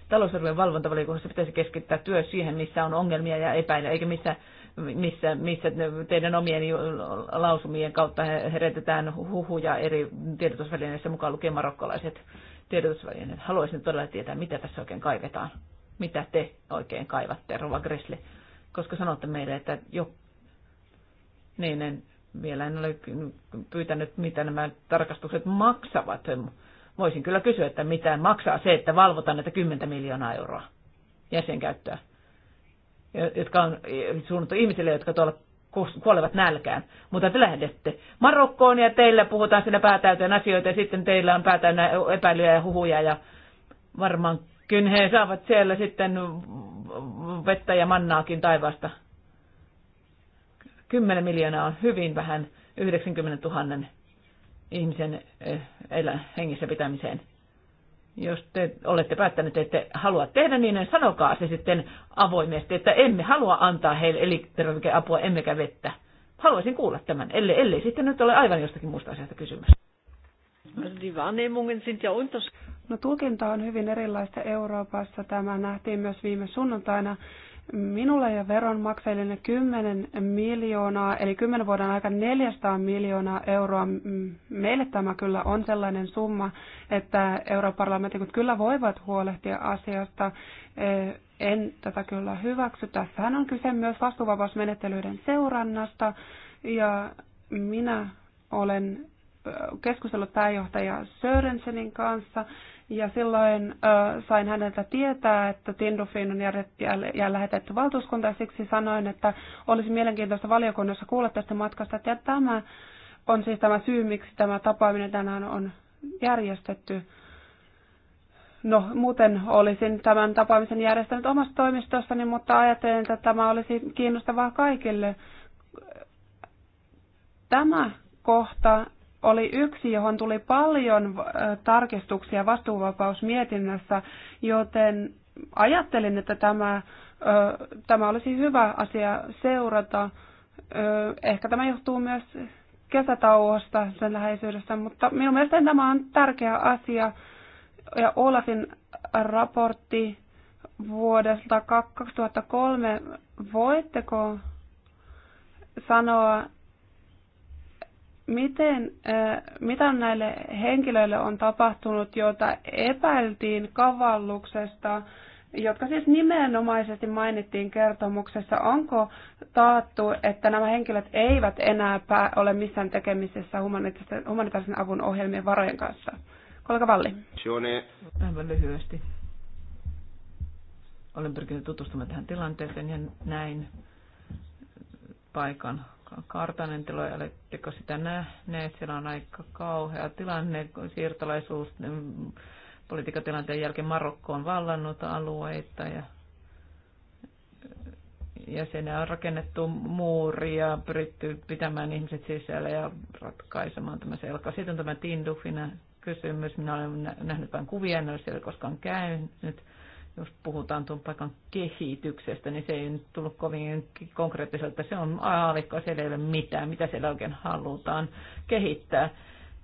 talousarvion valvontavaliokunnassa pitäisi keskittää työ siihen, missä on ongelmia ja epäilyjä, eikä missä, missä, missä teidän omien lausumien kautta herätetään huhuja eri tiedotusvälineissä mukaan lukien marokkolaiset tiedotusvälineet. Haluaisin todella tietää, mitä tässä oikein kaivetaan. Mitä te oikein kaivatte, Rova Gressle? Koska sanotte meille, että jo, niin en, vielä en ole pyytänyt, mitä nämä tarkastukset maksavat Voisin kyllä kysyä, että mitä maksaa se, että valvotaan näitä 10 miljoonaa euroa jäsenkäyttöä, jotka on suunnattu ihmisille, jotka tuolla kuolevat nälkään. Mutta te lähdette Marokkoon ja teillä puhutaan siinä päätäyteen asioita ja sitten teillä on päätäynnä epäilyjä ja huhuja ja kyllä he saavat siellä sitten vettä ja mannaakin taivaasta. 10 miljoonaa on hyvin vähän 90 000 ihmisen eh, elä, hengissä pitämiseen. Jos te olette päättäneet, että halua tehdä niin, niin sanokaa se sitten avoimesti, että emme halua antaa heille elintarvikeapua emmekä vettä. Haluaisin kuulla tämän, ellei, ellei sitten nyt ole aivan jostakin muusta asiasta kysymys. No tulkinta on hyvin erilaista Euroopassa. Tämä nähtiin myös viime sunnuntaina Minulle ja veronmaksajille 10 miljoonaa, eli 10 vuoden aikana 400 miljoonaa euroa. Meille tämä kyllä on sellainen summa, että europarlamentit kyllä voivat huolehtia asiasta. E, en tätä kyllä hyväksy. Tässähän on kyse myös vastuuvapausmenettelyiden seurannasta, ja minä olen keskustellut pääjohtaja Sörensenin kanssa ja silloin ö, sain häneltä tietää, että Tindufiin on jäl- lähetetty valtuuskunta ja siksi sanoin, että olisi mielenkiintoista valiokunnassa kuulla tästä matkasta. Ja tämä on siis tämä syy, miksi tämä tapaaminen tänään on järjestetty. No, muuten olisin tämän tapaamisen järjestänyt omassa toimistossani, mutta ajattelin, että tämä olisi kiinnostavaa kaikille. Tämä kohta oli yksi, johon tuli paljon äh, tarkistuksia vastuuvapausmietinnässä, joten ajattelin, että tämä, äh, tämä olisi hyvä asia seurata. Äh, ehkä tämä johtuu myös kesätauosta sen läheisyydessä, mutta minun mielestäni tämä on tärkeä asia. Ja Olafin raportti vuodelta 2003, voitteko sanoa miten, mitä näille henkilöille on tapahtunut, joita epäiltiin kavalluksesta, jotka siis nimenomaisesti mainittiin kertomuksessa, onko taattu, että nämä henkilöt eivät enää ole missään tekemisessä humanitaarisen avun ohjelmien varojen kanssa? Kollega Valli. Aivan lyhyesti. Olen pyrkinyt tutustumaan tähän tilanteeseen ja näin paikan kartanen tiloja, oletteko sitä nähneet? Siellä on aika kauhea tilanne, siirtolaisuus mm, politiikatilanteen jälkeen Marokko on vallannut alueita ja, ja sinne on rakennettu muuri ja pyritty pitämään ihmiset sisällä ja ratkaisemaan tämä selka. Sitten on tämä Tindufina kysymys. Minä olen nähnyt vain kuvia, en ole siellä koskaan käynyt jos puhutaan tuon paikan kehityksestä, niin se ei nyt tullut kovin konkreettiselta. Se on aalikko, siellä ei ole mitään, mitä siellä oikein halutaan kehittää.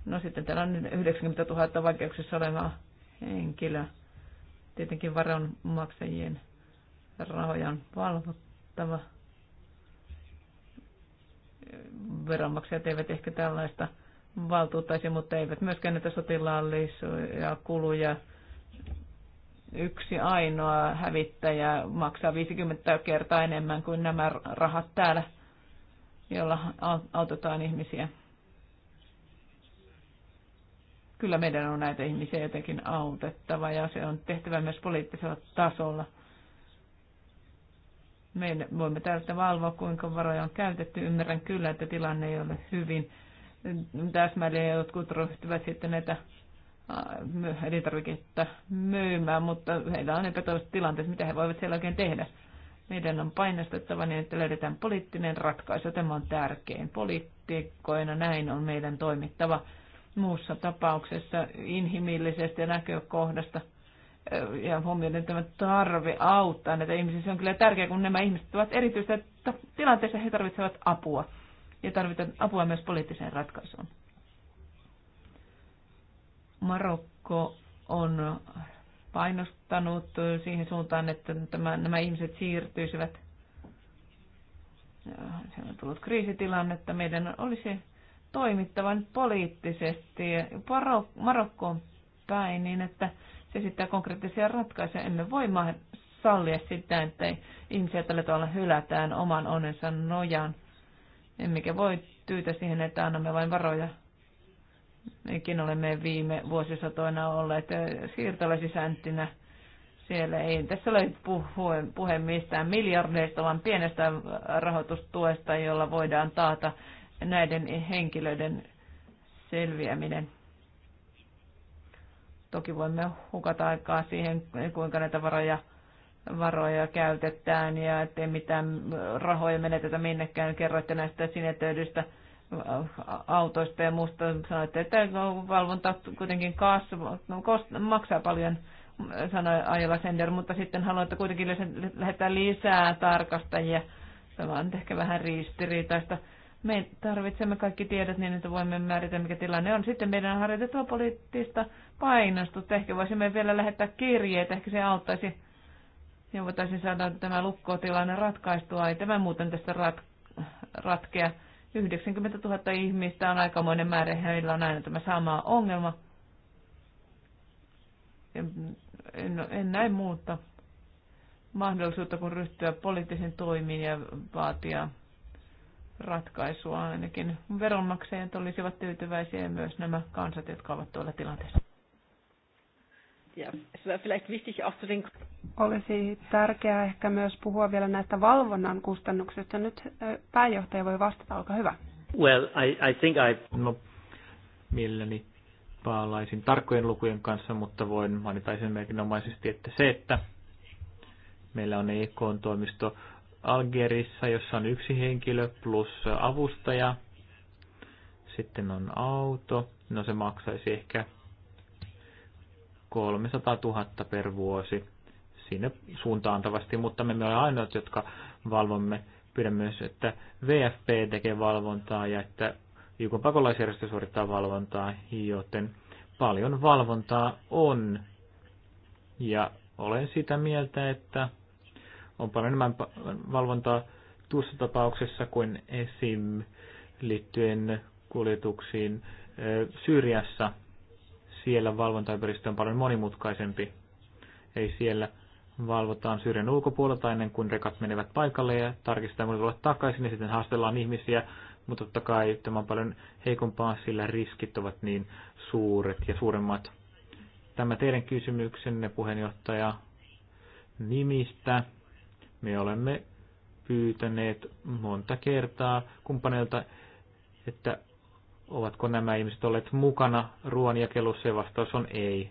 No sitten täällä on 90 000 vaikeuksissa oleva henkilö. Tietenkin varonmaksajien rahoja on valvottava. Veronmaksajat eivät ehkä tällaista valtuuttaisi, mutta eivät myöskään näitä sotilaallisia kuluja yksi ainoa hävittäjä maksaa 50 kertaa enemmän kuin nämä rahat täällä, jolla autetaan ihmisiä. Kyllä meidän on näitä ihmisiä jotenkin autettava ja se on tehtävä myös poliittisella tasolla. Me voimme täältä valvoa, kuinka varoja on käytetty. Ymmärrän kyllä, että tilanne ei ole hyvin täsmälleen. Jotkut ryhtyvät sitten näitä Äh, elintarviketta myymään, mutta heillä on epätoivoiset tilanteet, mitä he voivat siellä oikein tehdä. Meidän on painostettava niin, että löydetään poliittinen ratkaisu. Tämä on tärkein. Poliittikkoina näin on meidän toimittava. Muussa tapauksessa ja näkökohdasta ja huomioiden tämä tarve auttaa näitä ihmisiä. Se on kyllä tärkeää, kun nämä ihmiset ovat erityisesti tilanteessa, he tarvitsevat apua ja tarvitaan apua myös poliittiseen ratkaisuun. Marokko on painostanut siihen suuntaan, että tämä, nämä ihmiset siirtyisivät. Se on tullut kriisitilanne, että meidän olisi toimittava nyt poliittisesti Marokkoon päin niin, että se sitten konkreettisia ratkaisuja. Emme voi sallia sitä, että ihmisiä tällä tavalla hylätään oman onnensa nojaan. Emmekä voi tyytä siihen, että annamme vain varoja mekin olemme viime vuosisatoina olleet eh, siirtolaisisäntinä siellä. Ei tässä ole puhe, puhe mistään miljardeista, vaan pienestä rahoitustuesta, jolla voidaan taata näiden henkilöiden selviäminen. Toki voimme hukata aikaa siihen, kuinka näitä varoja, varoja käytetään ja ettei mitään rahoja menetetä minnekään. Kerroitte näistä sinetöidystä autoista ja muusta. Sanoitte, että valvonta kuitenkin kasva, maksaa paljon, sanoi Ajala Sender, mutta sitten haluatte kuitenkin lähettää lisää tarkastajia. Tämä on ehkä vähän ristiriitaista. Me tarvitsemme kaikki tiedot niin, että voimme määritellä, mikä tilanne on. Sitten meidän on harjoitettava poliittista painostusta. Ehkä voisimme vielä lähettää kirjeet, ehkä se auttaisi. Ja voitaisiin saada tämä lukkotilanne ratkaistua. Ei tämä muuten tästä rat- ratkea 90 000 ihmistä on aikamoinen määrä, heillä on aina tämä sama ongelma. En, en, en näe muuta mahdollisuutta kuin ryhtyä poliittisiin toimiin ja vaatia ratkaisua ainakin. Veronmaksajat olisivat tyytyväisiä ja myös nämä kansat, jotka ovat tuolla tilanteessa ja, se on vielä wichtig auch zu den olisi tärkeää ehkä myös puhua vielä näistä valvonnan kustannuksista. Nyt pääjohtaja voi vastata, olkaa hyvä. Well, I, I think I... No, mielelläni paalaisin tarkkojen lukujen kanssa, mutta voin mainita esimerkinomaisesti, että se, että meillä on EK-toimisto Algerissa, jossa on yksi henkilö plus avustaja, sitten on auto, no se maksaisi ehkä 300 000 per vuosi sinne suuntaantavasti, mutta me emme ole ainoat, jotka valvomme. Pyydän myös, että VFP tekee valvontaa ja että joku pakolaisjärjestö suorittaa valvontaa, joten paljon valvontaa on. Ja olen sitä mieltä, että on paljon enemmän valvontaa tuossa tapauksessa kuin esim. liittyen kuljetuksiin Syyriassa siellä valvontaympäristö on paljon monimutkaisempi. Ei siellä valvotaan syrjän ulkopuolelta ennen kuin rekat menevät paikalle ja tarkistetaan, kun tulee takaisin ja niin sitten haastellaan ihmisiä. Mutta totta kai tämä on paljon heikompaa, sillä riskit ovat niin suuret ja suuremmat. Tämä teidän kysymyksenne puheenjohtaja nimistä. Me olemme pyytäneet monta kertaa kumppaneilta, että ovatko nämä ihmiset olleet mukana ruoanjakelussa ja vastaus on ei.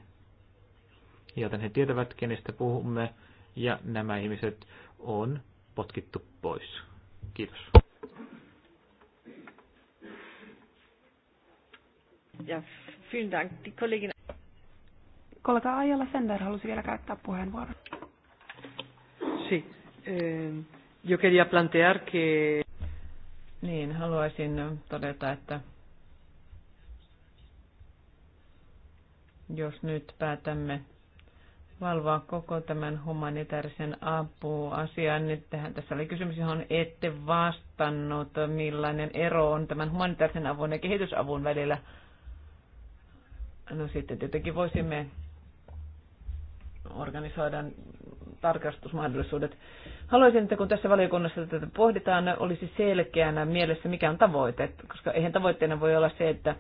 Joten he tietävät, kenestä puhumme ja nämä ihmiset on potkittu pois. Kiitos. Ja vielen Dank, die Kollegin. Kollega Ajala Sender halusi vielä käyttää puheenvuoron. Si, Eh, yo quería plantear que... Niin, haluaisin todeta, että jos nyt päätämme valvoa koko tämän humanitaarisen apuasian. Nyt niin tähän tässä oli kysymys, johon ette vastannut, millainen ero on tämän humanitaarisen avun ja kehitysavun välillä. No sitten tietenkin voisimme organisoida tarkastusmahdollisuudet. Haluaisin, että kun tässä valiokunnassa tätä pohditaan, olisi selkeänä mielessä, mikä on tavoite, koska eihän tavoitteena voi olla se, että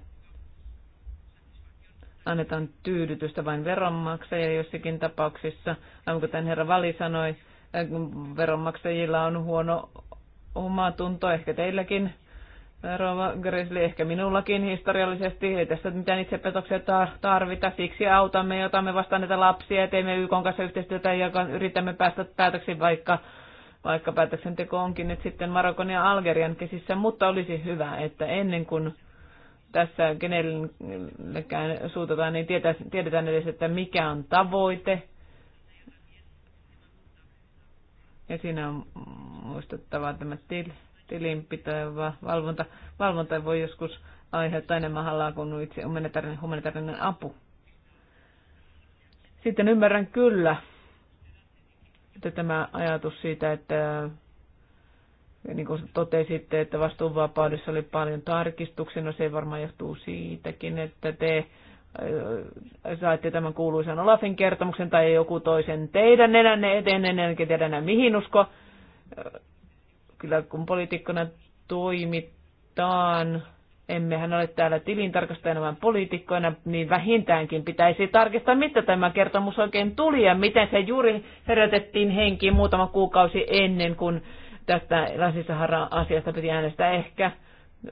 annetaan tyydytystä vain veronmaksajia jossakin tapauksissa. Aivan kuten herra Vali sanoi, äh, veronmaksajilla on huono oma tunto, ehkä teilläkin, Rova Grizzly, ehkä minullakin historiallisesti. Ei tässä mitään itsepetoksia tarvita, siksi autamme ja otamme vastaan näitä lapsia ja teemme YK kanssa yhteistyötä ja yritämme päästä päätöksiin, vaikka, vaikka päätöksenteko onkin nyt sitten Marokon ja Algerian käsissä. Mutta olisi hyvä, että ennen kuin tässä kenellekään suutetaan, niin tiedetään edes, että mikä on tavoite. Ja siinä on muistettava tämä til, tilinpito ja valvonta. Valvonta voi joskus aiheuttaa enemmän hallaa kuin itse humanitaarinen, humanitaarinen apu. Sitten ymmärrän kyllä, että tämä ajatus siitä, että niin kuin totesitte, että vastuunvapaudessa oli paljon tarkistuksia, no se varmaan johtuu siitäkin, että te äh, saitte tämän kuuluisan Olafin kertomuksen tai joku toisen teidän nenänne eteen, en enkä tiedä enää mihin usko. Äh, kyllä kun poliitikkona toimitaan, emmehän ole täällä tilintarkastajana vaan poliitikkoina, niin vähintäänkin pitäisi tarkistaa, mitä tämä kertomus oikein tuli ja miten se juuri herätettiin henkiin muutama kuukausi ennen kuin tästä Länsi-Sahara-asiasta piti äänestää ehkä.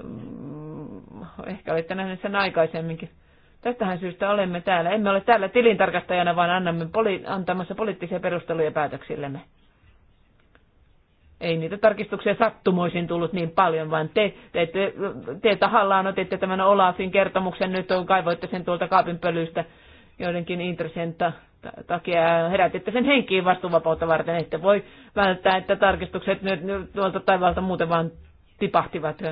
Mm, ehkä olette nähneet sen aikaisemminkin. Tästähän syystä olemme täällä. Emme ole täällä tilintarkastajana, vaan annamme poli- antamassa poliittisia perusteluja päätöksillemme. Ei niitä tarkistuksia sattumoisin tullut niin paljon, vaan te, te, te, te tahallaan otitte tämän Olafin kertomuksen, nyt on kaivoitte sen tuolta kaapin pölystä joidenkin intressien takia herätitte sen henkiin vastuuvapautta varten, että voi välttää, että tarkistukset nyt, nyt tuolta taivaalta muuten vaan tipahtivat.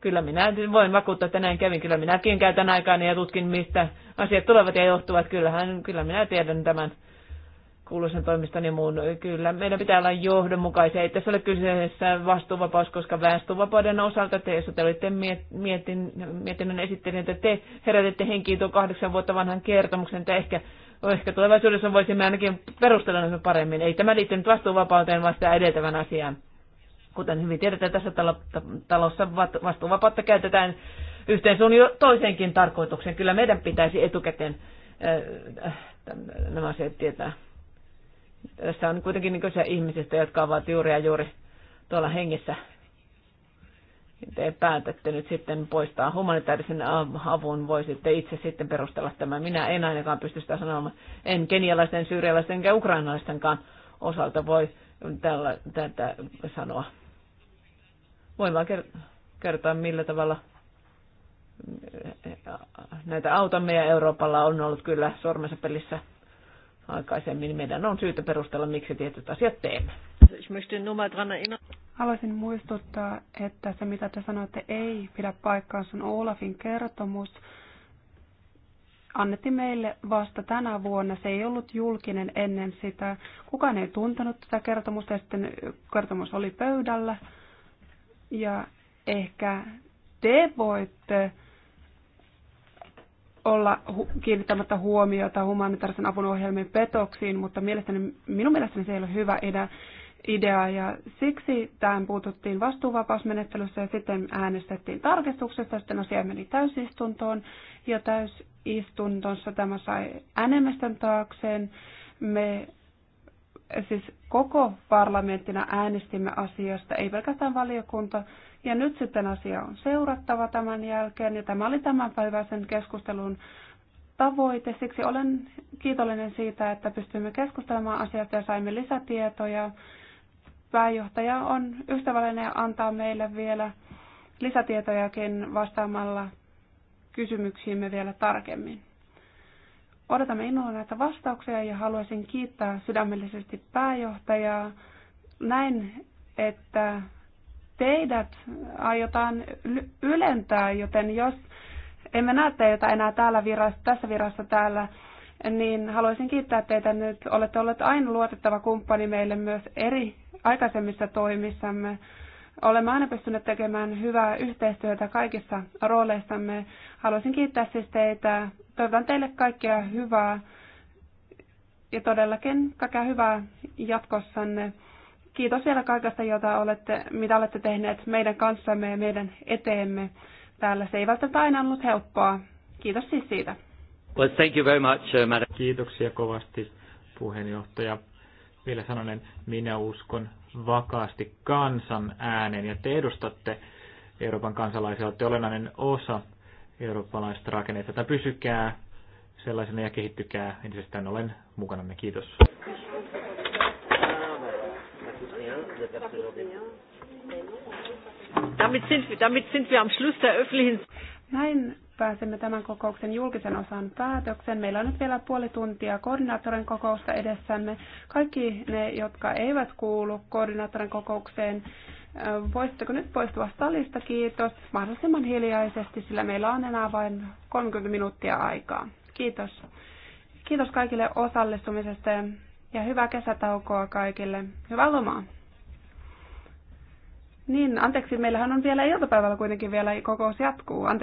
Kyllä minä voin vakuuttaa, että näin kävin. Kyllä minäkin käytän aikaa ja tutkin, mistä asiat tulevat ja johtuvat. Kyllähän, kyllä minä tiedän tämän kuuluisen toimiston ja muun. Kyllä, meidän pitää olla johdonmukaisia. Ei tässä ole kyseessä vastuuvapaus, koska väestövapauden osalta te, jos te olitte mietin, mietinnön esittelijä, että te herätitte henkiin tuon kahdeksan vuotta vanhan kertomuksen, että ehkä, ehkä tulevaisuudessa voisimme ainakin perustella näitä paremmin. Ei tämä liittynyt vastuuvapauteen, vaan sitä edeltävän asiaan. Kuten hyvin tiedetään, tässä talossa vastuuvapautta käytetään yhteen suun jo toiseenkin tarkoitukseen. Kyllä meidän pitäisi etukäteen nämä asiat tietää. Tässä on kuitenkin kyse ihmisistä, jotka ovat juuri ja juuri tuolla hengissä. Te päätätte nyt sitten poistaa humanitaarisen avun, voi sitten itse sitten perustella tämä. Minä en ainakaan pysty sitä sanomaan. En kenialaisten, syyrialaisten enkä ukrainalaistenkaan osalta voi tällä, tätä sanoa. Voin vaan kertoa, millä tavalla näitä autamme ja Euroopalla on ollut kyllä sormensa pelissä aikaisemmin. Meidän on syytä perustella, miksi tietyt asiat teemme. Haluaisin muistuttaa, että se mitä te sanoitte ei pidä paikkaansa on Olafin kertomus. Annettiin meille vasta tänä vuonna. Se ei ollut julkinen ennen sitä. Kukaan ei tuntenut tätä kertomusta ja sitten kertomus oli pöydällä. Ja ehkä te voitte olla hu- kiinnittämättä huomiota humanitaarisen avun ohjelmien petoksiin, mutta mielestäni, minun mielestäni se ei ole hyvä idea, idea ja siksi tähän puututtiin vastuuvapausmenettelyssä ja sitten äänestettiin tarkistuksesta, sitten asia meni täysistuntoon ja täysistuntossa tämä sai enemmistön taakseen. Me siis koko parlamenttina äänestimme asiasta, ei pelkästään valiokunta. Ja nyt sitten asia on seurattava tämän jälkeen, ja tämä oli tämänpäiväisen keskustelun tavoite. Siksi olen kiitollinen siitä, että pystymme keskustelemaan asiasta ja saimme lisätietoja. Pääjohtaja on ystävällinen ja antaa meille vielä lisätietojakin vastaamalla kysymyksiimme vielä tarkemmin. Odotamme innolla näitä vastauksia ja haluaisin kiittää sydämellisesti pääjohtajaa. Näin, että teidät aiotaan ylentää, joten jos emme näe teitä enää täällä virassa, tässä virassa täällä, niin haluaisin kiittää teitä nyt. Olette olleet aina luotettava kumppani meille myös eri aikaisemmissa toimissamme. Olemme aina pystyneet tekemään hyvää yhteistyötä kaikissa rooleissamme. Haluaisin kiittää siis teitä. Toivotan teille kaikkea hyvää ja todellakin kaikkea hyvää jatkossanne. Kiitos vielä kaikesta, jota olette, mitä olette tehneet meidän kanssamme ja meidän eteemme. Täällä se ei välttämättä aina ollut helppoa. Kiitos siis siitä. Well, thank you very much, uh, madam. Kiitoksia kovasti, puheenjohtaja. Vielä sanonen, minä uskon vakaasti kansan äänen ja te edustatte Euroopan kansalaisia, olette olennainen osa eurooppalaista rakennetta. Tätä pysykää sellaisena ja kehittykää entisestään. Olen mukana. Kiitos. Damit sind, damit sind wir am Schluss der öffentlichen... Nein, pääsemme tämän kokouksen julkisen osan päätöksen. Meillä on nyt vielä puoli tuntia koordinaattorin kokousta edessämme. Kaikki ne, jotka eivät kuulu koordinaattorin kokoukseen, äh, voisitteko nyt poistua salista? Kiitos. Mahdollisimman hiljaisesti, sillä meillä on enää vain 30 minuuttia aikaa. Kiitos. Kiitos kaikille osallistumisesta ja hyvää kesätaukoa kaikille. Hyvää lomaa. Niin, anteeksi, meillähän on vielä iltapäivällä kuitenkin vielä kokous jatkuu. Anteeksi.